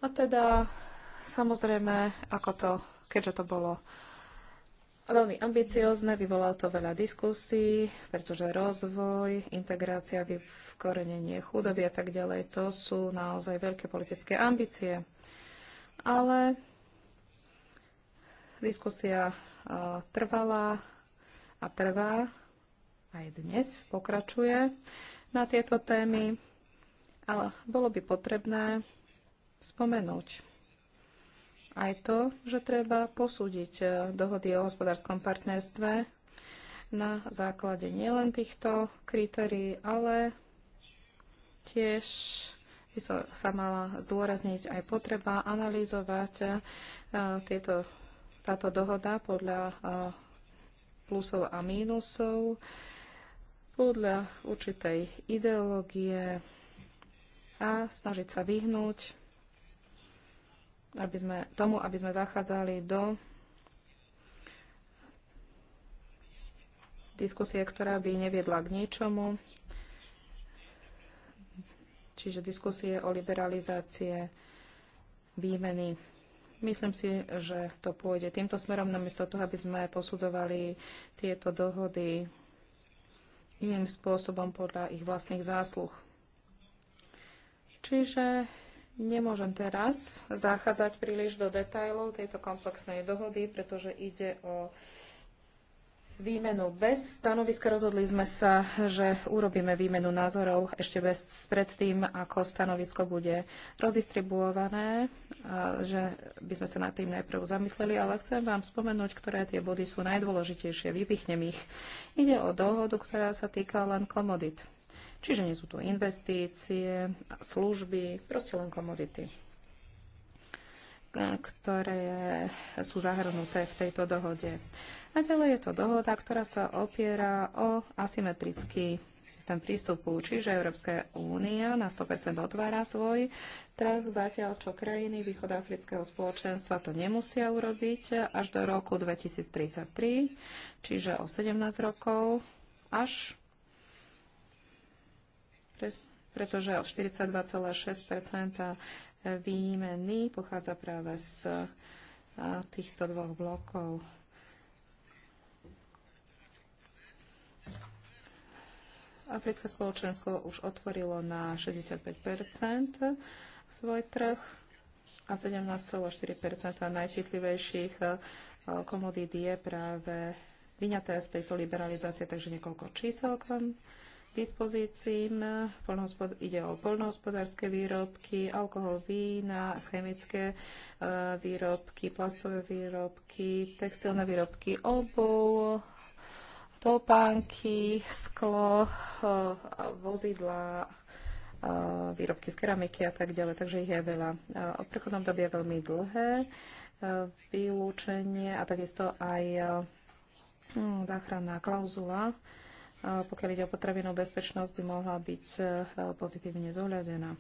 A teda, samozrejme, ako to, keďže to bolo veľmi ambiciozne, vyvolalo to veľa diskusí, pretože rozvoj, integrácia, vykorenenie chudoby a tak ďalej, to sú naozaj veľké politické ambície. Ale diskusia trvala a trvá, aj dnes pokračuje na tieto témy, ale bolo by potrebné spomenúť aj to, že treba posúdiť e, dohody o hospodárskom partnerstve na základe nielen týchto kritérií, ale tiež by sa mala zdôrazniť aj potreba analyzovať e, tieto, táto dohoda podľa e, plusov a mínusov, podľa určitej ideológie a snažiť sa vyhnúť aby sme, tomu, aby sme zachádzali do diskusie, ktorá by neviedla k ničomu, čiže diskusie o liberalizácie výmeny. Myslím si, že to pôjde týmto smerom, namiesto toho, aby sme posudzovali tieto dohody iným spôsobom podľa ich vlastných zásluh. Čiže Nemôžem teraz zachádzať príliš do detajlov tejto komplexnej dohody, pretože ide o výmenu bez stanoviska. Rozhodli sme sa, že urobíme výmenu názorov ešte bez, predtým, ako stanovisko bude rozdistribuované, že by sme sa nad tým najprv zamysleli, ale chcem vám spomenúť, ktoré tie body sú najdôležitejšie. Vypichnem ich. Ide o dohodu, ktorá sa týka len komodit. Čiže nie sú tu investície, služby, proste len komodity ktoré sú zahrnuté v tejto dohode. A ďalej je to dohoda, ktorá sa opiera o asymetrický systém prístupu, čiže Európska únia na 100% otvára svoj trh, zatiaľ čo krajiny východoafrického spoločenstva to nemusia urobiť až do roku 2033, čiže o 17 rokov, až pretože 42,6 výmeny pochádza práve z týchto dvoch blokov. Africké spoločenstvo už otvorilo na 65 svoj trh a 17,4 najčitlivejších komodít je práve vyňaté z tejto liberalizácie, takže niekoľko čísel k vám dispozícii. Ide o poľnohospodárske výrobky, alkohol, vína, chemické e, výrobky, plastové výrobky, textilné výrobky, obou, topánky, sklo, e, vozidla, e, výrobky z keramiky a tak ďalej, takže ich je veľa. Prechodné dobie je veľmi dlhé, vylúčenie a takisto aj hm, záchranná klauzula pokiaľ ide o potravinovú bezpečnosť, by mohla byť e, pozitívne zohľadená.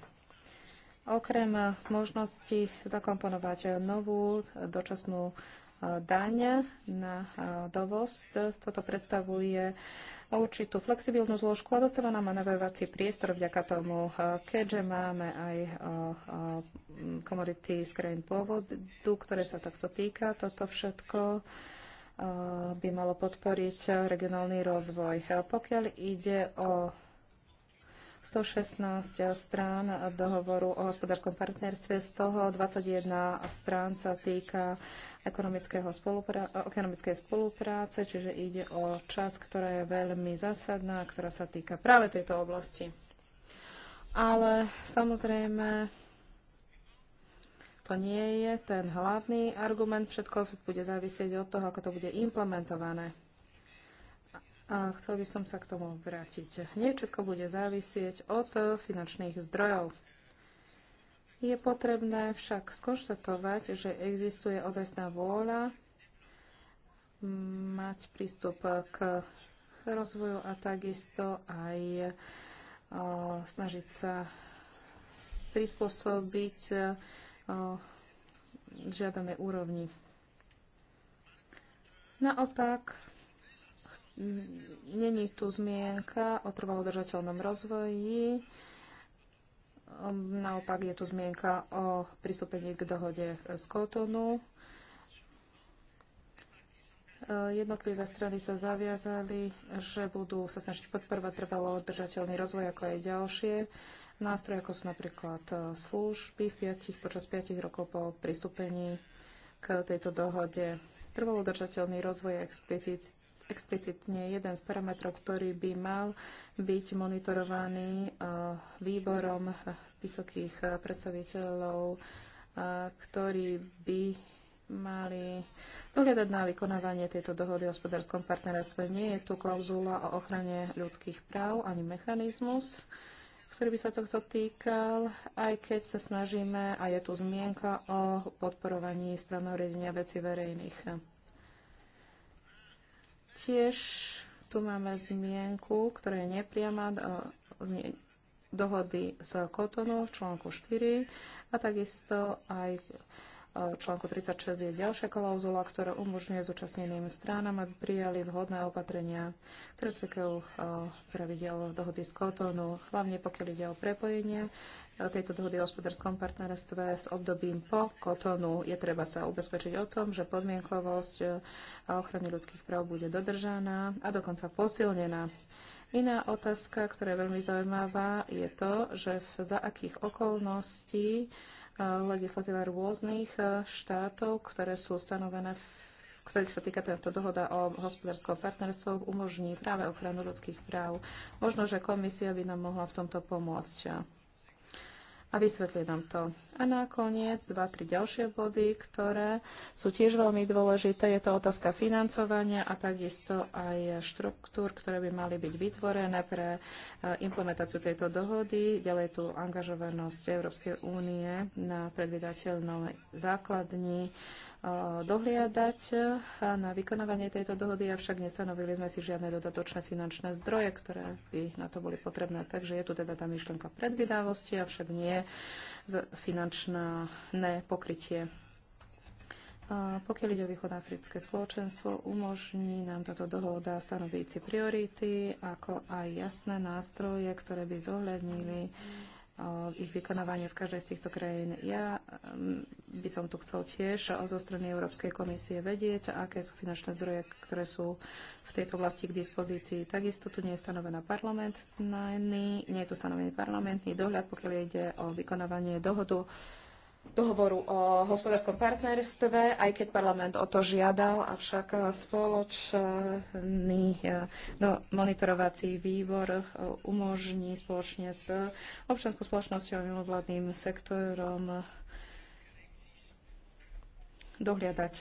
Okrem e, možnosti zakomponovať e, novú dočasnú daň na dovoz, toto predstavuje určitú flexibilnú zložku a dostáva nám manevrovací priestor vďaka tomu, keďže máme aj komodity z krajín pôvodu, ktoré sa takto týka. Toto všetko Eh, by malo podporiť regionálny rozvoj. Eh, pokiaľ ide o 116 strán dohovoru o hospodárskom partnerstve, z toho 21 strán sa týka spolupra ekonomickej spolupráce, čiže ide o čas, ktorá je veľmi zásadná, ktorá sa týka práve tejto oblasti. Ale samozrejme, to nie je ten hlavný argument. Všetko bude závisieť od toho, ako to bude implementované. A chcel by som sa k tomu vrátiť. Nie všetko bude závisieť od finančných zdrojov. Je potrebné však skonštatovať, že existuje ozajstná vôľa mať prístup k rozvoju a takisto aj snažiť sa prispôsobiť žiadanej úrovni. Naopak, není tu zmienka o trvalodržateľnom rozvoji, naopak je tu zmienka o pristúpení k dohode z Kotonu. Jednotlivé strany sa zaviazali, že budú sa snažiť podporovať trvalo udržateľný rozvoj, ako aj ďalšie nástroje, ako sú napríklad e, služby v piatich, počas 5 rokov po pristúpení k tejto dohode. Trvalo držateľný rozvoj je explicit, explicitne jeden z parametrov, ktorý by mal byť monitorovaný e, výborom vysokých e, predstaviteľov, ktorí by mali dohľadať na vykonávanie tejto dohody o hospodárskom partnerstve. Nie je tu klauzula o ochrane ľudských práv ani mechanizmus, ktorý by sa tohto týkal, aj keď sa snažíme, a je tu zmienka o podporovaní správneho riadenia veci verejných. Tiež tu máme zmienku, ktorá je nepriama, e, dohody z Kotonu v článku 4 a takisto aj článku 36 je ďalšia klauzula, ktorá umožňuje zúčastneným stránam, aby prijali vhodné opatrenia, ktoré sa e, pravidel dohody z Kotonu, hlavne pokiaľ ide o prepojenie e, tejto dohody o hospodárskom partnerstve s obdobím po Kotonu. Je treba sa ubezpečiť o tom, že podmienkovosť e, a ochrany ľudských práv bude dodržaná a dokonca posilnená. Iná otázka, ktorá je veľmi zaujímavá, je to, že v, za akých okolností uh, legislatíva rôznych e, štátov, ktoré sú stanovené v ktorých sa týka táto dohoda o hospodárskom partnerstve, umožní práve ochranu ľudských práv. Možno, že komisia by nám mohla v tomto pomôcť a vysvetlí nám to. A nakoniec dva, tri ďalšie body, ktoré sú tiež veľmi dôležité. Je to otázka financovania a takisto aj štruktúr, ktoré by mali byť vytvorené pre e, implementáciu tejto dohody. Ďalej tu angažovanosť Európskej únie na predvydateľnom základni Eh, dohliadať eh, na vykonávanie tejto dohody, avšak nestanovili sme si žiadne dodatočné finančné zdroje, ktoré by na to boli potrebné. Takže je tu teda tá myšlienka predvydavosti, avšak nie finančné pokrytie. pokiaľ ide o východafrické spoločenstvo, umožní nám táto dohoda stanovíci priority, ako aj jasné nástroje, ktoré by zohľadnili ich vykonávanie v každej z týchto krajín. Ja mm, by som tu chcel tiež zo strany Európskej komisie vedieť, aké sú finančné zdroje, ktoré sú v tejto oblasti k dispozícii. Takisto tu nie je stanovená parlamentný, nie je tu stanovený parlamentný dohľad, pokiaľ ide o vykonávanie dohodu dohovoru o hospodárskom partnerstve, aj keď parlament o to žiadal, avšak spoločný eh, no, monitorovací výbor eh, umožní spoločne s občanskou spoločnosťou a mimovládnym sektorom eh, dohliadať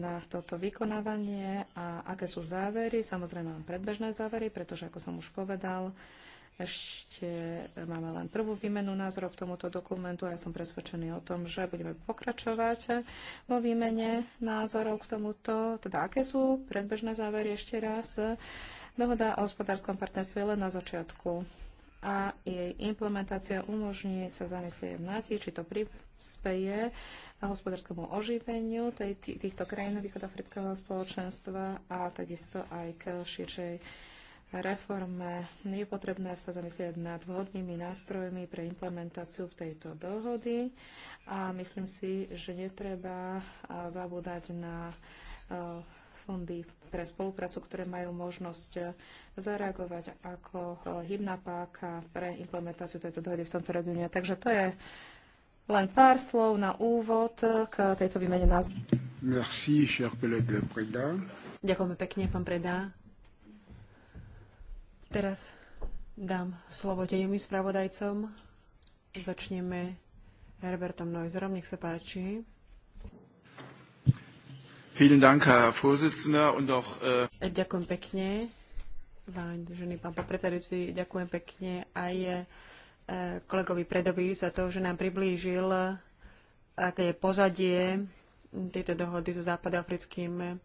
na toto vykonávanie a aké sú závery. Samozrejme mám predbežné závery, pretože ako som už povedal, ešte máme len prvú výmenu názorov k tomuto dokumentu a ja som presvedčený o tom, že budeme pokračovať vo výmene názorov k tomuto. Teda aké sú predbežné závery ešte raz? Dohoda o hospodárskom partnerstve je len na začiatku a jej implementácia umožní sa zamyslieť na tie, či to prispeje hospodárskému oživeniu tej, týchto krajín východafrického spoločenstva a takisto aj k širšej reforme je potrebné sa zamyslieť nad vhodnými nástrojmi pre implementáciu tejto dohody a myslím si, že netreba zabúdať na fondy pre spoluprácu, ktoré majú možnosť zareagovať ako hybná páka pre implementáciu tejto dohody v tomto regióne. Takže to je len pár slov na úvod k tejto výmene názorov. Ďakujeme pekne, pán Preda. Teraz dám slovo tejomým spravodajcom. Začneme Herbertom Neuserom. Nech sa páči. Vielen Dank, Herr Vorsitzender, und auch... Äh... Ďakujem pekne, vážený pán podpredsedujúci, ďakujem pekne aj e, kolegovi Predovi za to, že nám priblížil, aké je pozadie tejto dohody so západoafrickým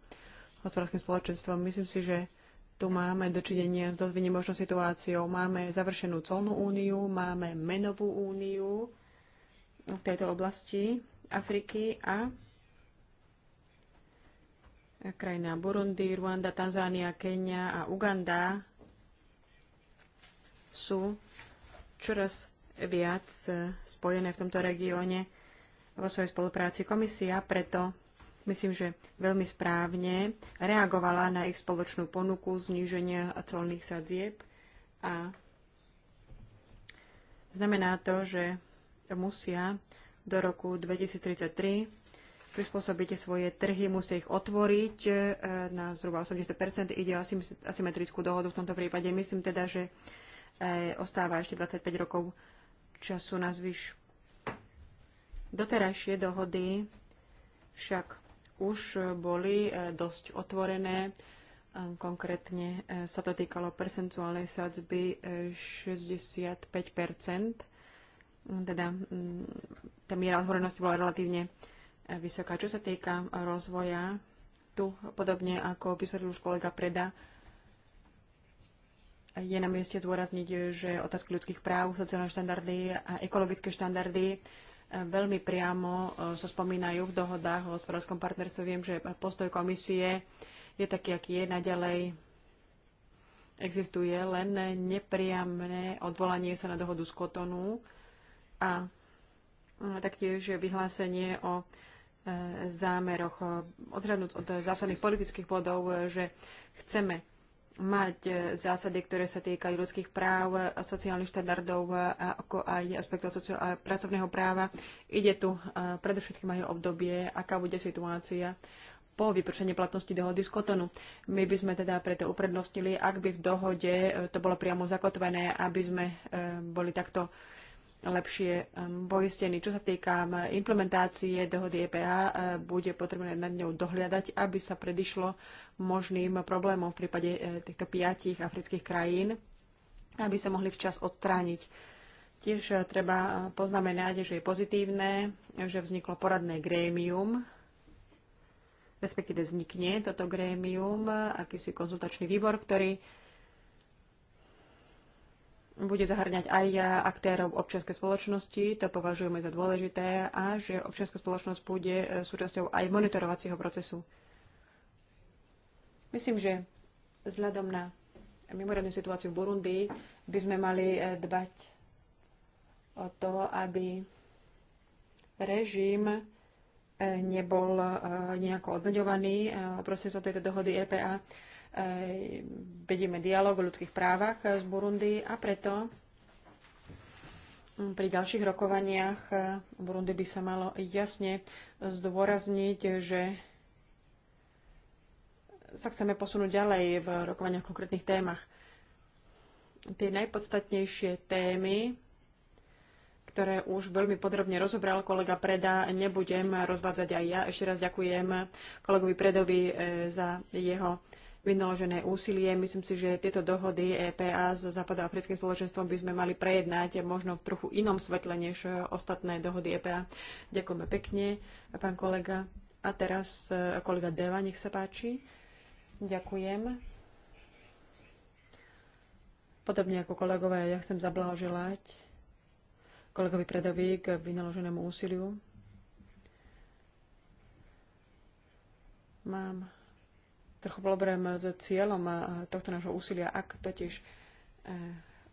hospodárskym spoločenstvom. Myslím si, že tu máme dočinenia s dosť vynimočnou situáciou. Máme završenú colnú úniu, máme menovú úniu v tejto oblasti Afriky a krajina Burundi, Ruanda, Tanzánia, Kenia a Uganda sú čoraz viac spojené v tomto regióne vo svojej spolupráci. Komisia preto myslím, že veľmi správne reagovala na ich spoločnú ponuku zníženia colných sadzieb a znamená to, že musia do roku 2033 prispôsobiť svoje trhy, musia ich otvoriť e, na zhruba 80 Ide o asymetrickú dohodu v tomto prípade. Myslím teda, že e, ostáva ešte 25 rokov času na zvyš. Doterajšie dohody však už boli e, dosť otvorené. E, konkrétne e, sa to týkalo percentuálnej sadzby 65 teda mm, tá miera otvorenosti bola relatívne vysoká. Čo sa týka rozvoja, tu podobne ako vysvetlil už kolega Preda, je na mieste zdôrazniť, že otázky ľudských práv, sociálne štandardy a ekologické štandardy veľmi priamo e, sa spomínajú v dohodách o hospodárskom partnerstve. Viem, že postoj komisie je taký, aký je naďalej. Existuje len nepriamné odvolanie sa na dohodu z Kotonu a taktiež vyhlásenie o e, zámeroch, odhľadnúť od zásadných politických bodov, e, že chceme mať e, zásady, ktoré sa týkajú ľudských práv, e, sociálnych štandardov, e, ako aj aspektov socio- a pracovného práva. Ide tu predovšetkým aj obdobie, aká bude situácia po vypršení platnosti dohody z Kotonu. My by sme teda preto uprednostnili, ak by v dohode to bolo priamo zakotvené, aby sme boli takto lepšie um, poistení. Čo sa týka um, implementácie dohody EPA, uh, bude potrebné nad ňou dohliadať, aby sa predišlo možným problémom v prípade uh, týchto piatich afrických krajín, aby sa mohli včas odstrániť. Tiež uh, treba poznamenať, že je pozitívne, že vzniklo poradné grémium, respektíve vznikne toto grémium, akýsi konzultačný výbor, ktorý bude zahrňať aj aktérov občianskej spoločnosti, to považujeme za dôležité, a že občianská spoločnosť bude e, súčasťou aj monitorovacieho procesu. Myslím, že vzhľadom na mimoriadnú situáciu v Burundi by sme mali e, dbať o to, aby režim e, nebol nejako prosím sa tejto dohody EPA vedieme dialog o ľudských právach z Burundi a preto pri ďalších rokovaniach Burundi by sa malo jasne zdôrazniť, že sa chceme posunúť ďalej v rokovaniach konkrétnych témach. Tie najpodstatnejšie témy, ktoré už veľmi podrobne rozobral kolega Preda, nebudem rozvádzať aj ja. Ešte raz ďakujem kolegovi Predovi eh, za jeho vynaložené úsilie. Myslím si, že tieto dohody EPA s západoafrickým spoločenstvom by sme mali prejednať možno v trochu inom svetle než ostatné dohody EPA. Ďakujeme pekne, pán kolega. A teraz e, kolega Deva, nech sa páči. Ďakujem. Podobne ako kolegové, ja chcem zablahoželať kolegovi Predovi k vynaloženému úsiliu. Mám trochu problém s cieľom eh, tohto nášho úsilia. Ak totiž eh,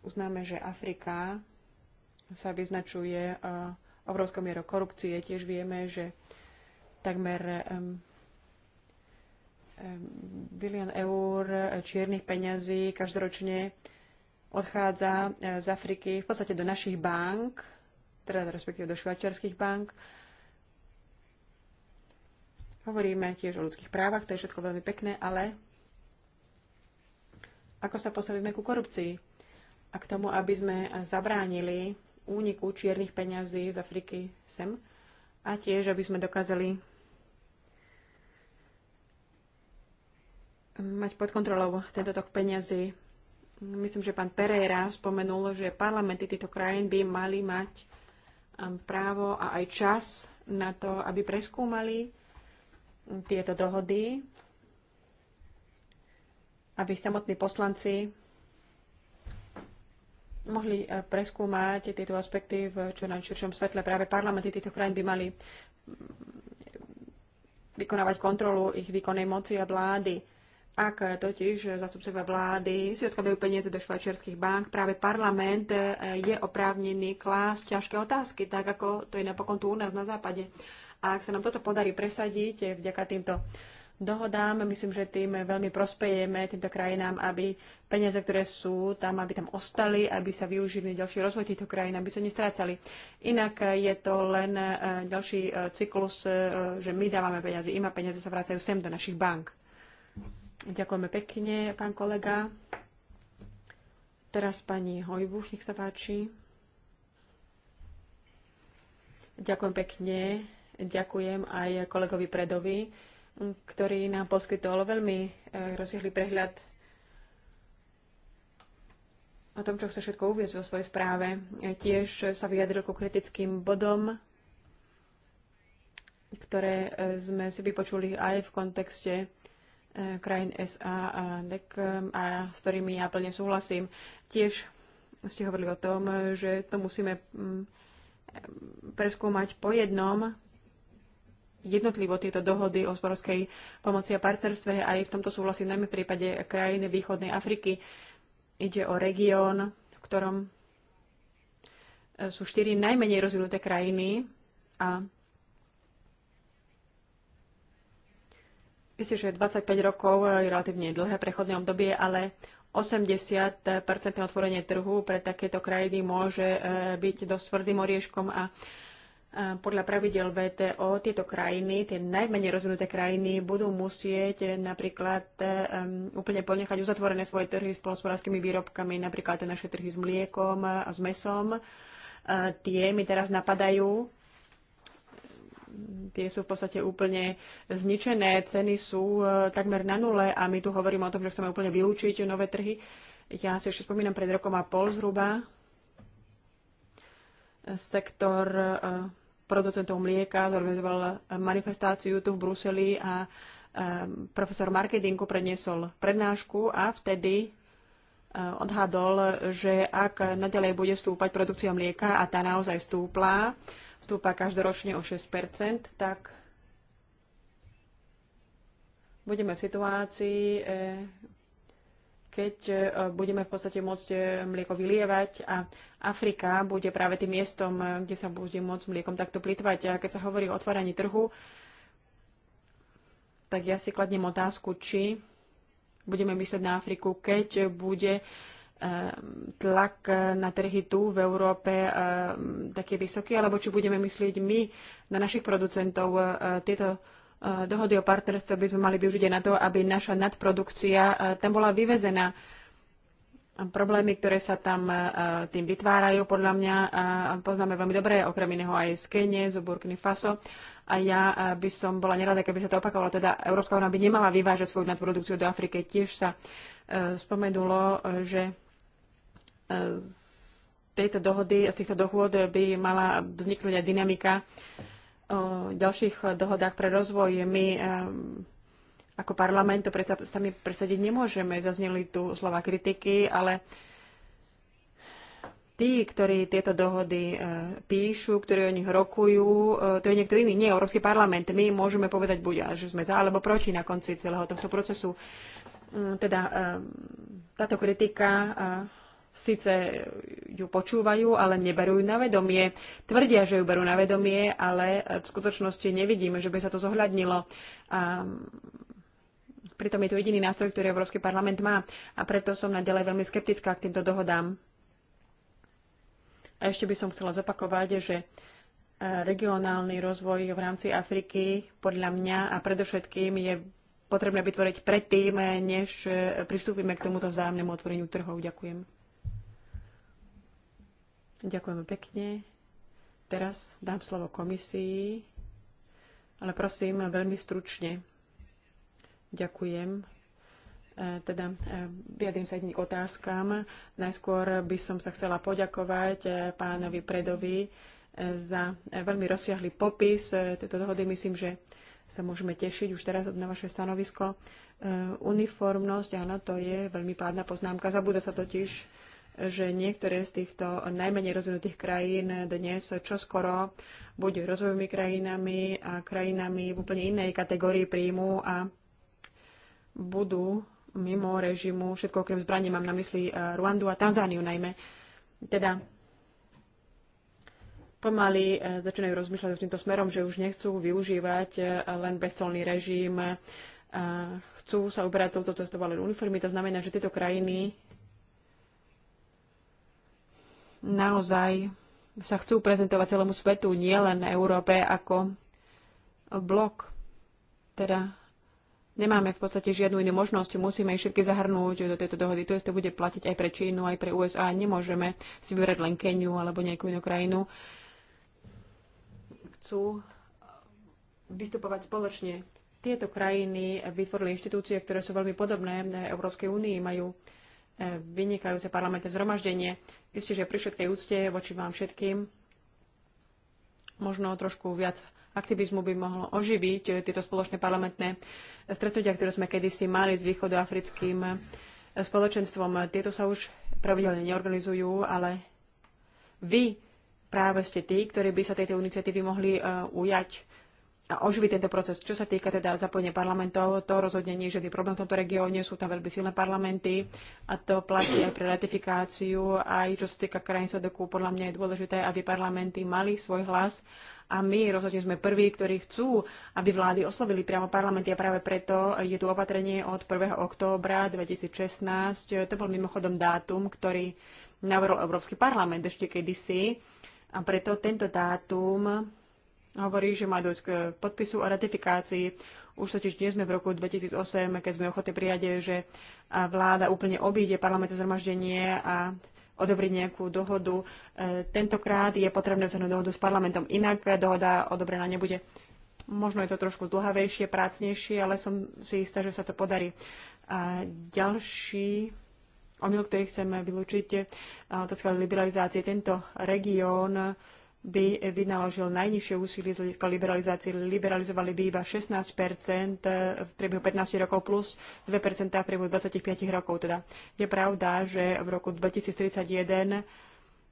uznáme, že Afrika sa vyznačuje eh, obrovskou mierou korupcie, tiež vieme, že takmer bilión eur čiernych peňazí každoročne odchádza z Afriky v podstate do našich bank, teda respektíve do švajčiarských bank, Hovoríme tiež o ľudských právach, to je všetko veľmi pekné, ale ako sa postavíme ku korupcii a k tomu, aby sme zabránili úniku čiernych peňazí z Afriky sem a tiež, aby sme dokázali mať pod kontrolou tento tok peňazí. Myslím, že pán Pereira spomenul, že parlamenty týchto krajín by mali mať um, právo a aj čas na to, aby preskúmali tieto dohody, aby samotní poslanci mohli e, preskúmať tieto aspekty v čo najširšom svetle. Práve parlamenty týchto krajín by mali mm, vykonávať kontrolu ich výkonnej moci a vlády. Ak totiž zastupcovia vlády si odkladajú peniaze do švajčiarských bank, práve parlament e, je oprávnený klásť ťažké otázky, tak ako to je napokon tu u nás na západe. A ak sa nám toto podarí presadiť eh, vďaka týmto dohodám, myslím, že tým veľmi prospejeme týmto krajinám, aby peniaze, ktoré sú tam, aby tam ostali, aby sa využili ďalší rozvoj týchto krajín, aby sa nestrácali. Inak eh, je to len eh, ďalší cyklus, že my dávame peniaze, im a peniaze sa vracajú sem do našich bank. Ďakujeme pekne, pán kolega. Teraz pani Hojbuch, nech sa páči. Ďakujem pekne ďakujem aj kolegovi Predovi, ktorý nám poskytol veľmi e, rozsiahly prehľad o tom, čo chce všetko uviezť vo svojej správe. E, tiež sa vyjadril ku kritickým bodom, ktoré e, sme si vypočuli aj v kontexte krajín SA a DEC, a s ktorými ja plne súhlasím. Tiež ste hovorili o tom, že to musíme preskúmať po jednom, jednotlivo tieto dohody o hospodárskej pomoci a partnerstve. Aj v tomto súhlasí najmä v prípade krajiny východnej Afriky. Ide o región, v ktorom e, sú štyri najmenej rozvinuté krajiny a Myslím, že 25 rokov je relatívne dlhé prechodné obdobie, ale 80% otvorenie trhu pre takéto krajiny môže e, byť dosť tvrdým orieškom a podľa pravidel VTO tieto krajiny, tie najmenej rozvinuté krajiny, budú musieť napríklad um, úplne ponechať uzatvorené svoje trhy s polospodárskymi výrobkami, napríklad tie naše trhy s mliekom a s mesom. A tie mi teraz napadajú. Tie sú v podstate úplne zničené, ceny sú e, takmer na nule a my tu hovoríme o tom, že chceme úplne vylúčiť nové trhy. Ja si ešte spomínam pred rokom a pol zhruba sektor uh, producentov mlieka, zorganizoval eh, manifestáciu tu v Bruseli a eh, profesor marketingu predniesol prednášku a vtedy eh, odhadol, že ak nadalej bude stúpať produkcia mlieka a tá naozaj stúpla, stúpa každoročne o 6 tak budeme v situácii, keď e, budeme v podstate môcť e, mlieko vylievať a Afrika bude práve tým miestom, e, kde sa bude môcť mliekom takto plitvať. A keď sa hovorí o otváraní trhu, tak ja si kladnem otázku, či budeme myslieť na Afriku, keď bude tlak na trhy tu v Európe také vysoký, alebo či budeme myslieť my na našich producentov. Tieto Eh, dohody o partnerstve by sme mali využiť aj na to, aby naša nadprodukcia eh, tam bola vyvezená. Problémy, ktoré sa tam eh, tým vytvárajú, podľa mňa poznáme veľmi dobre, okrem iného aj z Kenie, z Burkiny Faso. A ja by som bola nerada, keby sa to opakovalo. Teda Európska únia by nemala vyvážať svoju nadprodukciu do Afriky. Tiež sa spomenulo, že z tejto dohody, z týchto dohôd by mala vzniknúť aj dynamika o ďalších dohodách pre rozvoj. My e, ako parlament to predsa sami presadiť nemôžeme. Zazneli tu slova kritiky, ale tí, ktorí tieto dohody e, píšu, ktorí o nich rokujú, e, to je niekto iný, nie Európsky parlament. My môžeme povedať buď, že sme za alebo proti na konci celého tohto procesu. Mm, teda táto kritika síce ju počúvajú, ale neberú ju na vedomie. Tvrdia, že ju berú na vedomie, ale e, v skutočnosti nevidíme, že by sa to zohľadnilo. A mm, pritom je to jediný nástroj, ktorý Európsky parlament má a preto som naďalej veľmi skeptická k týmto dohodám. A ešte by som chcela zopakovať, že e, regionálny rozvoj v rámci Afriky podľa mňa a predovšetkým je potrebné vytvoriť predtým, e, než pristúpime k tomuto vzájomnému otvoreniu trhov. Ďakujem. Ďakujem pekne. Teraz dám slovo komisii, ale prosím veľmi stručne. Ďakujem. E, teda e, vyjadrím sa jedným otázkam. Najskôr by som sa chcela poďakovať e, pánovi Predovi za veľmi rozsiahly popis tejto dohody. Myslím, že sa môžeme tešiť už teraz na vaše stanovisko. Uniformnosť, áno, to je veľmi pádna poznámka. Zabúda sa totiž že niektoré z týchto najmenej rozvinutých krajín dnes čoskoro buď rozvojovými krajinami a krajinami v úplne inej kategórii príjmu a budú mimo režimu, všetko okrem zbraní, mám na mysli eh, Ruandu a Tanzániu najmä. Teda pomaly eh, začínajú rozmýšľať týmto smerom, že už nechcú využívať eh, len bezcolný režim, chcú sa uberať touto cestou, ale uniformy. To znamená, že tieto krajiny naozaj sa chcú prezentovať celému svetu, nie len Európe, ako blok. Teda nemáme v podstate žiadnu inú možnosť, musíme ich všetky zahrnúť do tejto dohody. To isté bude platiť aj pre Čínu, aj pre USA. Nemôžeme si vybrať len Keniu alebo nejakú inú krajinu. Chcú vystupovať spoločne. Tieto krajiny vytvorili inštitúcie, ktoré sú veľmi podobné Európskej únii, majú vynikajúce parlamentné zhromaždenie. Isté, že pri všetkej úcte voči vám všetkým možno trošku viac aktivizmu by mohlo oživiť tieto spoločné parlamentné stretnutia, ktoré sme kedysi mali s východoafrickým eh, spoločenstvom. Tieto sa už pravidelne neorganizujú, ale vy práve ste tí, ktorí by sa tejto iniciatívy mohli uh, ujať oživí tento proces. Čo sa týka teda zapojenia parlamentov, to rozhodne nie je žiadny problém v tomto regióne, sú tam veľmi silné parlamenty a to platí aj pre ratifikáciu, aj čo sa týka krajín Sadoku, podľa mňa je dôležité, aby parlamenty mali svoj hlas a my rozhodne sme prví, ktorí chcú, aby vlády oslovili priamo parlamenty a práve preto je tu opatrenie od 1. októbra 2016. To bol mimochodom dátum, ktorý navrhol Európsky parlament ešte kedysi a preto tento dátum hovorí, že má dojsť k podpisu a ratifikácii. Už totiž nie sme v roku 2008, keď sme ochotní prijať, že vláda úplne obíde parlamentné zhromaždenie a odobriť nejakú dohodu. E, tentokrát je potrebné zhrnúť dohodu s parlamentom, inak dohoda odobrená nebude. Možno je to trošku dlhavejšie, prácnejšie, ale som si istá, že sa to podarí. A ďalší omyl, ktorý chceme vylúčiť, e, otázka liberalizácie. Tento región by vynaložil najnižšie úsilie z hľadiska liberalizácie. Liberalizovali by iba 16 eh, v priebehu 15 rokov plus 2 v priebehu 25 rokov. Teda je pravda, že v roku 2031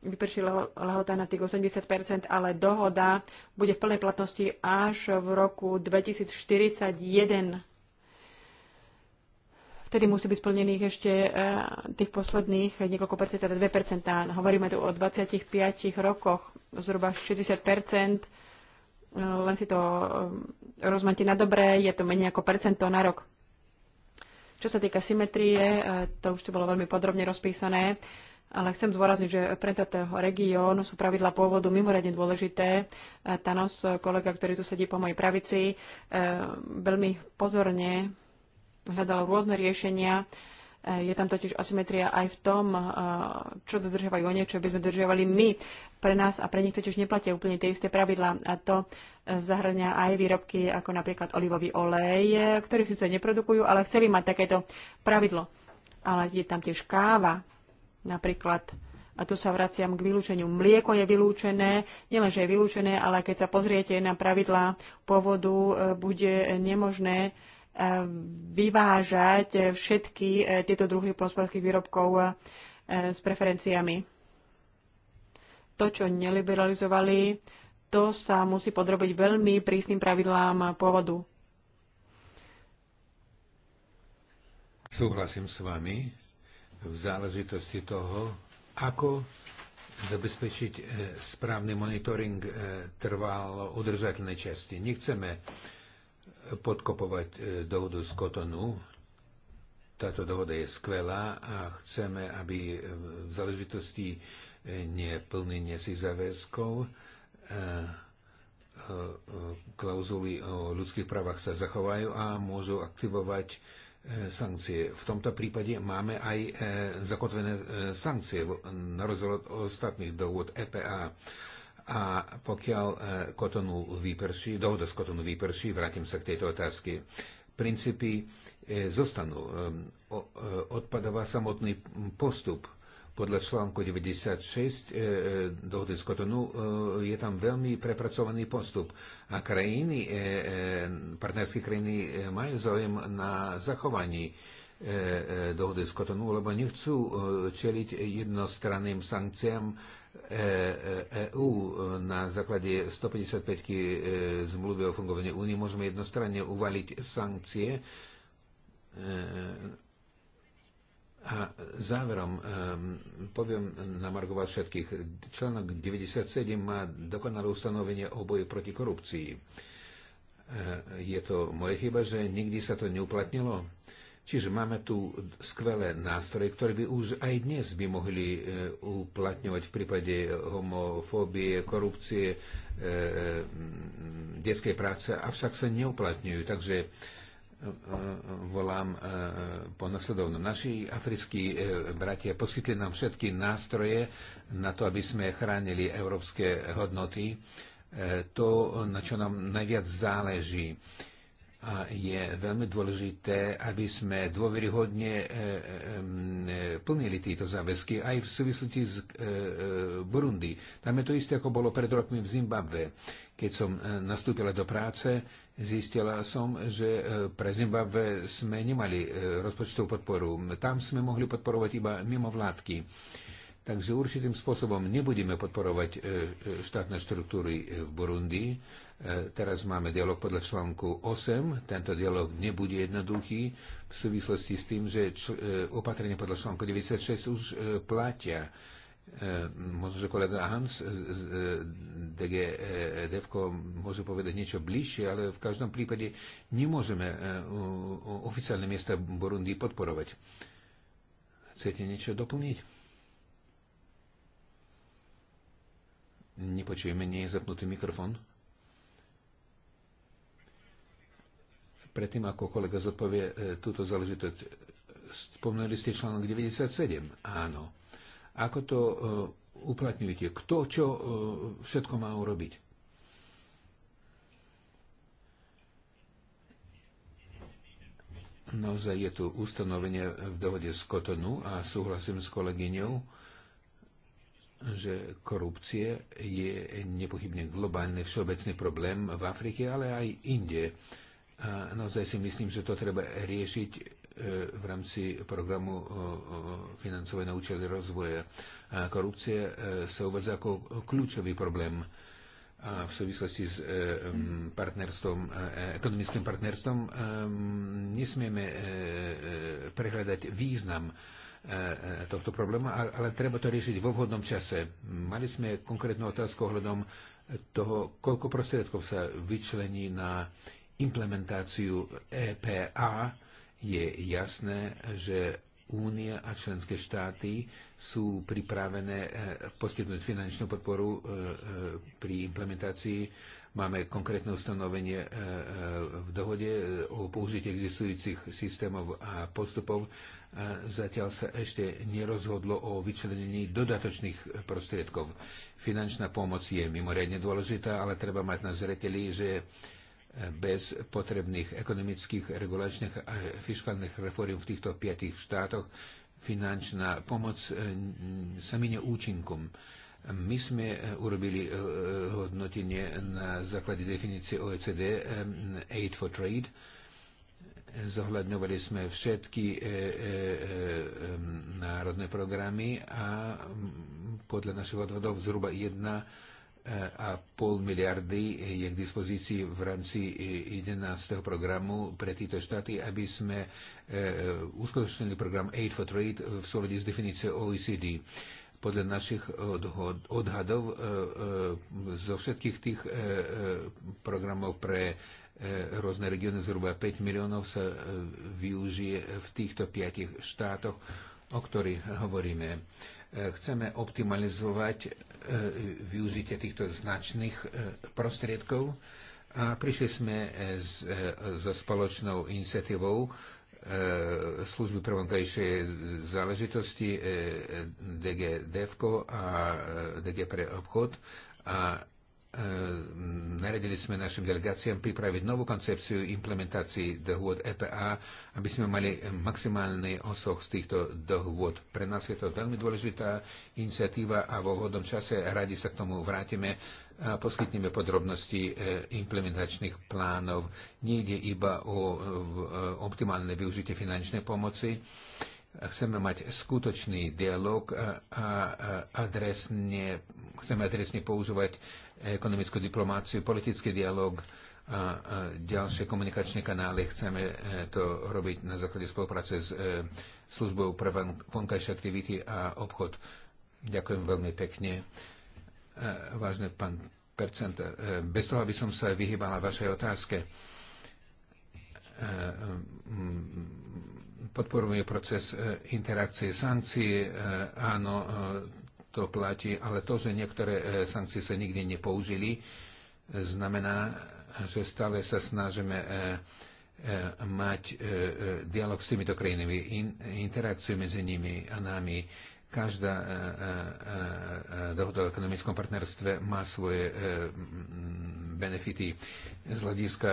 vypršila lehota na tých 80 ale dohoda bude v plnej platnosti až v roku 2041 vtedy musí byť splnených ešte e, tých posledných niekoľko percent, teda 2 percentá. Hovoríme tu o 25 rokoch, zhruba 60 percent. E, len si to e, rozmante na dobré, je to menej ako percento na rok. Čo sa týka symetrie, to už tu bolo veľmi podrobne rozpísané, ale chcem zdôrazniť, že pre tento región sú pravidla pôvodu mimoriadne dôležité. Tanos, kolega, ktorý tu sedí po mojej pravici, veľmi pozorne hľadalo rôzne riešenia. E, je tam totiž asymetria aj v tom, e, čo dodržiavajú oni, čo by sme dodržiavali my. Pre nás a pre nich totiž neplatia úplne tie isté pravidlá. A to e, zahrňa aj výrobky ako napríklad olivový olej, ktorý síce neprodukujú, ale chceli mať takéto pravidlo. Ale je tam tiež káva napríklad. A tu sa vraciam k vylúčeniu. Mlieko je vylúčené, nielenže je vylúčené, ale keď sa pozriete na pravidlá pôvodu, bude nemožné vyvážať všetky eh, tieto druhy plnospodárských výrobkov eh, s preferenciami. To, čo neliberalizovali, to sa musí podrobiť veľmi prísnym pravidlám pôvodu. Súhlasím s vami v záležitosti toho, ako zabezpečiť eh, správny monitoring trvalo udržateľnej časti. Nechceme podkopovať e, dohodu z Kotonu. Táto dohoda je skvelá a chceme, aby e, v záležitosti e, neplnenia si záväzkov klauzuly o ľudských právach sa zachovajú a môžu aktivovať sankcie. V tomto prípade máme aj zakotvené sankcie na rozdiel od ostatných dohôd EPA. A pokiaľ e, kotonu vyprší, dohoda z kotonu vyprší, vrátim sa k tejto otázke, princípy e, zostanú. E, odpadová samotný postup. Podľa článku 96 dohody z Kotonu je tam veľmi prepracovaný postup a krajiny, partnerské krajiny majú záujem na zachovaní dohody z Kotonu, lebo nechcú čeliť jednostranným sankciám EU e, e e, na základe 155 zmluvy o fungovaní únie môžeme jednostranne uvaliť sankcie. A záverom poviem na Margova všetkých. Článok 97 má dokonalé ustanovenie o boji proti korupcii. Je to moje chyba, že nikdy sa to neuplatnilo Čiže máme tu skvelé nástroje, ktoré by už aj dnes by mohli e, uplatňovať v prípade homofóbie, korupcie, e, e, detskej práce, avšak sa neuplatňujú. Takže volám po nasledovnom. Naši africkí bratia poskytli nám všetky nástroje na to, aby sme chránili európske hodnoty, to, na čo nám najviac záleží a je veľmi dôležité, aby sme dôveryhodne e, e, e, plnili tieto záväzky aj v súvislosti s Burundi. Tam je to isté, ako bolo pred rokmi v Zimbabve. Keď som nastúpila do práce, zistila som, že pre Zimbabve sme nemali rozpočtovú podporu. Tam sme mohli podporovať iba mimo vládky Takže určitým spôsobom nebudeme podporovať e, e, štátne štruktúry e, v Burundi. Teraz máme dialog podľa článku 8. Tento dialog nebude jednoduchý v súvislosti s tým, že opatrenia podľa článku 96 už platia. Možno, že kolega Hans z DG Devko môže povedať niečo bližšie, ale v každom prípade nemôžeme oficiálne miesta Burundi podporovať. Chcete niečo doplniť? Nepočujeme, nie je zapnutý mikrofón. Predtým, ako kolega zodpovie e, túto záležitosť, e, Spomenuli ste článok 97. Áno. Ako to e, uplatňujete? Kto čo všetko má urobiť? Naozaj je tu ustanovenie v dohode z Kotonu a súhlasím s kolegyňou, že korupcie je nepochybne globálny všeobecný problém v Afrike, ale aj inde. A naozaj si myslím, že to treba riešiť e, v rámci programu e, e, financovej na účely rozvoja. korupcia sa uvádza ako kľúčový problém v súvislosti s partnerstvom, ekonomickým partnerstvom nesmieme prehľadať význam E, e, tohto problému, ale treba to riešiť vo vhodnom čase. Mali sme konkrétnu otázku ohľadom toho, koľko prostriedkov sa vyčlení na implementáciu EPA. Je jasné, že Únia a členské štáty sú pripravené e, poskytnúť finančnú podporu pri implementácii Máme konkrétne ustanovenie e, e, v dohode e, o použití existujúcich systémov a postupov. Zatiaľ sa ešte nerozhodlo o vyčlenení dodatočných prostriedkov. Finančná pomoc je mimoriadne dôležitá, ale treba mať na zreteli, že bez potrebných ekonomických, regulačných a fiskálnych reform v týchto piatich štátoch finančná pomoc sa minie účinkom my sme eh, urobili eh, eh, hodnotenie na základe definície OECD Aid for Trade. Zohľadňovali sme všetky národné programy a mm, podľa našich odhodov zhruba 1,5 miliardy je k dispozícii v rámci 11. programu pre tieto štáty, aby sme uskutočnili program Aid for Trade v súlade s definíciou OECD. Podľa našich odhod, odhadov e, e, zo všetkých tých e, programov pre rôzne regióny zhruba 5 miliónov sa využije v týchto 5 štátoch, o ktorých hovoríme. Chceme optimalizovať využitie týchto značných prostriedkov a prišli sme so spoločnou iniciatívou E, služby pre vonkajšie záležitosti e, DG DEVKO a e, DG pre obchod a naredili sme našim delegáciám pripraviť novú koncepciu implementácií dohôd EPA, aby sme mali maximálny osoch z týchto dohôd. Pre nás je to veľmi dôležitá iniciatíva a vo vhodnom čase radi sa k tomu vrátime a poskytneme podrobnosti e, implementačných plánov. Nejde iba o e, e, optimálne využitie finančnej pomoci. Chceme mať skutočný dialog a adresne, chceme adresne používať ekonomickú diplomáciu, politický dialog a ďalšie komunikačné kanály. Chceme to robiť na základe spolupráce s službou pre vonkajšie aktivity a obchod. Ďakujem veľmi pekne. E, vážne pán Percent, e, bez toho, aby som sa vyhýbala vašej otázke, e, podporuje proces interakcie sankcií. Áno, to platí, ale to, že niektoré sankcie sa nikdy nepoužili, znamená, že stále sa snažíme mať dialog s týmito krajinami, interakciu medzi nimi a nami Každá e, e, e, dohoda o ekonomickom partnerstve má svoje benefity z hľadiska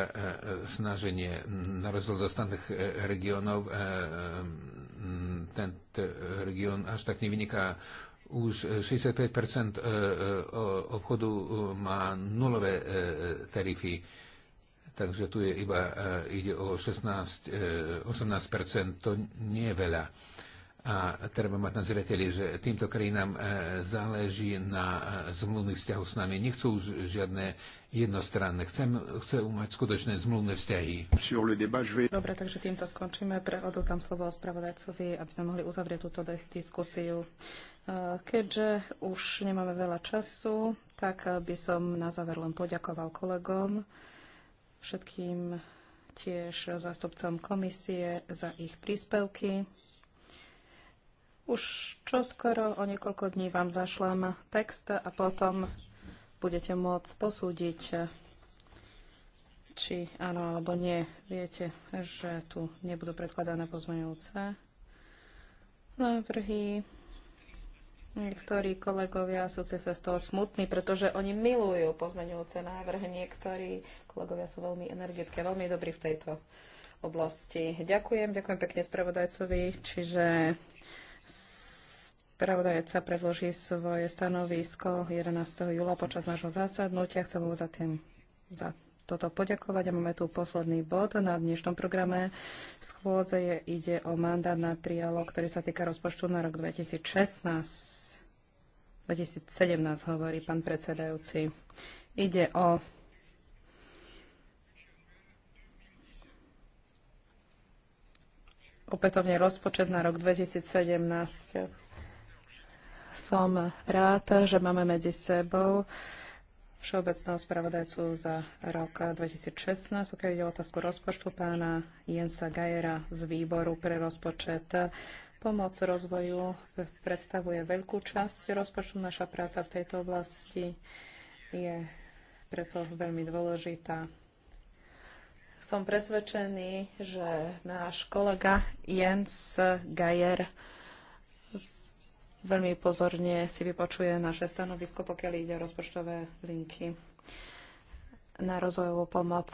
snaženie na rozdiel od ostatných regionov. Tento region až tak nevyniká už 65 obchodu má nulové tarify, takže tu je iba, ide o 16-18 to nie je veľa. A treba mať na zreteli, že týmto krajinám e, záleží na e, zmluvných vzťahoch s nami. Nechcú už žiadne jednostranné. Chcem, chcem mať skutočné zmluvné vzťahy. Dobre, takže týmto skončíme. Pre, odozdám slovo spravodajcovi, aby sme mohli uzavrieť túto diskusiu. E, keďže už nemáme veľa času, tak by som na záver len poďakoval kolegom, všetkým tiež zástupcom komisie za ich príspevky už čoskoro o niekoľko dní vám zašlem text a potom budete môcť posúdiť, či áno alebo nie. Viete, že tu nebudú predkladané pozmeňujúce návrhy. Niektorí kolegovia sú sa z toho smutní, pretože oni milujú pozmeňujúce návrhy. Niektorí kolegovia sú veľmi energické, veľmi dobrí v tejto oblasti. Ďakujem, ďakujem pekne spravodajcovi. Čiže Spravodajca predloží svoje stanovisko 11. júla počas nášho zasadnutia. Chcem mu za, tým, za toto poďakovať. A máme tu posledný bod na dnešnom programe schôdze. Je, ide o mandát na trialog, ktorý sa týka rozpočtu na rok 2016. 2017 hovorí pán predsedajúci. Ide o opätovne rozpočet na rok 2017 som rád, že máme medzi sebou všeobecného spravodajcu za rok 2016, pokiaľ ide o otázku rozpočtu pána Jensa Gajera z výboru pre rozpočet. Pomoc rozvoju predstavuje veľkú časť rozpočtu. Naša práca v tejto oblasti je preto veľmi dôležitá. Som presvedčený, že náš kolega Jens Gajer veľmi pozorne si vypočuje naše stanovisko, pokiaľ ide o rozpočtové linky na rozvojovú pomoc.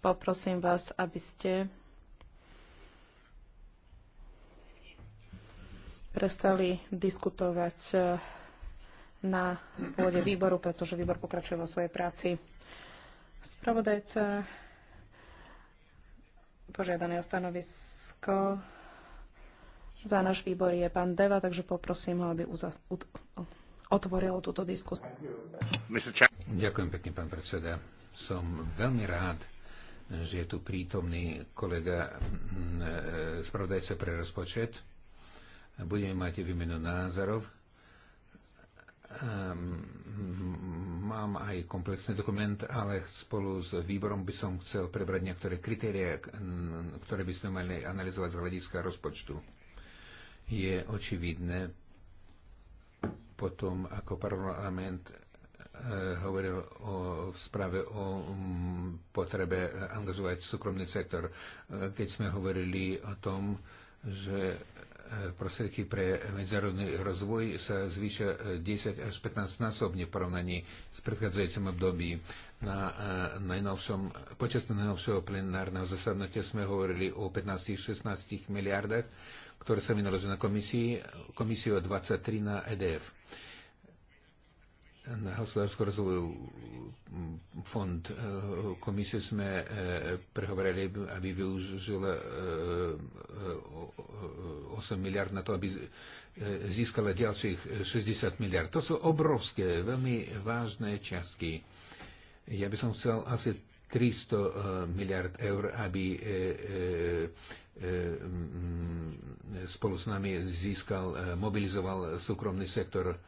Poprosím vás, aby ste prestali diskutovať eh, na pôde výboru, pretože výbor pokračuje vo svojej práci. Spravodajca požiadané o stanovisko za náš výbor je pán Deva, takže poprosím ho, aby otvoril túto diskusiu. Ďakujem pekne, pán predseda. Som veľmi rád, že je tu prítomný kolega mm, e, spravodajca pre rozpočet. Budeme mať výmenu názorov. Ehm, mám aj komplexný dokument, ale spolu s výborom by som chcel prebrať niektoré kritéria, ktoré by sme mali analyzovať z hľadiska rozpočtu je očividné po tom, ako parlament eh, hovoril o, správe o mm, potrebe angažovať súkromný sektor. Eh, keď sme hovorili o tom, že eh, prostriedky pre medzinárodný rozvoj sa zvýšia 10 až 15 násobne v porovnaní s predchádzajúcim období. Na najnovšom, počas najnovšieho plenárneho zasadnutia sme hovorili o 15-16 miliardách, ktoré sa vynaložili na komisii, komisiu 23 na EDF na hospodárskú rozvoju mm, fond e, komisie sme e, prehovorili, aby využila 8 e, miliard na to, aby získala ďalších 60 miliard. To sú obrovské, veľmi vážne častky. Ja by som chcel asi 300 miliard eur, aby E, spolu s nami získal, e, mobilizoval súkromný sektor.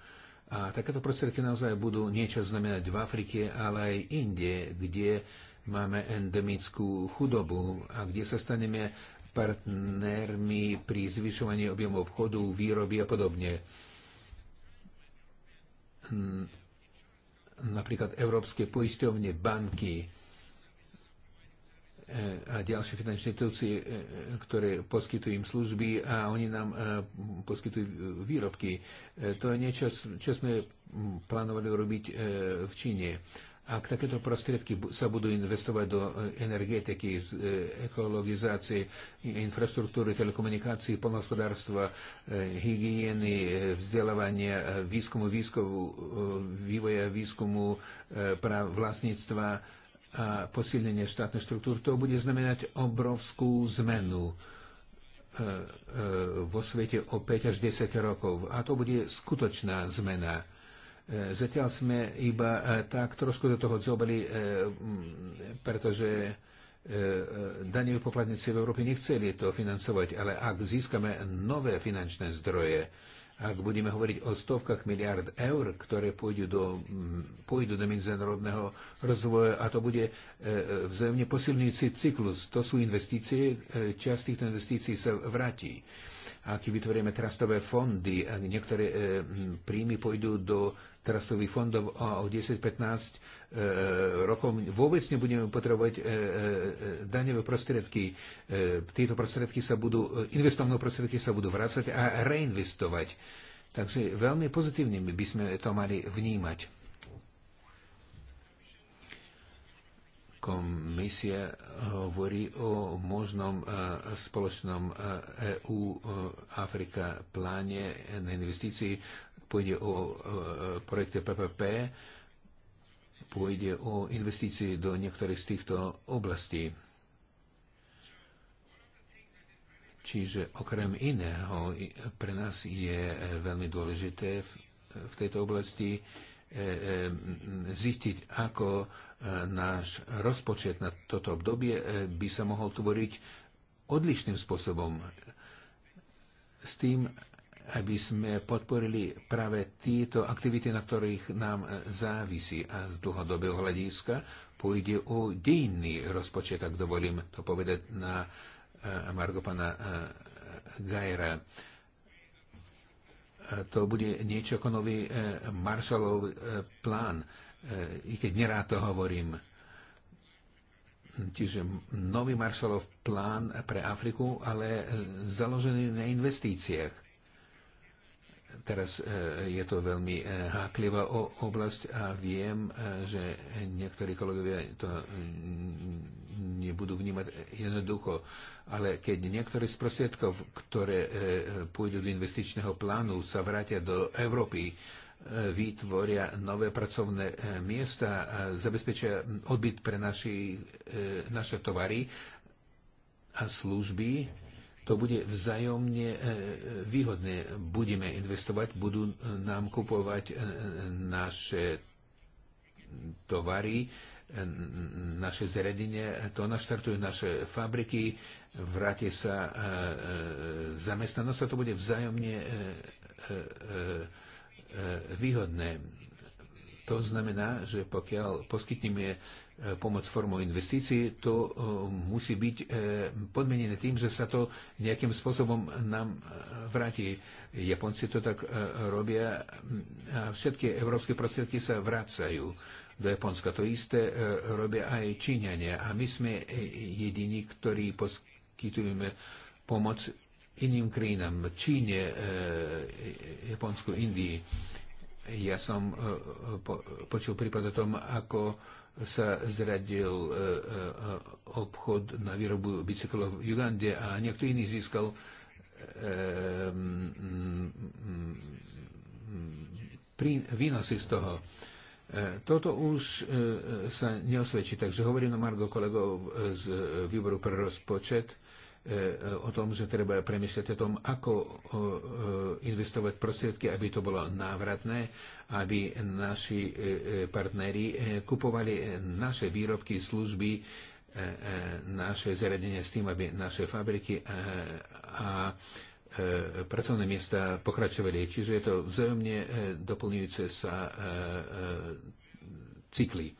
A takéto prostriedky naozaj budú niečo znamenať v Afrike, ale aj inde, kde máme endemickú chudobu a kde sa staneme partnermi pri zvyšovaní objemu obchodu, výroby a podobne. Napríklad európske poisťovne, banky, E, a ďalšie finančné inštitúcie, e, e, ktoré poskytujú im služby a oni nám poskytujú výrobky. To je niečo, čo sme plánovali robiť v Číne. Ak takéto prostriedky sa budú investovať do energetiky, ekologizácie, infraštruktúry, telekomunikácií, polnohospodárstva, hygieny, vzdelávania, výskumu, výskumu, vývoja výskumu, práv vlastníctva, a posilnenie štátnych štruktúr, to bude znamenať obrovskú zmenu e, e, vo svete o 5 až 10 rokov. A to bude skutočná zmena. E, zatiaľ sme iba tak trošku do toho zobali, pretože daňoví poplatníci v Európe nechceli to financovať, ale ak získame nové finančné zdroje, ak budeme hovoriť o stovkách miliard eur, ktoré pôjdu do, mm, pôjdu do medzinárodného rozvoja a to bude e, e, vzájomne posilňujúci cyklus, to sú investície, e, časť týchto investícií sa vráti. Ak vytvoríme trastové fondy, ak niektoré príjmy pôjdu do trastových fondov a o 10-15 E, rokov vôbec nebudeme potrebovať e, e, daňové prostriedky. Tieto prostriedky sa budú, investovné prostriedky sa budú vrácať a reinvestovať. Takže veľmi pozitívne by sme to mali vnímať. Komisia hovorí o možnom spoločnom EU-Afrika pláne na investícii. Pôjde o projekte PPP pôjde o investície do niektorých z týchto oblastí. Čiže okrem iného pre nás je e, veľmi dôležité v, v tejto oblasti e, e, zistiť, ako náš rozpočet na toto obdobie by sa mohol tvoriť odlišným spôsobom s tým, aby sme podporili práve tieto aktivity, na ktorých nám závisí a z dlhodobého hľadiska pôjde o dejný rozpočet, ak dovolím to povedať na eh, Margo pana eh, Gajera. Eh, to bude niečo ako nový Marshallov plán, i keď nerád to hovorím. Čiže nový Marshallov plán pre Afriku, ale založený na investíciách teraz e, je to veľmi e, háklivá oblasť a viem, e, že niektorí kolegovia to nebudú vnímať jednoducho. Ale keď niektoré z prostriedkov, ktoré pôjdu do investičného plánu, sa vrátia do Európy, vytvoria nové pracovné miesta, zabezpečia odbyt pre naši, naše tovary a služby, to bude vzájomne e, e, výhodné. Budeme investovať, budú e, nám kupovať naše tovary, naše zredenie, to naštartujú naše fabriky, vráti sa zamestnanosť a to bude vzájomne výhodné. To znamená, že pokiaľ poskytneme E, pomoc formou investícií, to e, musí byť e, podmenené tým, že sa to nejakým spôsobom nám vráti. Japonci to tak robia a všetky európske prostriedky sa vracajú do Japonska. To isté robia aj Číňania a my sme jediní, ktorí poskytujeme pomoc iným krajinám, Číne, Japonsku, Indii. Ja som počul prípad o tom, ako sa zradil e, e, obchod na výrobu bicyklov v Ugande a niekto iný získal e, výnosy z toho. Toto už sa neosvedčí, takže hovorím na Margo kolegov z výboru pre rozpočet, o tom, že treba premyšľať o tom, ako investovať prostriedky, aby to bolo návratné, aby naši e, e, partneri e, kupovali naše výrobky, služby, naše zariadenia s tým, aby naše fabriky a, a pracovné miesta pokračovali. Čiže je to vzájomne doplňujúce sa cykly.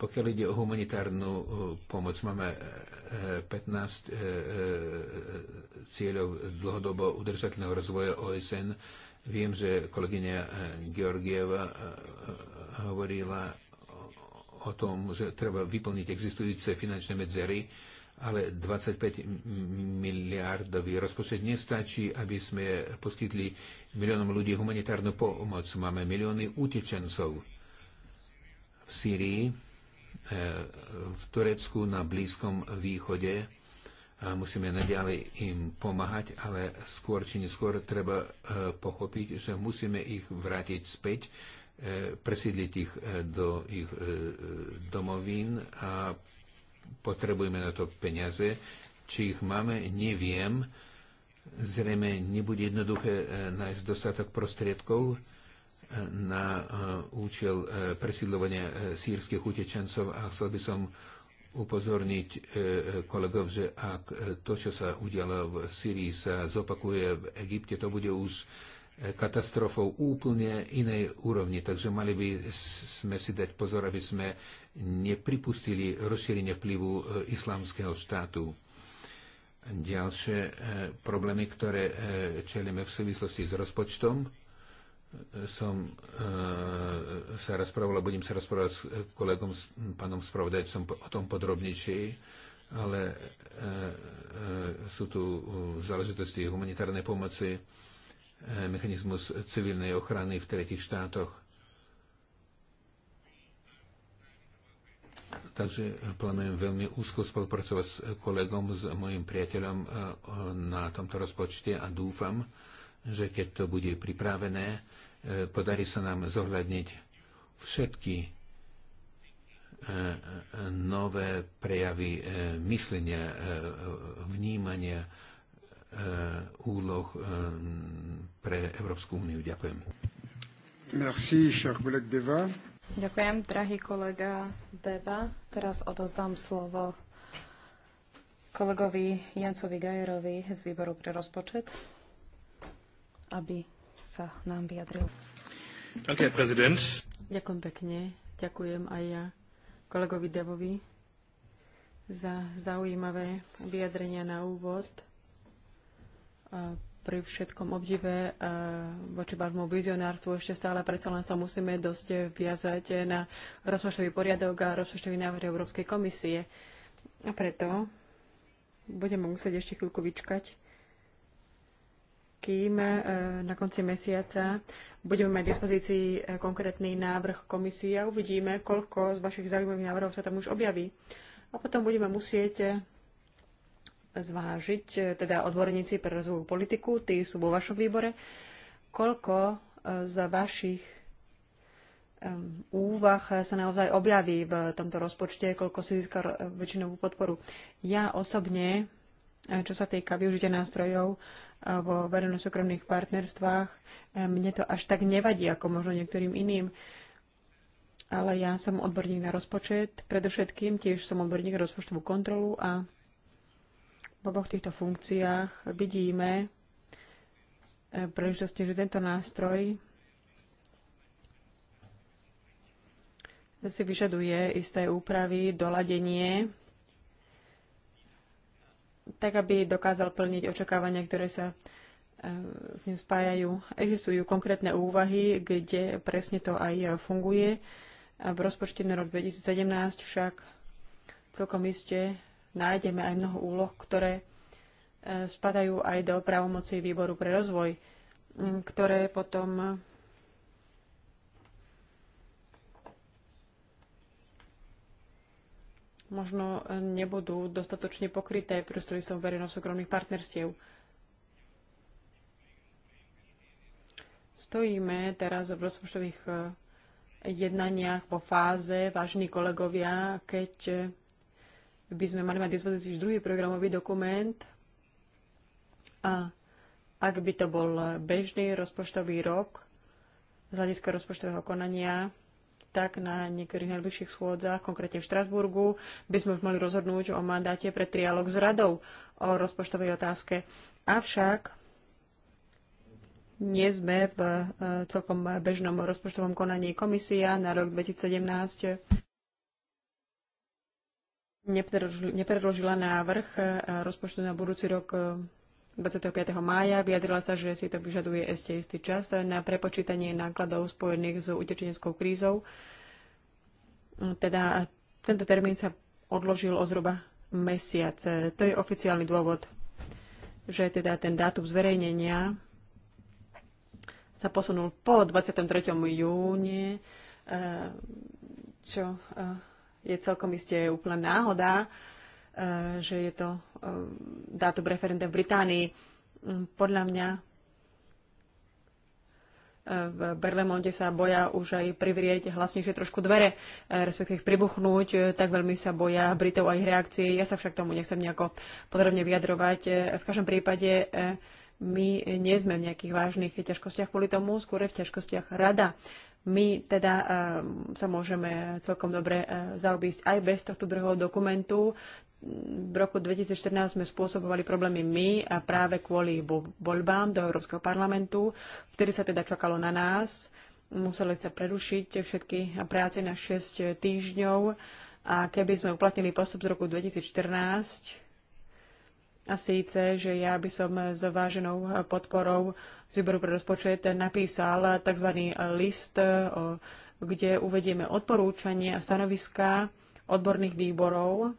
Pokiaľ ide o humanitárnu eh, pomoc, máme 15 eh, eh, cieľov dlhodobo udržateľného rozvoja OSN. Viem, že kolegyňa Georgieva hovorila o tom, že treba vyplniť existujúce finančné medzery, ale 25 miliardový rozpočet nestačí, aby sme poskytli miliónom ľudí humanitárnu pomoc. Máme milióny utečencov v Sýrii v Turecku na Blízkom východe musíme naďalej im pomáhať, ale skôr či neskôr treba e, pochopiť, že musíme ich vrátiť späť, e, presídliť ich e, do ich domovín a potrebujeme na to peniaze. Či ich máme, neviem. Zrejme nebude jednoduché nájsť dostatok prostriedkov, na e, účel e, presídlovania e, sírskych utečencov a chcel by som upozorniť kolegov, že ak to, čo sa udialo v Sýrii, sa zopakuje v Egypte, to bude už katastrofou úplne inej úrovni. Takže mali by sme si dať pozor, aby sme nepripustili rozšírenie vplyvu islamského štátu. Ďalšie problémy, ktoré čelíme v súvislosti s rozpočtom, som e, sa rozprával a budem sa rozprávať s kolegom, s pánom spravodajcom o tom podrobnejšie, ale e, e, sú tu záležitosti humanitárnej pomoci, e, mechanizmus civilnej ochrany v tretich štátoch. Takže plánujem veľmi úzko spolupracovať s kolegom, s mojim priateľom e, na tomto rozpočte a dúfam, že keď to bude pripravené, e, podarí sa nám zohľadniť všetky e, e, nové prejavy myslenia, vnímania úloh pre Európsku úniu. Ďakujem. Merci, cher collègue Deva. Ďakujem, drahý kolega Deva. Teraz odozdám slovo kolegovi Jancovi Gajerovi z výboru pre rozpočet aby sa nám vyjadril. Ďakujem, prezident. Ďakujem pekne. Ďakujem aj ja kolegovi Devovi za zaujímavé vyjadrenia na úvod. Pri všetkom obdive voči vášmu vizionárstvu ešte stále predsa len sa musíme dosť viazať na rozpočtový poriadok a rozpočtový návrh Európskej komisie. A preto budeme musieť ešte chvíľku vyčkať kým e, na konci mesiaca budeme mať v dispozícii e, konkrétny návrh komisie a uvidíme, koľko z vašich zaujímavých návrhov sa tam už objaví. A potom budeme musieť e, zvážiť, teda odborníci pre rozvojú politiku, tí sú vo vašom výbore, koľko z vašich úvah sa naozaj objaví v tomto rozpočte, koľko si získal väčšinovú podporu. Ja osobne, čo sa týka využitia nástrojov vo verejno-súkromných partnerstvách. E, mne to až tak nevadí, ako možno niektorým iným. Ale ja som odborník na rozpočet, predovšetkým tiež som odborník na rozpočtovú kontrolu a v oboch týchto funkciách vidíme e, príležitosti, že tento nástroj si vyžaduje isté úpravy, doladenie tak aby dokázal plniť očakávania, ktoré sa e, s ním spájajú. Existujú konkrétne úvahy, kde presne to aj funguje. v rozpočte na rok 2017 však celkom iste nájdeme aj mnoho úloh, ktoré e, spadajú aj do právomocí výboru pre rozvoj, ktoré potom možno e, nebudú dostatočne pokryté prostredníctvom verejno-súkromných partnerstiev. Stojíme teraz v rozpočtových e, jednaniach po fáze, vážení kolegovia, keď e, by sme mali mať dispozícii druhý programový dokument a ak by to bol bežný rozpočtový rok z hľadiska rozpočtového konania, tak na niektorých najbližších schôdzach, konkrétne v Štrasburgu, by sme už mali rozhodnúť o mandáte pre trialog s radou o rozpočtovej otázke. Avšak nie sme v e, celkom bežnom rozpočtovom konaní komisia na rok 2017 nepredložila návrh e, rozpočtu na budúci rok e, 25. mája. Vyjadrila sa, že si to vyžaduje ešte istý čas na prepočítanie nákladov spojených s utečeneckou krízou. Teda tento termín sa odložil o zhruba mesiac. To je oficiálny dôvod, že teda ten dátum zverejnenia sa posunul po 23. júne, eh, čo eh, je celkom isté úplná náhoda Eh, že je to eh, dátum referenda v Británii. Mm, podľa mňa eh, v Berlemonte sa boja už aj privrieť hlasnejšie trošku dvere, respektíve pribuchnúť, tak veľmi sa boja Britov a ich reakcií. Ja sa však tomu nechcem nejako podrobne vyjadrovať. V každom prípade my nie sme v nejakých vážnych ťažkostiach kvôli tomu, skôr v ťažkostiach rada. My teda sa môžeme celkom dobre zaobísť aj bez tohto druhého dokumentu v roku 2014 sme spôsobovali problémy my a práve kvôli voľbám do Európskeho parlamentu, vtedy sa teda čakalo na nás. Museli sa prerušiť všetky práce na 6 týždňov a keby sme uplatnili postup z roku 2014, a síce, že ja by som s váženou podporou z výboru pre rozpočet napísal tzv. list, eh, kde uvedieme odporúčanie a stanoviská odborných výborov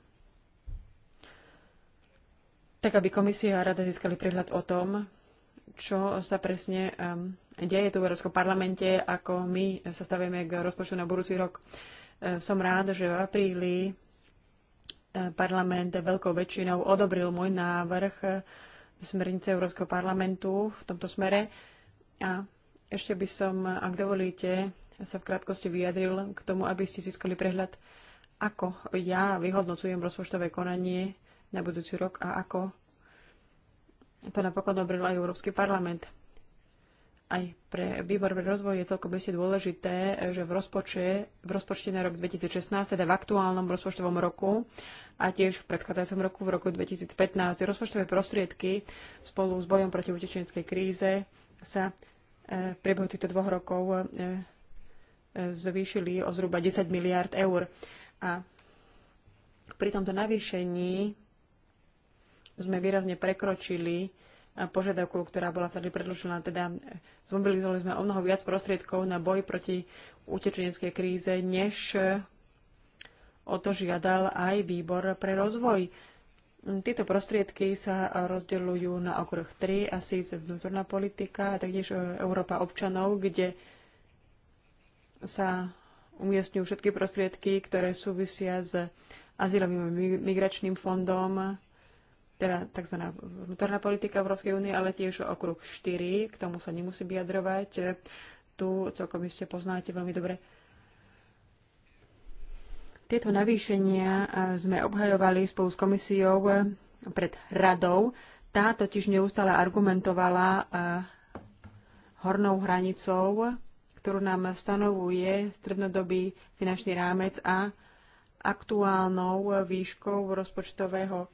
tak aby komisia a rada získali prehľad o tom, čo sa presne um, deje tu v Európskom parlamente, ako my sa stavíme k rozpočtu na budúci rok. Uh, som rád, že v apríli uh, parlament veľkou väčšinou odobril môj návrh uh, smernice Európskeho parlamentu v tomto smere. A ešte by som, ak dovolíte, sa v krátkosti vyjadril k tomu, aby ste získali prehľad, ako ja vyhodnocujem rozpočtové konanie na budúci rok a ako to napokon obril aj Európsky parlament. Aj pre výbor pre rozvoj je celkom ešte dôležité, že v, rozpočte, v rozpočte na rok 2016, teda v aktuálnom rozpočtovom roku a tiež v predchádzajúcom roku, v roku 2015, rozpočtové prostriedky spolu s bojom proti utečenskej kríze sa e, v priebehu týchto dvoch rokov e, e, zvýšili o zhruba 10 miliard eur. A pri tomto navýšení sme výrazne prekročili eh, požiadavku, ktorá bola vtedy predložená. Teda eh, zmobilizovali sme o mnoho viac prostriedkov na boj proti utečeneckej kríze, než eh, o to žiadal aj výbor pre rozvoj. Mm, tieto prostriedky sa rozdeľujú na okruh 3, asi z vnútorná politika a taktiež Európa občanov, kde sa umiestňujú všetky prostriedky, ktoré súvisia s azylovým migračným fondom, teda tzv. vnútorná politika Európskej únie, ale tiež okruh 4, k tomu sa nemusí vyjadrovať. Tu celkom ste poznáte veľmi dobre. Tieto navýšenia eh, sme obhajovali spolu s komisiou eh, pred radou. Tá totiž neustále argumentovala eh, hornou hranicou, ktorú nám stanovuje strednodobý finančný rámec a aktuálnou výškou rozpočtového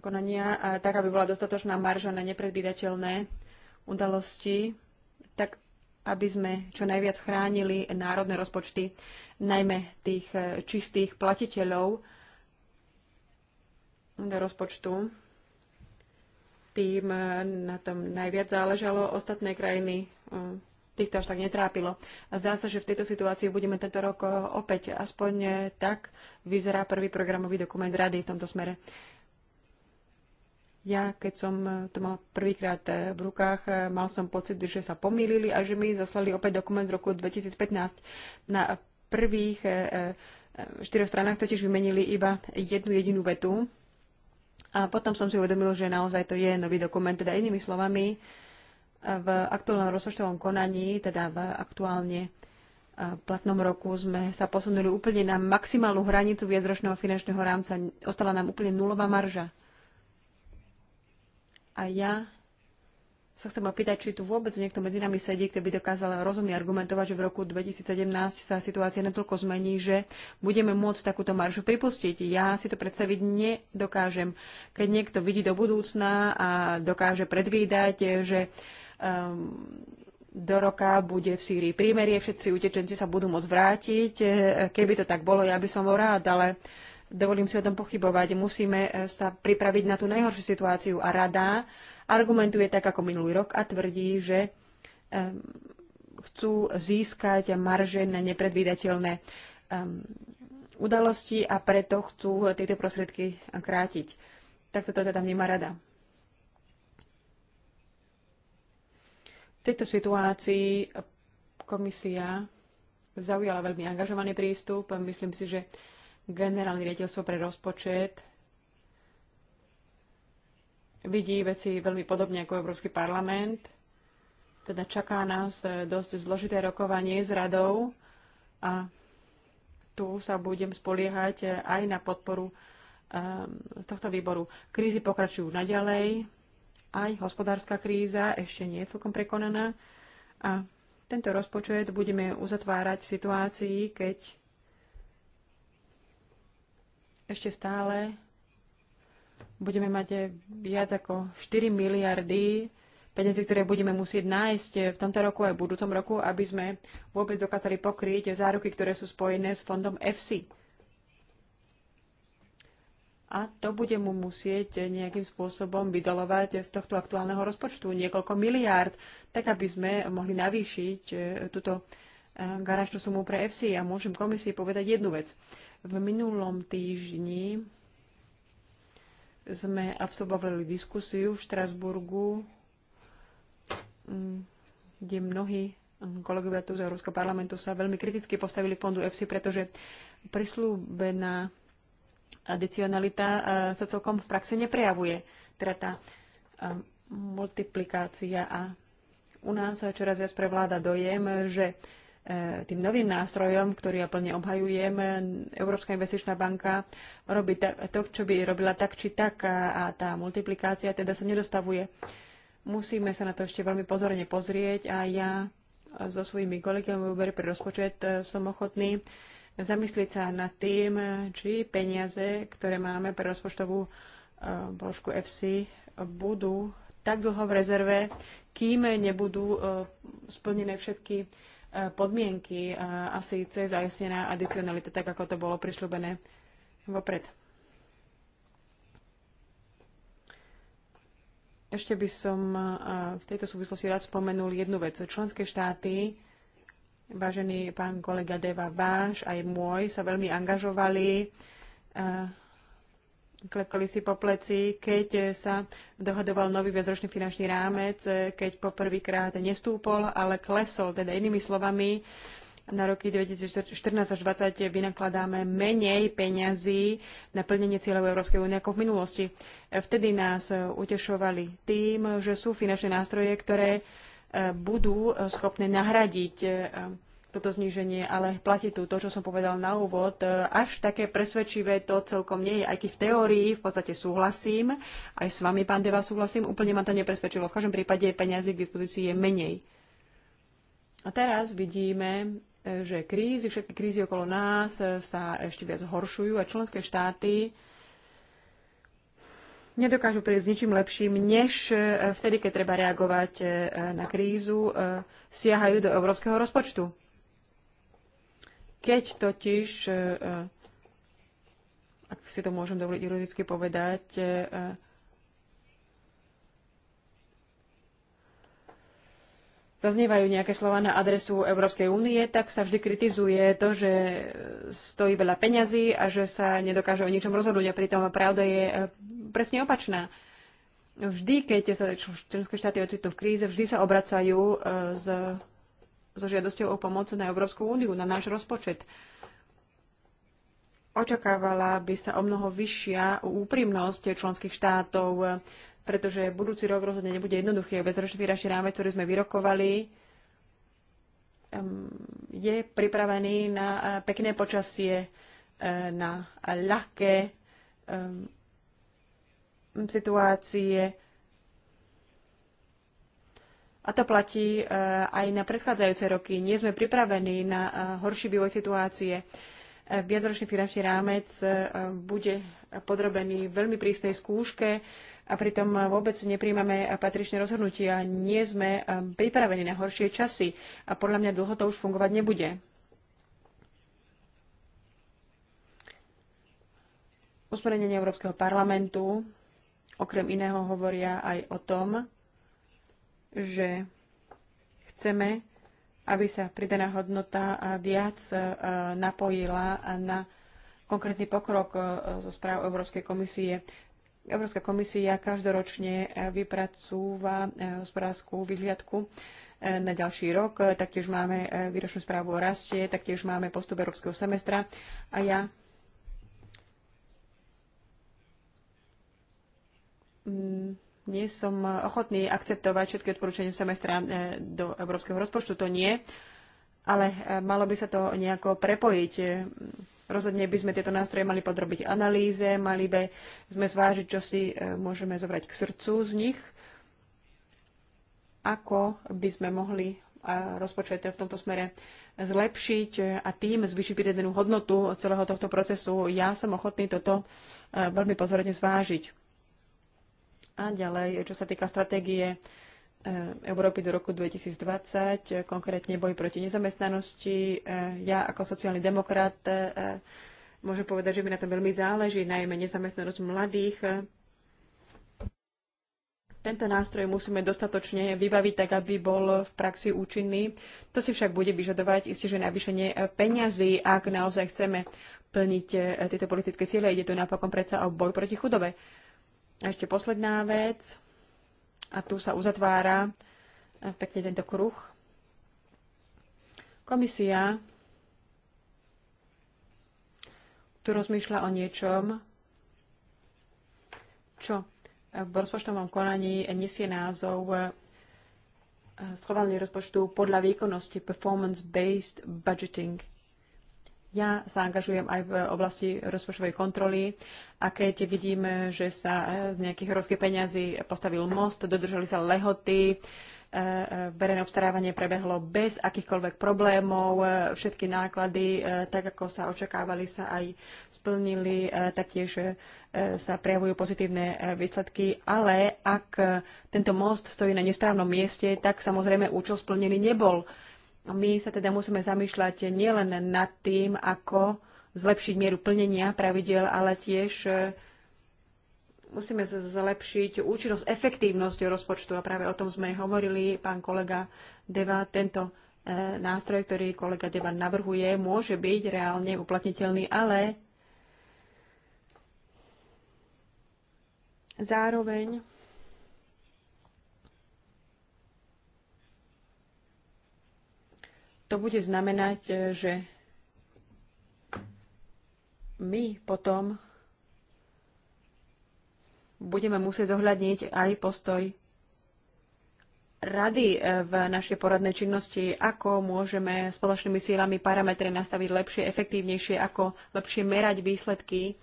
konania, a tak, aby bola dostatočná marža na nepredvídateľné udalosti, tak aby sme čo najviac chránili národné rozpočty, najmä tých e, čistých platiteľov do rozpočtu. Tým e, na tom najviac záležalo. Ostatné krajiny e, týchto až tak netrápilo. A zdá sa, že v tejto situácii budeme tento rok opäť. Aspoň tak vyzerá prvý programový dokument rady v tomto smere. Ja, keď som eh, to mal prvýkrát eh, v rukách, eh, mal som pocit, že sa pomýlili a že mi zaslali opäť dokument roku 2015. Na prvých štyroch stranách totiž vymenili iba jednu jedinú vetu. A potom som si uvedomil, že naozaj to je nový dokument. Teda inými slovami, v aktuálnom rozpočtovom konaní, teda v aktuálne platnom roku sme sa posunuli úplne na maximálnu hranicu viacročného finančného rámca. Ostala nám úplne nulová marža a ja sa chcem opýtať, či tu vôbec niekto medzi nami sedí, kto by dokázal rozumne argumentovať, že v roku 2017 sa situácia natoľko zmení, že budeme môcť takúto maršu pripustiť. Ja si to predstaviť nedokážem. Keď niekto vidí do budúcna a dokáže predvídať, že um, do roka bude v Sýrii prímerie, všetci utečenci sa budú môcť vrátiť. E, keby to tak bolo, ja by som bol rád, ale uh, Dovolím si o tom pochybovať. Musíme e, sa pripraviť na tú najhoršiu situáciu a rada argumentuje tak ako minulý rok a tvrdí, že chcú získať marže na nepredvídateľné udalosti a preto chcú tieto prostriedky krátiť. Takto toto teda vníma rada. V tejto situácii komisia zaujala veľmi angažovaný prístup. Myslím si, že generálne riaditeľstvo pre rozpočet vidí veci veľmi podobne ako Európsky parlament. Teda čaká nás eh, dosť zložité rokovanie s radou a tu sa budem spoliehať eh, aj na podporu eh, z tohto výboru. Krízy pokračujú naďalej, aj hospodárska kríza ešte nie je celkom prekonaná a tento rozpočet budeme uzatvárať v situácii, keď ešte stále budeme mať viac ako 4 miliardy peniazy, ktoré budeme musieť nájsť v tomto roku aj v budúcom roku, aby sme vôbec dokázali pokryť záruky, ktoré sú spojené s fondom FC. A to bude mu musieť nejakým spôsobom vydolovať z tohto aktuálneho rozpočtu niekoľko miliárd, tak aby sme mohli navýšiť eh, túto eh, garančnú sumu pre FC. A môžem komisii povedať jednu vec. V minulom týždni sme absolvovali diskusiu v Štrasburgu, mm, kde mnohí kolegovia tu z Európskeho parlamentu sa veľmi kriticky postavili fondu EFSI, pretože prislúbená adicionalita e, sa celkom v praxi neprejavuje. Teda tá e, multiplikácia a u nás čoraz viac prevláda dojem, že E, tým novým nástrojom, ktorý ja plne obhajujem, Európska investičná banka robí to, čo by robila tak či tak a tá multiplikácia teda sa nedostavuje. Musíme sa na to ešte veľmi pozorne pozrieť a ja so svojimi kolegami v pre rozpočet e, som ochotný zamyslieť sa nad tým, či peniaze, ktoré máme pre rozpočtovú e, položku FC, budú tak dlho v rezerve, kým nebudú splnené všetky E, podmienky e, asi cez zajistená adicionalita, tak ako to bolo prišľubené vopred. Ešte by som e, v tejto súvislosti rád spomenul jednu vec. Členské štáty, vážený pán kolega Deva, váš aj môj, sa veľmi angažovali klepkali si po pleci, keď eh, sa dohadoval nový bezročný finančný rámec, eh, keď poprvýkrát nestúpol, ale klesol. Teda inými slovami, na roky 2014 až 2020 vynakladáme menej peňazí na plnenie cieľov Európskej únie ako v minulosti. Eh, vtedy nás utešovali tým, že sú finančné nástroje, ktoré budú schopné nahradiť toto zníženie, ale platí tu to, čo som povedal na úvod. E, až také presvedčivé to celkom nie je, aj keď v teórii v podstate súhlasím, aj s vami, pán Deva, súhlasím, úplne ma to nepresvedčilo. V každom prípade peniazy k dispozícii je menej. A teraz vidíme, e, že krízy, všetky krízy okolo nás e, sa ešte viac horšujú a členské štáty nedokážu prísť ničím lepším, než vtedy, keď treba reagovať na krízu, siahajú do európskeho rozpočtu. Keď totiž, e, e, ak si to môžem dovoliť ironicky povedať, e, zaznievajú nejaké slova na adresu Európskej únie, tak sa vždy kritizuje to, že stojí veľa peňazí a že sa nedokáže o ničom rozhodnúť a pritom pravda je presne opačná. Vždy, keď sa členské štáty ocitnú v kríze, vždy sa obracajú s so žiadosťou o pomoc na Európsku úniu, na náš rozpočet. Očakávala by sa o mnoho vyššia úprimnosť členských štátov, pretože budúci rok rozhodne nebude jednoduchý. Bezročný výračný rámec, ktorý sme vyrokovali, je pripravený na e, pekné počasie, e, na ľahké situácie, a to platí e, aj na predchádzajúce roky. Nie sme pripravení na e, horší vývoj situácie. E, viacročný finančný rámec bude podrobený veľmi prísnej skúške a pritom vôbec nepríjmame patričné rozhodnutia. Nie sme pripravení na horšie časy a podľa mňa dlho to už fungovať nebude. Usmernenia Európskeho parlamentu okrem iného hovoria aj o tom, že chceme, aby sa pridaná hodnota viac e, napojila na konkrétny pokrok e, zo správ Európskej komisie. Európska komisia každoročne e, vypracúva hospodárskú vyhliadku na ďalší rok. Taktiež máme výročnú správu o raste, taktiež máme postup Európskeho semestra a ja mm, nie som eh, ochotný akceptovať všetky odporúčania semestra eh, do európskeho rozpočtu, to nie, ale eh, malo by sa to nejako prepojiť. Rozhodne by sme tieto nástroje mali podrobiť analýze, mali by sme zvážiť, čo si môžeme zobrať k srdcu z nich, ako by sme mohli rozpočet v tomto smere zlepšiť a tým zvýšiť pridanú hodnotu celého tohto procesu. Ja som ochotný toto veľmi pozorne zvážiť. A ďalej, čo sa týka stratégie e, Európy do roku 2020, e, konkrétne boj proti nezamestnanosti. E, ja ako sociálny demokrat môžem povedať, že mi na tom veľmi záleží, najmä nezamestnanosť mladých. Tento nástroj musíme dostatočne vybaviť tak, aby bol v praxi účinný. To si však bude vyžadovať isté, že navýšenie peňazí, ak naozaj chceme plniť tieto politické ciele. Ide tu napokon predsa o boj proti chudobe. A ešte posledná vec, a tu sa uzatvára eh, pekne tento kruh. Komisia tu rozmýšľa o niečom, čo v rozpočtovom konaní nesie názov eh, schválenie rozpočtu podľa výkonnosti performance-based budgeting – ja sa angažujem aj v oblasti rozpočtovej kontroly a keď vidíme, že sa eh, z nejakých európskych peňazí postavil most, dodržali sa lehoty, eh, eh, verejné obstarávanie prebehlo bez akýchkoľvek problémov, všetky náklady, tak ako sa očakávali, sa aj splnili, taktiež sa prejavujú pozitívne výsledky, ale ak tento most stojí na nesprávnom mieste, tak samozrejme účel splnený nebol. My sa teda musíme zamýšľať nielen nad tým, ako zlepšiť mieru plnenia pravidel, ale tiež e, musíme zlepšiť účinnosť, efektívnosť rozpočtu. A práve o tom sme hovorili, pán kolega Deva, tento e, nástroj, ktorý kolega Deva navrhuje, môže byť reálne uplatniteľný, ale zároveň to bude znamenať, e, že my potom budeme musieť zohľadniť aj postoj rady e, v našej poradnej činnosti, ako môžeme spoločnými sílami parametre nastaviť lepšie, efektívnejšie, ako lepšie merať výsledky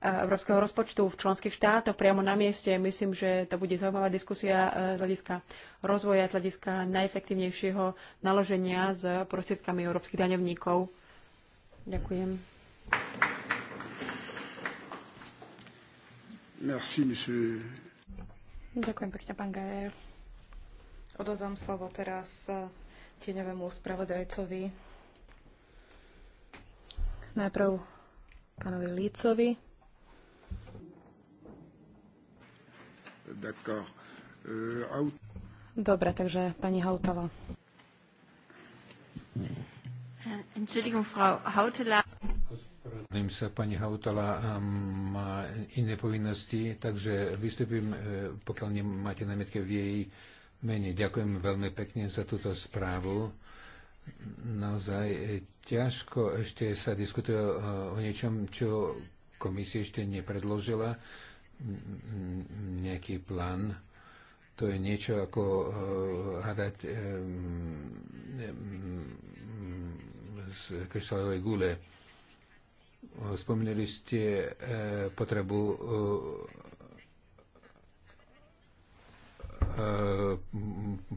európskeho rozpočtu v členských štátoch priamo na mieste. Myslím, že to bude zaujímavá diskusia e, z hľadiska rozvoja, z hľadiska najefektívnejšieho naloženia s prostriedkami európskych daňovníkov. Ďakujem. Merci, monsieur. Ďakujem pekne, pán Gajer. Odozám slovo teraz e, tieňovému spravodajcovi. Najprv pánovi Lícovi. D'accord. Euh, Dobre, takže pani Hautala. Entschuldigung, Frau Hautala. Ospravedlňujem sa, pani Hautala má iné povinnosti, takže vystúpim, e, pokiaľ nemáte námietke v jej mene. Ďakujem veľmi pekne za túto správu. Naozaj ťažko ešte sa diskutuje o niečom, čo komisia ešte nepredložila nejaký plán. To je niečo ako uh, eh, hľadať eh, z kryštálovej gule. Spomínali ste uh, potrebu uh,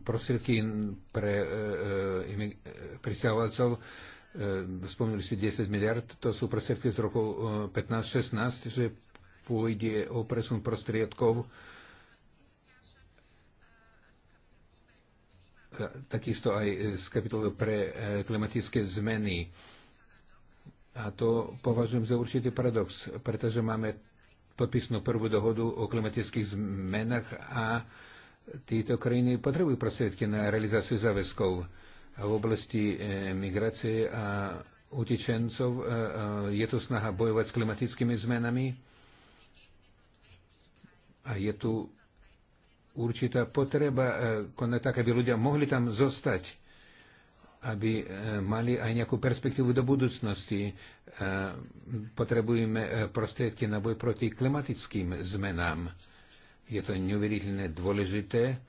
prostriedky pre uh, uh, pristahovalcov spomínali ste 10 miliard, to sú prostriedky z roku 15-16, že pôjde o presun prostriedkov. takisto aj z kapitoly pre eh, klimatické zmeny. A to považujem za určitý paradox, pretože máme podpísanú prvú dohodu o klimatických zmenách a tieto krajiny potrebujú prostriedky na realizáciu záväzkov v oblasti eh, migrácie a utečencov. Eh, je to snaha bojovať s klimatickými zmenami? A je tu určitá potreba e, konať tak, aby ľudia mohli tam zostať, aby e, mali aj nejakú perspektívu do budúcnosti. E, potrebujeme prostriedky na boj proti klimatickým zmenám. Je to neuveriteľne dôležité.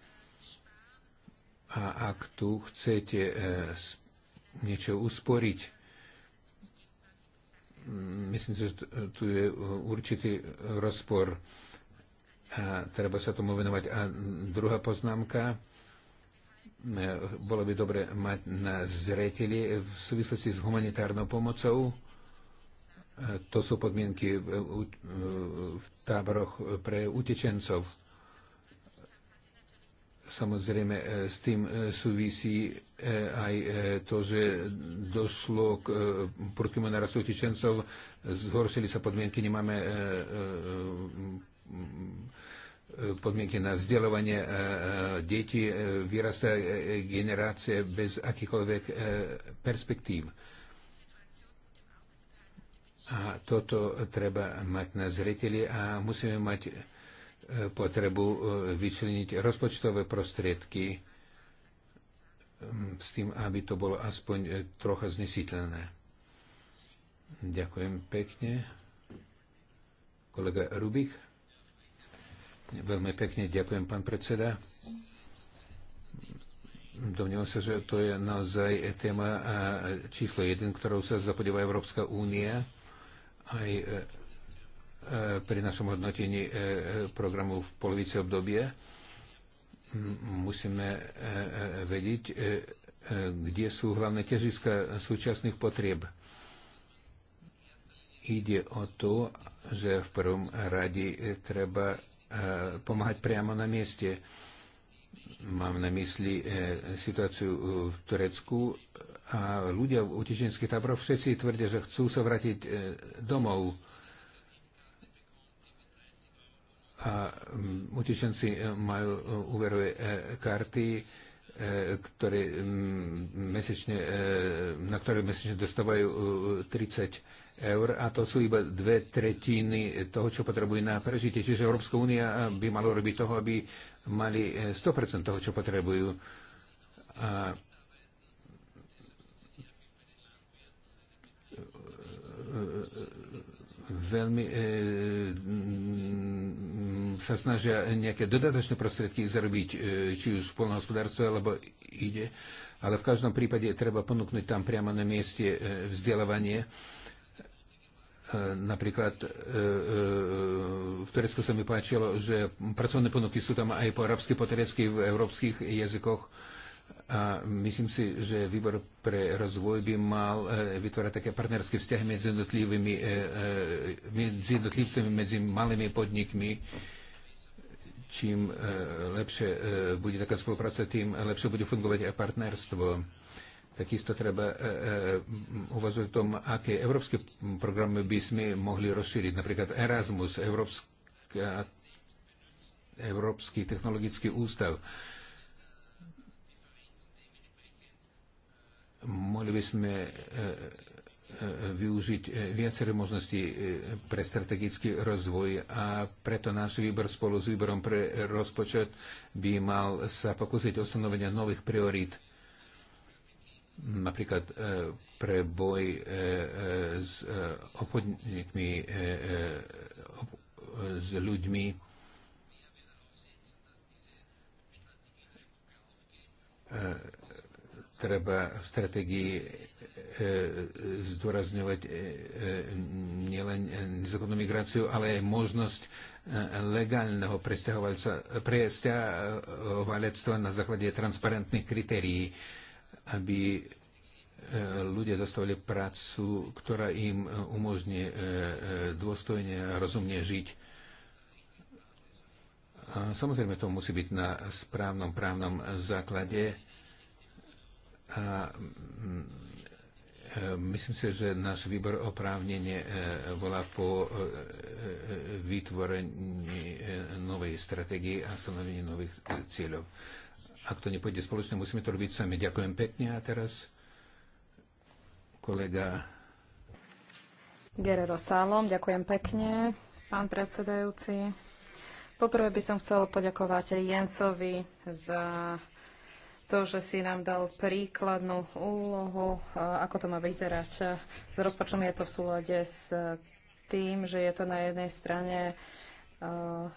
A ak tu chcete niečo usporiť, myslím, že tu je určitý rozpor a treba sa tomu venovať. A druhá poznámka, bolo by dobre mať na zreteli v súvislosti s humanitárnou pomocou. To sú podmienky v, v táboroch pre utečencov. Samozrejme, e, s tým e, súvisí e, aj to, že došlo k prudkému narastu utečencov, zhoršili sa podmienky, nemáme Mm, podmienky na vzdelávanie e, e, detí, e, vyrastá generácie bez akýchkoľvek perspektív. A toto treba mať na zreteli a musíme mať potrebu vyčleniť rozpočtové prostriedky mm, s tým, aby to bolo aspoň trocha znesiteľné. Ďakujem pekne. Kolega Rubik. Veľmi pekne ďakujem, pán predseda. Domnievam sa, že to je naozaj téma číslo jeden, ktorou sa zapodíva Európska únia aj e, e, pri našom hodnotení e, programu v polovici obdobia. Musíme vedieť, kde sú hlavné ťažiska súčasných potrieb. Ide o to, že v prvom rade treba Eh, pomáhať priamo na mieste. Mám na mysli eh, situáciu eh, v Turecku a ľudia v utečenských táboroch všetci tvrdia, že chcú sa vrátiť domov. A mm, utečenci majú úverové karty, ktoré mm, mesečne, na ktoré mesečne dostávajú 30 eur a to sú iba dve tretiny toho, čo potrebujú na prežitie. Čiže Európska únia by mala robiť toho, aby mali 100% eh, toho, čo potrebujú. A eh, veľmi e, sa snažia nejaké dodatočné prostriedky zarobiť, e, či už v polnohospodárstve, alebo ide. Ale v každom prípade treba ponúknuť tam priamo na mieste e, vzdelávanie. E, E, napríklad e, e, v Turecku sa mi páčilo, že pracovné ponuky sú tam aj po arabsky, po turecky, v európskych jazykoch. A myslím si, že výbor pre rozvoj by mal vytvárať také partnerské vzťahy medzi jednotlivými, medzi jednotlivcami, medzi malými podnikmi. Čím lepšie bude taká spolupráca, tým lepšie bude fungovať aj partnerstvo Takisto treba e, e, uvažovať o tom, aké európske programy by sme mohli rozšíriť. Napríklad Erasmus, Európska, Európsky technologický ústav. Mohli by sme e, využiť viaceré možnosti pre strategický rozvoj a preto náš výbor spolu s výborom pre rozpočet by mal sa pokúsiť o stanovenie nových priorít napríklad e, pre boj e, e, s obchodníkmi, s ľuďmi. Treba v strategii zdôrazňovať nielen nezákonnú migráciu, ale aj možnosť legálneho presťahovalectva na základe transparentných kritérií aby e, ľudia dostali prácu, ktorá im e, umožní e, dôstojne a rozumne žiť. A samozrejme, to musí byť na správnom právnom základe. A mm, myslím si, že náš výbor oprávnenie volá po vytvorení novej stratégie a stanovení nových cieľov ak to nepôjde spoločne, musíme to robiť sami. Ďakujem pekne a teraz kolega Gerero Sálom, ďakujem pekne, pán predsedajúci. Poprvé by som chcel poďakovať Jensovi za to, že si nám dal príkladnú úlohu, ako to má vyzerať. S rozpočtom je to v súlade s tým, že je to na jednej strane uh,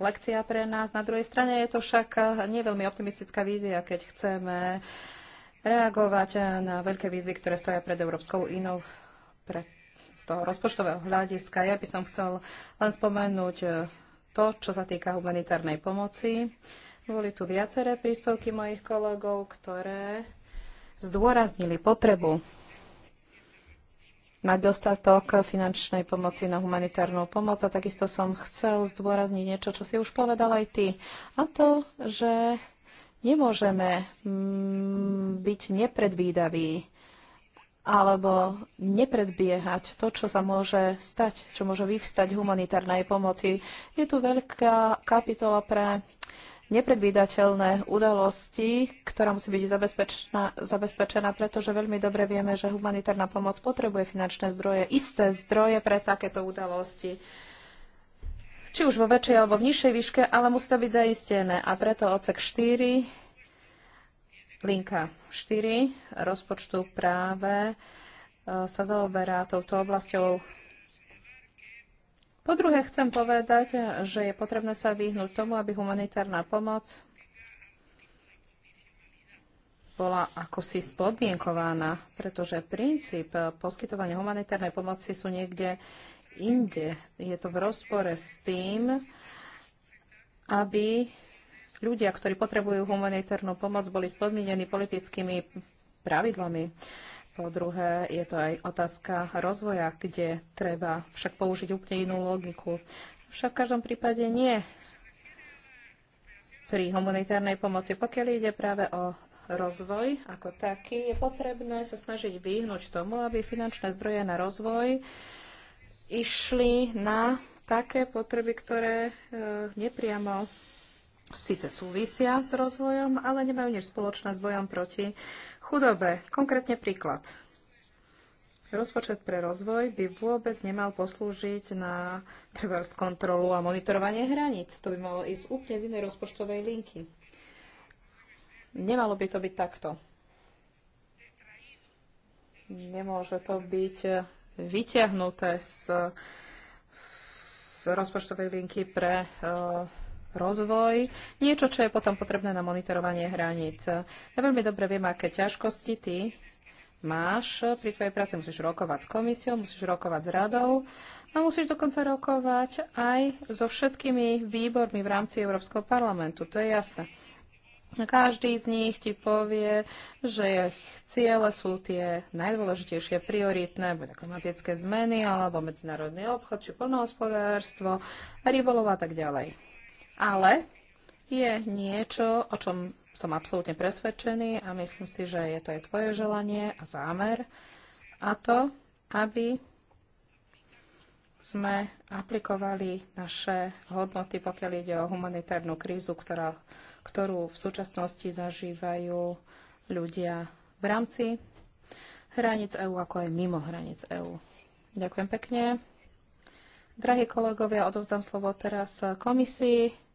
lekcia pre nás. Na druhej strane je to však nie veľmi optimistická vízia, keď chceme reagovať na veľké výzvy, ktoré stoja pred Európskou inou pre, z toho rozpočtového hľadiska. Ja by som chcel len spomenúť to, čo sa týka humanitárnej pomoci. Boli tu viaceré príspevky mojich kolegov, ktoré zdôraznili potrebu mať dostatok finančnej pomoci na humanitárnu pomoc. A takisto som chcel zdôrazniť niečo, čo si už povedal aj ty. A to, že nemôžeme mm, byť nepredvídaví alebo nepredbiehať to, čo sa môže stať, čo môže vyvstať humanitárnej pomoci. Je tu veľká kapitola pre nepredvídateľné udalosti, ktorá musí byť zabezpečená, zabezpečená, pretože veľmi dobre vieme, že humanitárna pomoc potrebuje finančné zdroje, isté zdroje pre takéto udalosti či už vo väčšej alebo v nižšej výške, ale musí to byť zaistené. A preto odsek 4, linka 4 rozpočtu práve e, sa zaoberá touto oblasťou po druhé chcem povedať, že je potrebné sa vyhnúť tomu, aby humanitárna pomoc bola akosi spodmienkovaná, pretože princíp poskytovania humanitárnej pomoci sú niekde inde. Je to v rozpore s tým, aby ľudia, ktorí potrebujú humanitárnu pomoc, boli spodmienení politickými pravidlami. Po druhé, je to aj otázka rozvoja, kde treba však použiť úplne inú logiku. Však v každom prípade nie pri humanitárnej pomoci. Pokiaľ ide práve o rozvoj ako taký, je potrebné sa snažiť vyhnúť tomu, aby finančné zdroje na rozvoj išli na také potreby, ktoré e, nepriamo síce súvisia s rozvojom, ale nemajú nič spoločné s bojom proti chudobe. Konkrétne príklad. Rozpočet pre rozvoj by vôbec nemal poslúžiť na trvárs kontrolu a monitorovanie hraníc. To by malo ísť úplne z inej rozpočtovej linky. Nemalo by to byť takto. Nemôže to byť vyťahnuté z rozpočtovej linky pre uh, rozvoj, niečo, čo je potom potrebné na monitorovanie hraníc. Ja veľmi dobre viem, aké ťažkosti ty máš pri tvojej práci. Musíš rokovať s komisiou, musíš rokovať s radou a musíš dokonca rokovať aj so všetkými výbormi v rámci Európskeho parlamentu. To je jasné. Každý z nich ti povie, že ich ciele sú tie najdôležitejšie, prioritné, buď klimatické zmeny, alebo medzinárodný obchod, či plnohospodárstvo, rybolov a tak ďalej ale je niečo, o čom som absolútne presvedčený a myslím si, že je to aj tvoje želanie a zámer a to, aby sme aplikovali naše hodnoty, pokiaľ ide o humanitárnu krízu, ktorá, ktorú v súčasnosti zažívajú ľudia v rámci hraníc EÚ, ako aj mimo hraníc EÚ. Ďakujem pekne. Drahí kolegovia, odovzdám slovo teraz komisii.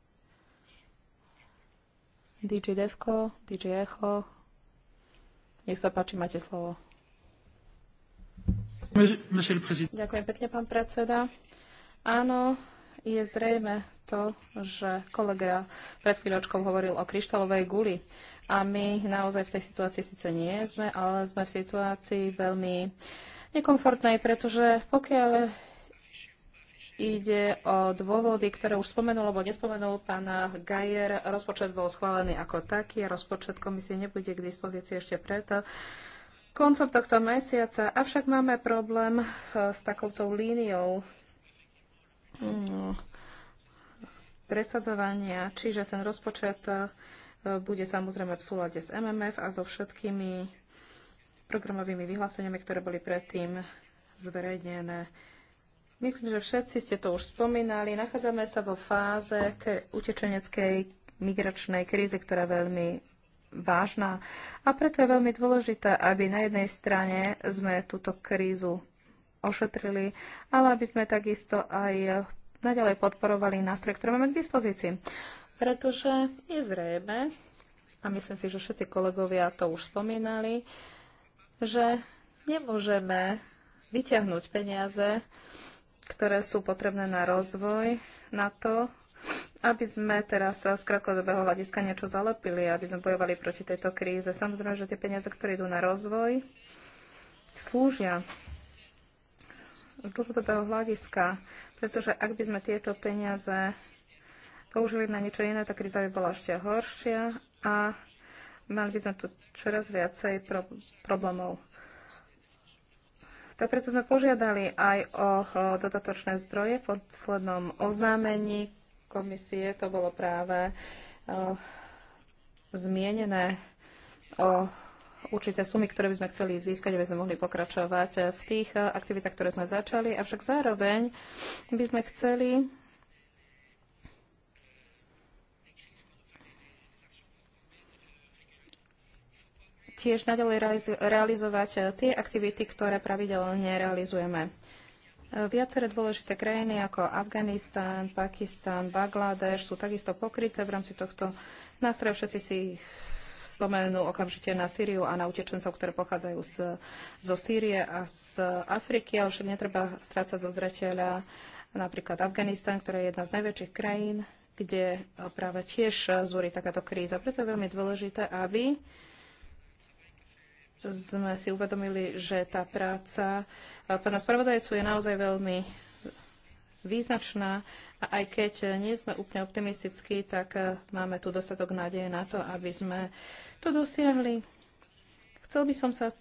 DJ Devko, DJ Echo. Nech sa páči, máte slovo. Ďakujem pekne, pán predseda. Áno, je zrejme to, že kolega pred chvíľočkou hovoril o kryštálovej guli. A my naozaj v tej situácii síce nie sme, ale sme v situácii veľmi nekomfortnej, pretože pokiaľ Ide o dôvody, ktoré už spomenul, alebo nespomenul pán Gajer. Rozpočet bol schválený ako taký a rozpočet komisie nebude k dispozícii ešte preto, koncom tohto mesiaca. Avšak máme problém s takouto líniou mm, presadzovania, čiže ten rozpočet e, bude samozrejme v súlade s MMF a so všetkými programovými vyhláseniami, ktoré boli predtým zverejnené. Myslím, že všetci ste to už spomínali. Nachádzame sa vo fáze k utečeneckej migračnej krízy, ktorá je veľmi vážna. A preto je veľmi dôležité, aby na jednej strane sme túto krízu ošetrili, ale aby sme takisto aj naďalej podporovali nástroje, ktoré máme k dispozícii. Pretože je zrejme, a myslím si, že všetci kolegovia to už spomínali, že nemôžeme vyťahnuť peniaze ktoré sú potrebné na rozvoj, na to, aby sme teraz z krátkodobého hľadiska niečo zalepili, aby sme bojovali proti tejto kríze. Samozrejme, že tie peniaze, ktoré idú na rozvoj, slúžia z dlhodobého hľadiska, pretože ak by sme tieto peniaze použili na niečo iné, tá kríza by bola ešte horšia a mali by sme tu čoraz viacej pro- problémov. Tak preto sme požiadali aj o dodatočné zdroje v poslednom oznámení komisie. To bolo práve zmienené o určité sumy, ktoré by sme chceli získať, aby sme mohli pokračovať v tých aktivitách, ktoré sme začali. Avšak zároveň by sme chceli tiež naďalej realizovať e, tie aktivity, ktoré pravidelne realizujeme. E, viaceré dôležité krajiny ako Afganistán, Pakistan, Bangladeš sú takisto pokryté v rámci tohto nástroja. Všetci si spomenú okamžite na Sýriu a na utečencov, ktoré pochádzajú z, zo Sýrie a z Afriky, ale však netreba strácať zo zreteľa napríklad Afganistan, ktorá je jedna z najväčších krajín, kde práve tiež zúri takáto kríza. Preto je veľmi dôležité, aby sme si uvedomili, že tá práca e, pána spravodajcu je naozaj veľmi význačná a aj keď nie sme úplne optimistickí, tak e, máme tu dostatok nádeje na to, aby sme to dosiahli. Chcel by som sa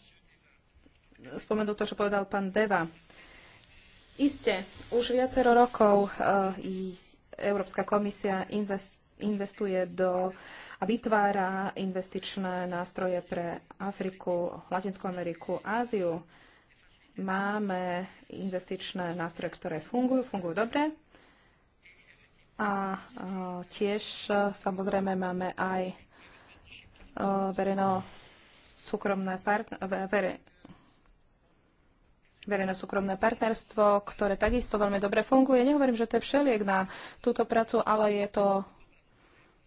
spomenúť to, čo povedal pán Deva. Isté, už viacero rokov e, Európska komisia investuje investuje do a vytvára investičné nástroje pre Afriku, Latinskú Ameriku, Áziu. Máme investičné nástroje, ktoré fungujú, fungujú dobre. A tiež e, samozrejme máme aj e, verejno súkromné partner, verejno-súkromné partnerstvo, ktoré takisto veľmi dobre funguje. Nehovorím, že to je všeliek na túto prácu, ale je to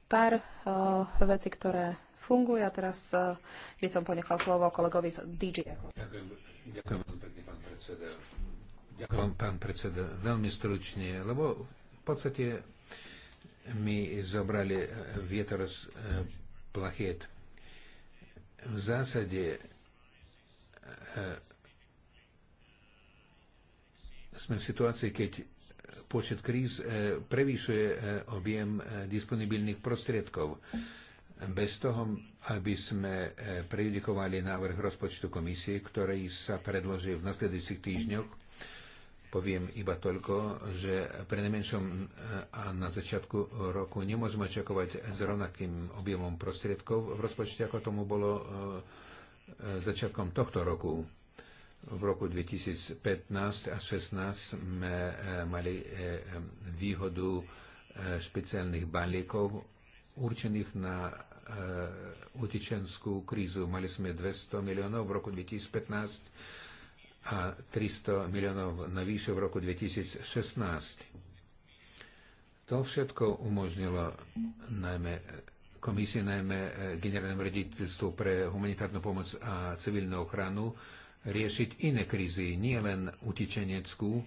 pár uh, vecí, ktoré fungujú. A teraz uh, by som ponechal slovo kolegovi z DG. Ďakujem, ďakujem veľmi pekne, pán predseda. Ďakujem, pán predseda, veľmi stručne, lebo v podstate my zobrali eh, vietor z plachiet. V zásade sme v situácii, keď počet kríz e, prevýšuje e, objem e, disponibilných prostriedkov. Bez toho, aby sme prejudikovali návrh rozpočtu komisie, ktorý sa predloží v nasledujúcich týždňoch, poviem iba toľko, že pre najmenšom a na začiatku roku nemôžeme očakovať s rovnakým objemom prostriedkov v rozpočte, ako tomu bolo začiatkom tohto roku v roku 2015 a 2016 sme e, mali e, e, výhodu špeciálnych balíkov určených na utečenskú krízu. Mali sme 200 miliónov v roku 2015 a 300 miliónov navýše v roku 2016. To všetko umožnilo najmä komisie, najmä generálnemu rediteľstvu pre humanitárnu pomoc a civilnú ochranu riešiť iné krízy, nie len utečeneckú,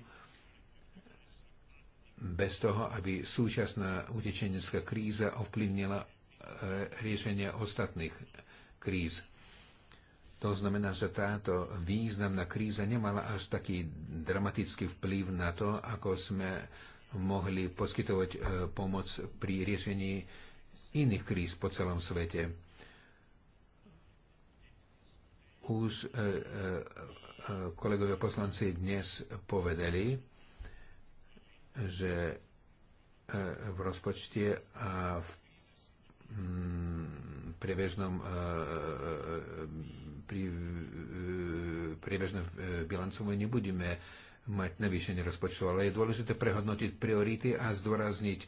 bez toho, aby súčasná utečenecká kríza ovplyvnila e, riešenie ostatných kríz. To znamená, že táto významná kríza nemala až taký dramatický vplyv na to, ako sme mohli poskytovať e, pomoc pri riešení iných kríz po celom svete už e, e, e, kolegovia poslanci dnes povedali, že v rozpočte a v mm, priebežnom pri priebežnom bilancovaní nebudeme mať navýšenie rozpočtu, ale je dôležité prehodnotiť priority a zdôrazniť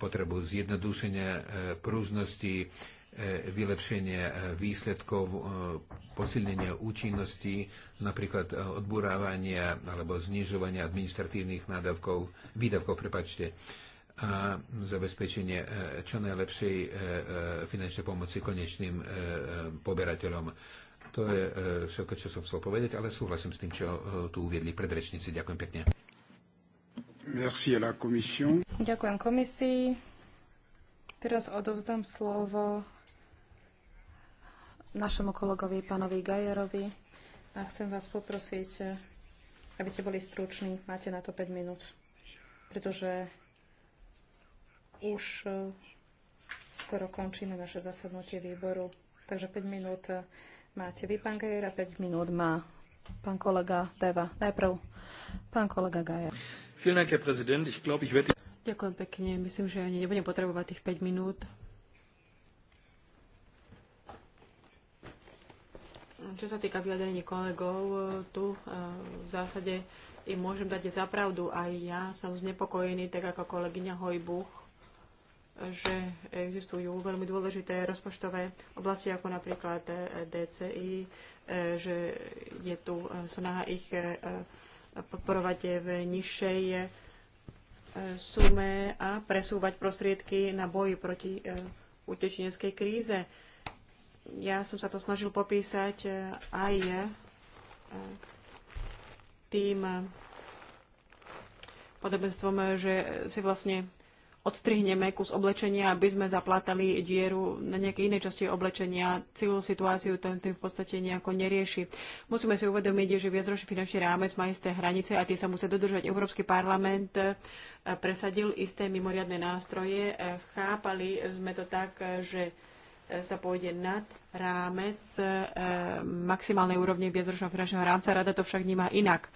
potrebu zjednodušenia prúžnosti, E, vylepšenie e, výsledkov, e, posilnenie účinnosti, napríklad odburávania alebo znižovania administratívnych nádavkov, výdavkov, prepačte, a zabezpečenie čo najlepšej finančnej pomoci konečným poberateľom. To je všetko, čo som chcel povedať, ale súhlasím s tým, čo tu uviedli predrečníci. Ďakujem pekne. Merci à la Ďakujem komisii. Teraz odovzdám slovo našemu kolegovi, pánovi Gajerovi. A chcem vás poprosiť, eh, aby ste boli struční. Máte na to 5 minút, pretože už eh, skoro končíme naše zasadnutie výboru. Takže 5 minút eh, máte vy, pán Gajer, a 5 minút má pán kolega Deva. Najprv pán kolega Gajer. Ďakujem pekne. Myslím, že ani nebudem potrebovať tých 5 minút. Čo sa týka vyjadrení kolegov, e, tu e, v zásade im môžem dať zapravdu. Aj ja som znepokojený, tak ako kolegyňa Hojbuch, že existujú veľmi dôležité rozpočtové oblasti, ako napríklad e, DCI, že je tu snaha ich podporovať v nižšej sume a presúvať prostriedky na boji proti utečeneckej kríze. Ja som sa to snažil popísať e, aj e, tým e, podobenstvom, že si vlastne odstrihneme kus oblečenia, aby sme zaplatali dieru na nejakej inej časti oblečenia. Celú situáciu ten tým v podstate nejako nerieši. Musíme si uvedomiť, že viacročný finančný rámec má isté hranice a tie sa musia dodržať. Európsky parlament presadil isté mimoriadne nástroje. Chápali sme to tak, že sa pôjde nad rámec e, maximálnej úrovne viacročného finančného rámca. Rada to však vníma inak.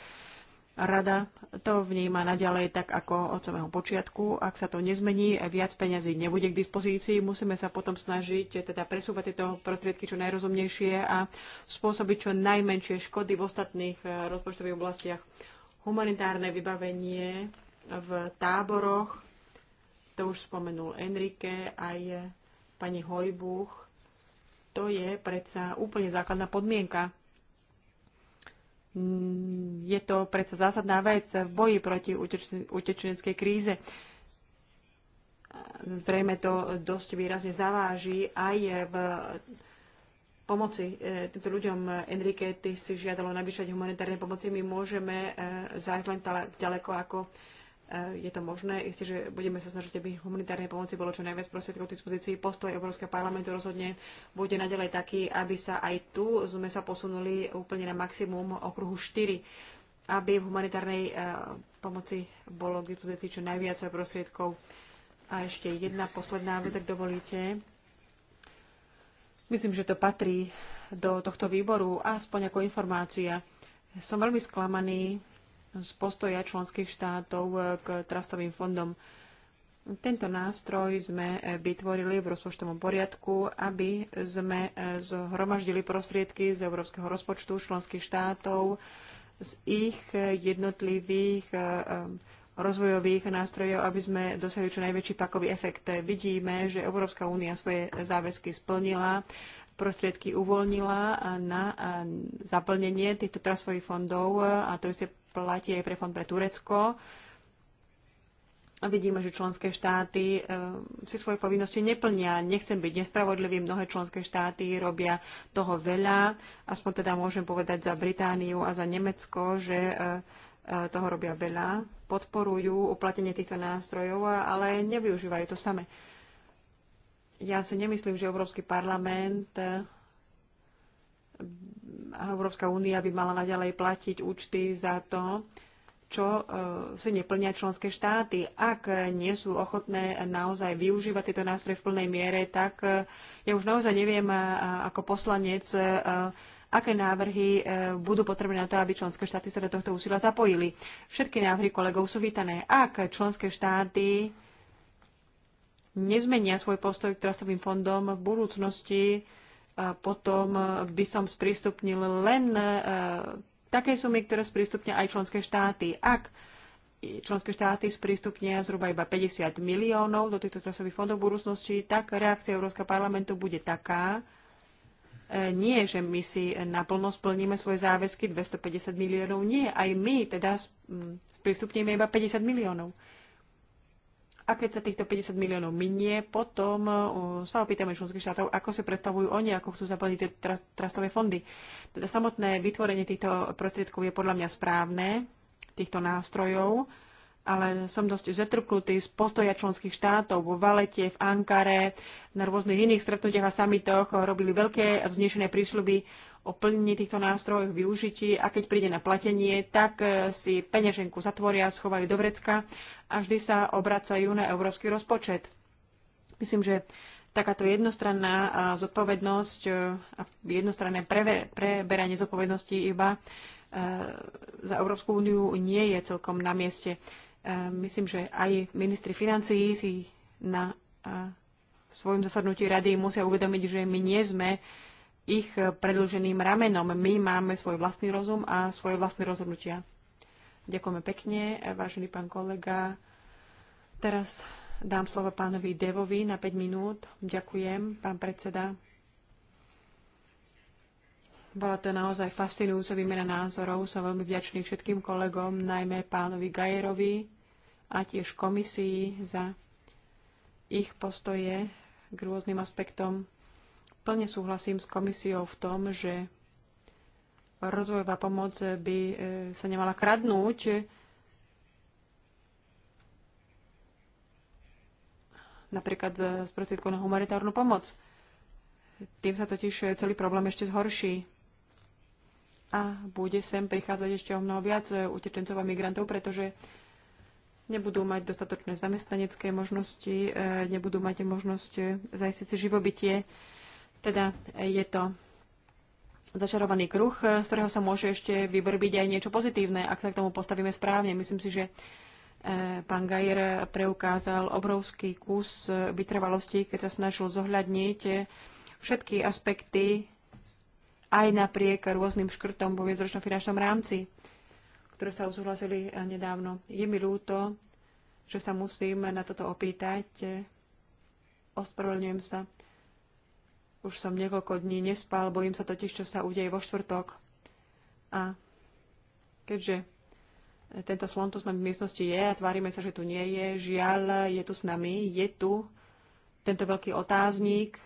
Rada to vníma naďalej tak ako od samého počiatku. Ak sa to nezmení, viac peňazí nebude k dispozícii. Musíme sa potom snažiť teda presúvať tieto prostriedky čo najrozumnejšie a spôsobiť čo najmenšie škody v ostatných e, rozpočtových oblastiach. Humanitárne vybavenie v táboroch, to už spomenul Enrique, aj pani Hojbuch, to je predsa úplne základná podmienka. Mm, je to predsa zásadná vec v boji proti utečeneckej kríze. Zrejme to dosť výrazne zaváži aj v pomoci e, týmto ľuďom. Enrique, ty si žiadalo navýšať humanitárne pomoci. My môžeme e, zájsť len ďaleko ako Eh, je to možné. Isté, že budeme sa snažiť, aby humanitárnej pomoci bolo čo najviac prostriedkov k dispozícii. Postoj Európskeho parlamentu rozhodne bude naďalej taký, aby sa aj tu sme sa posunuli úplne na maximum okruhu 4, aby v humanitárnej eh, pomoci bolo k dispozícii čo najviac prostriedkov. A ešte jedna posledná vec, ak dovolíte. Myslím, že to patrí do tohto výboru, aspoň ako informácia. Som veľmi sklamaný z postoja členských štátov eh, k trastovým fondom. Tento nástroj sme eh, vytvorili v rozpočtovom poriadku, aby sme eh, zhromaždili prostriedky z európskeho rozpočtu členských štátov, z ich jednotlivých rozvojových nástrojov, aby sme dosiahli čo najväčší pakový efekt. Vidíme, že Európska únia svoje záväzky splnila, prostriedky uvoľnila na zaplnenie týchto trasových fondov a to isté platí aj pre fond pre Turecko. A vidíme, že členské štáty e, si svoje povinnosti neplnia. Nechcem byť nespravodlivý, mnohé členské štáty robia toho veľa. Aspoň teda môžem povedať za Britániu a za Nemecko, že e, toho robia veľa, podporujú uplatnenie týchto nástrojov, ale nevyužívajú to same. Ja si nemyslím, že Európsky parlament Európska únia by mala naďalej platiť účty za to, čo e, si neplnia členské štáty. Ak nie sú ochotné naozaj využívať tieto nástroje v plnej miere, tak e, ja už naozaj neviem ako poslanec, e, aké návrhy budú potrebné na to, aby členské štáty sa do tohto úsila zapojili. Všetky návrhy kolegov sú vítané. Ak členské štáty nezmenia svoj postoj k trastovým fondom v budúcnosti, potom e, by som sprístupnil len e, také sumy, ktoré sprístupnia aj členské štáty. Ak členské štáty sprístupnia zhruba iba 50 miliónov do týchto trasových fondov budúcnosti, tak reakcia Európskeho parlamentu bude taká, e, nie, že my si naplno splníme svoje záväzky 250 miliónov, nie, aj my teda sprístupníme iba 50 miliónov. A keď sa týchto 50 miliónov minie, potom eh, sa opýtame členských štátov, ako si predstavujú oni, ako chcú zaplniť tie trastové fondy. Teda samotné vytvorenie týchto prostriedkov je podľa mňa správne, týchto nástrojov, ale som dosť zetrknutý z postoja členských štátov vo Valete, v Ankare, na rôznych iných stretnutiach a samitoch robili veľké vznešené prísľuby o plnení týchto nástrojov, využití a keď príde na platenie, tak eh, si peňaženku zatvoria, schovajú do vrecka a vždy sa obracajú na európsky rozpočet. Myslím, že takáto jednostranná eh, zodpovednosť eh, a jednostranné preberanie zodpovednosti iba za Európsku úniu nie je celkom na mieste. Myslím, že aj ministri financií si na svojom zasadnutí rady musia uvedomiť, že my nie sme uh, ich eh, predlženým ramenom. My máme svoj vlastný rozum a svoje vlastné rozhodnutia. Ďakujeme pekne, eh, vážený pán kolega. Teraz dám slovo pánovi Devovi na 5 minút. Ďakujem, pán predseda. Bola to naozaj fascinujúca výmena názorov. Som veľmi vďačný všetkým kolegom, najmä pánovi Gajerovi a tiež komisii za ich postoje k rôznym aspektom Plne súhlasím s komisiou v tom, že rozvojová pomoc by e, sa nemala kradnúť. napríklad z prostriedkov na humanitárnu pomoc. Tým sa totiž celý problém ešte zhorší a bude sem prichádzať ešte o mnoho viac utečencov a migrantov, pretože nebudú mať dostatočné zamestnanecké možnosti, e, nebudú mať možnosť e, zajistiť si živobytie teda je to začarovaný kruh, z ktorého sa môže ešte vybrbiť aj niečo pozitívne, ak sa k tomu postavíme správne. Myslím si, že e, pán Gajer preukázal obrovský kus e, vytrvalosti, keď sa snažil zohľadniť e, všetky aspekty aj napriek rôznym škrtom vo viezročnom finančnom rámci, ktoré sa usúhlasili nedávno. Je mi ľúto, že sa musím na toto opýtať. Ospravedlňujem sa. Už som niekoľko dní nespal, bojím sa totiž, čo sa udeje vo štvrtok. A keďže tento slon tu s nami v miestnosti je a tvárime sa, že tu nie je, žiaľ, je tu s nami, je tu tento veľký otáznik.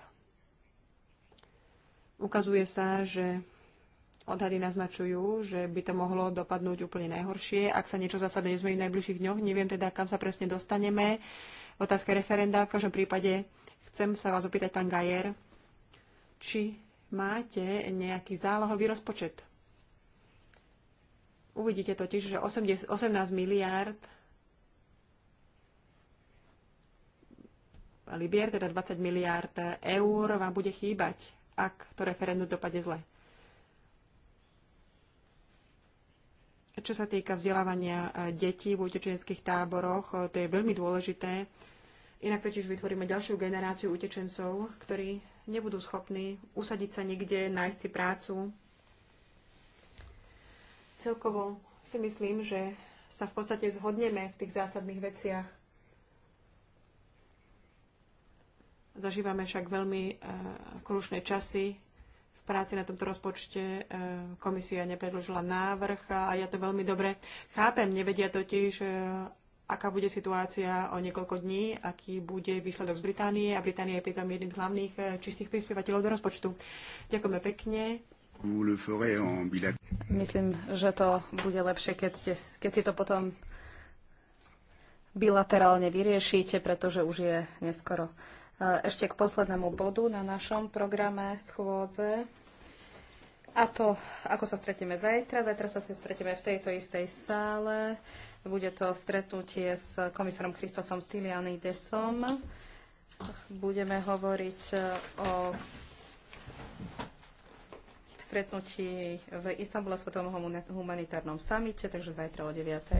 Ukazuje sa, že odhady naznačujú, že by to mohlo dopadnúť úplne najhoršie, ak sa niečo zásadne nezmení v najbližších dňoch. Neviem teda, kam sa presne dostaneme. Otázka referenda. V každom prípade chcem sa vás opýtať, pán Gajer, či máte nejaký zálohový rozpočet. Uvidíte totiž, že 18 miliárd libier, teda 20 miliárd eur vám bude chýbať, ak to referendum dopadne zle. Čo sa týka vzdelávania e, detí v utečenských táboroch, e, to je veľmi dôležité. Inak totiž vytvoríme ďalšiu generáciu utečencov, ktorí nebudú schopní usadiť sa niekde, nájsť si prácu. Celkovo si myslím, že sa v podstate zhodneme v tých zásadných veciach. Zažívame však veľmi e, krušné časy v práci na tomto rozpočte. E, komisia nepredložila návrh a ja to veľmi dobre chápem. Nevedia totiž, e, aká bude situácia o niekoľko dní, aký bude výsledok z Británie. A Británia je pritom jedným z hlavných eh, čistých prispievateľov do rozpočtu. Ďakujeme pekne. Myslím, že to bude lepšie, keď, ste, keď si to potom bilaterálne vyriešite, pretože už je neskoro. Eh, ešte k poslednému bodu na našom programe schôdze. A to, ako sa stretneme zajtra. Zajtra sa stretneme v tejto istej sále. Bude to stretnutie s komisárom Christosom Desom. Budeme hovoriť e, o stretnutí v Istambule potom humanitárnom samite, takže zajtra o 9.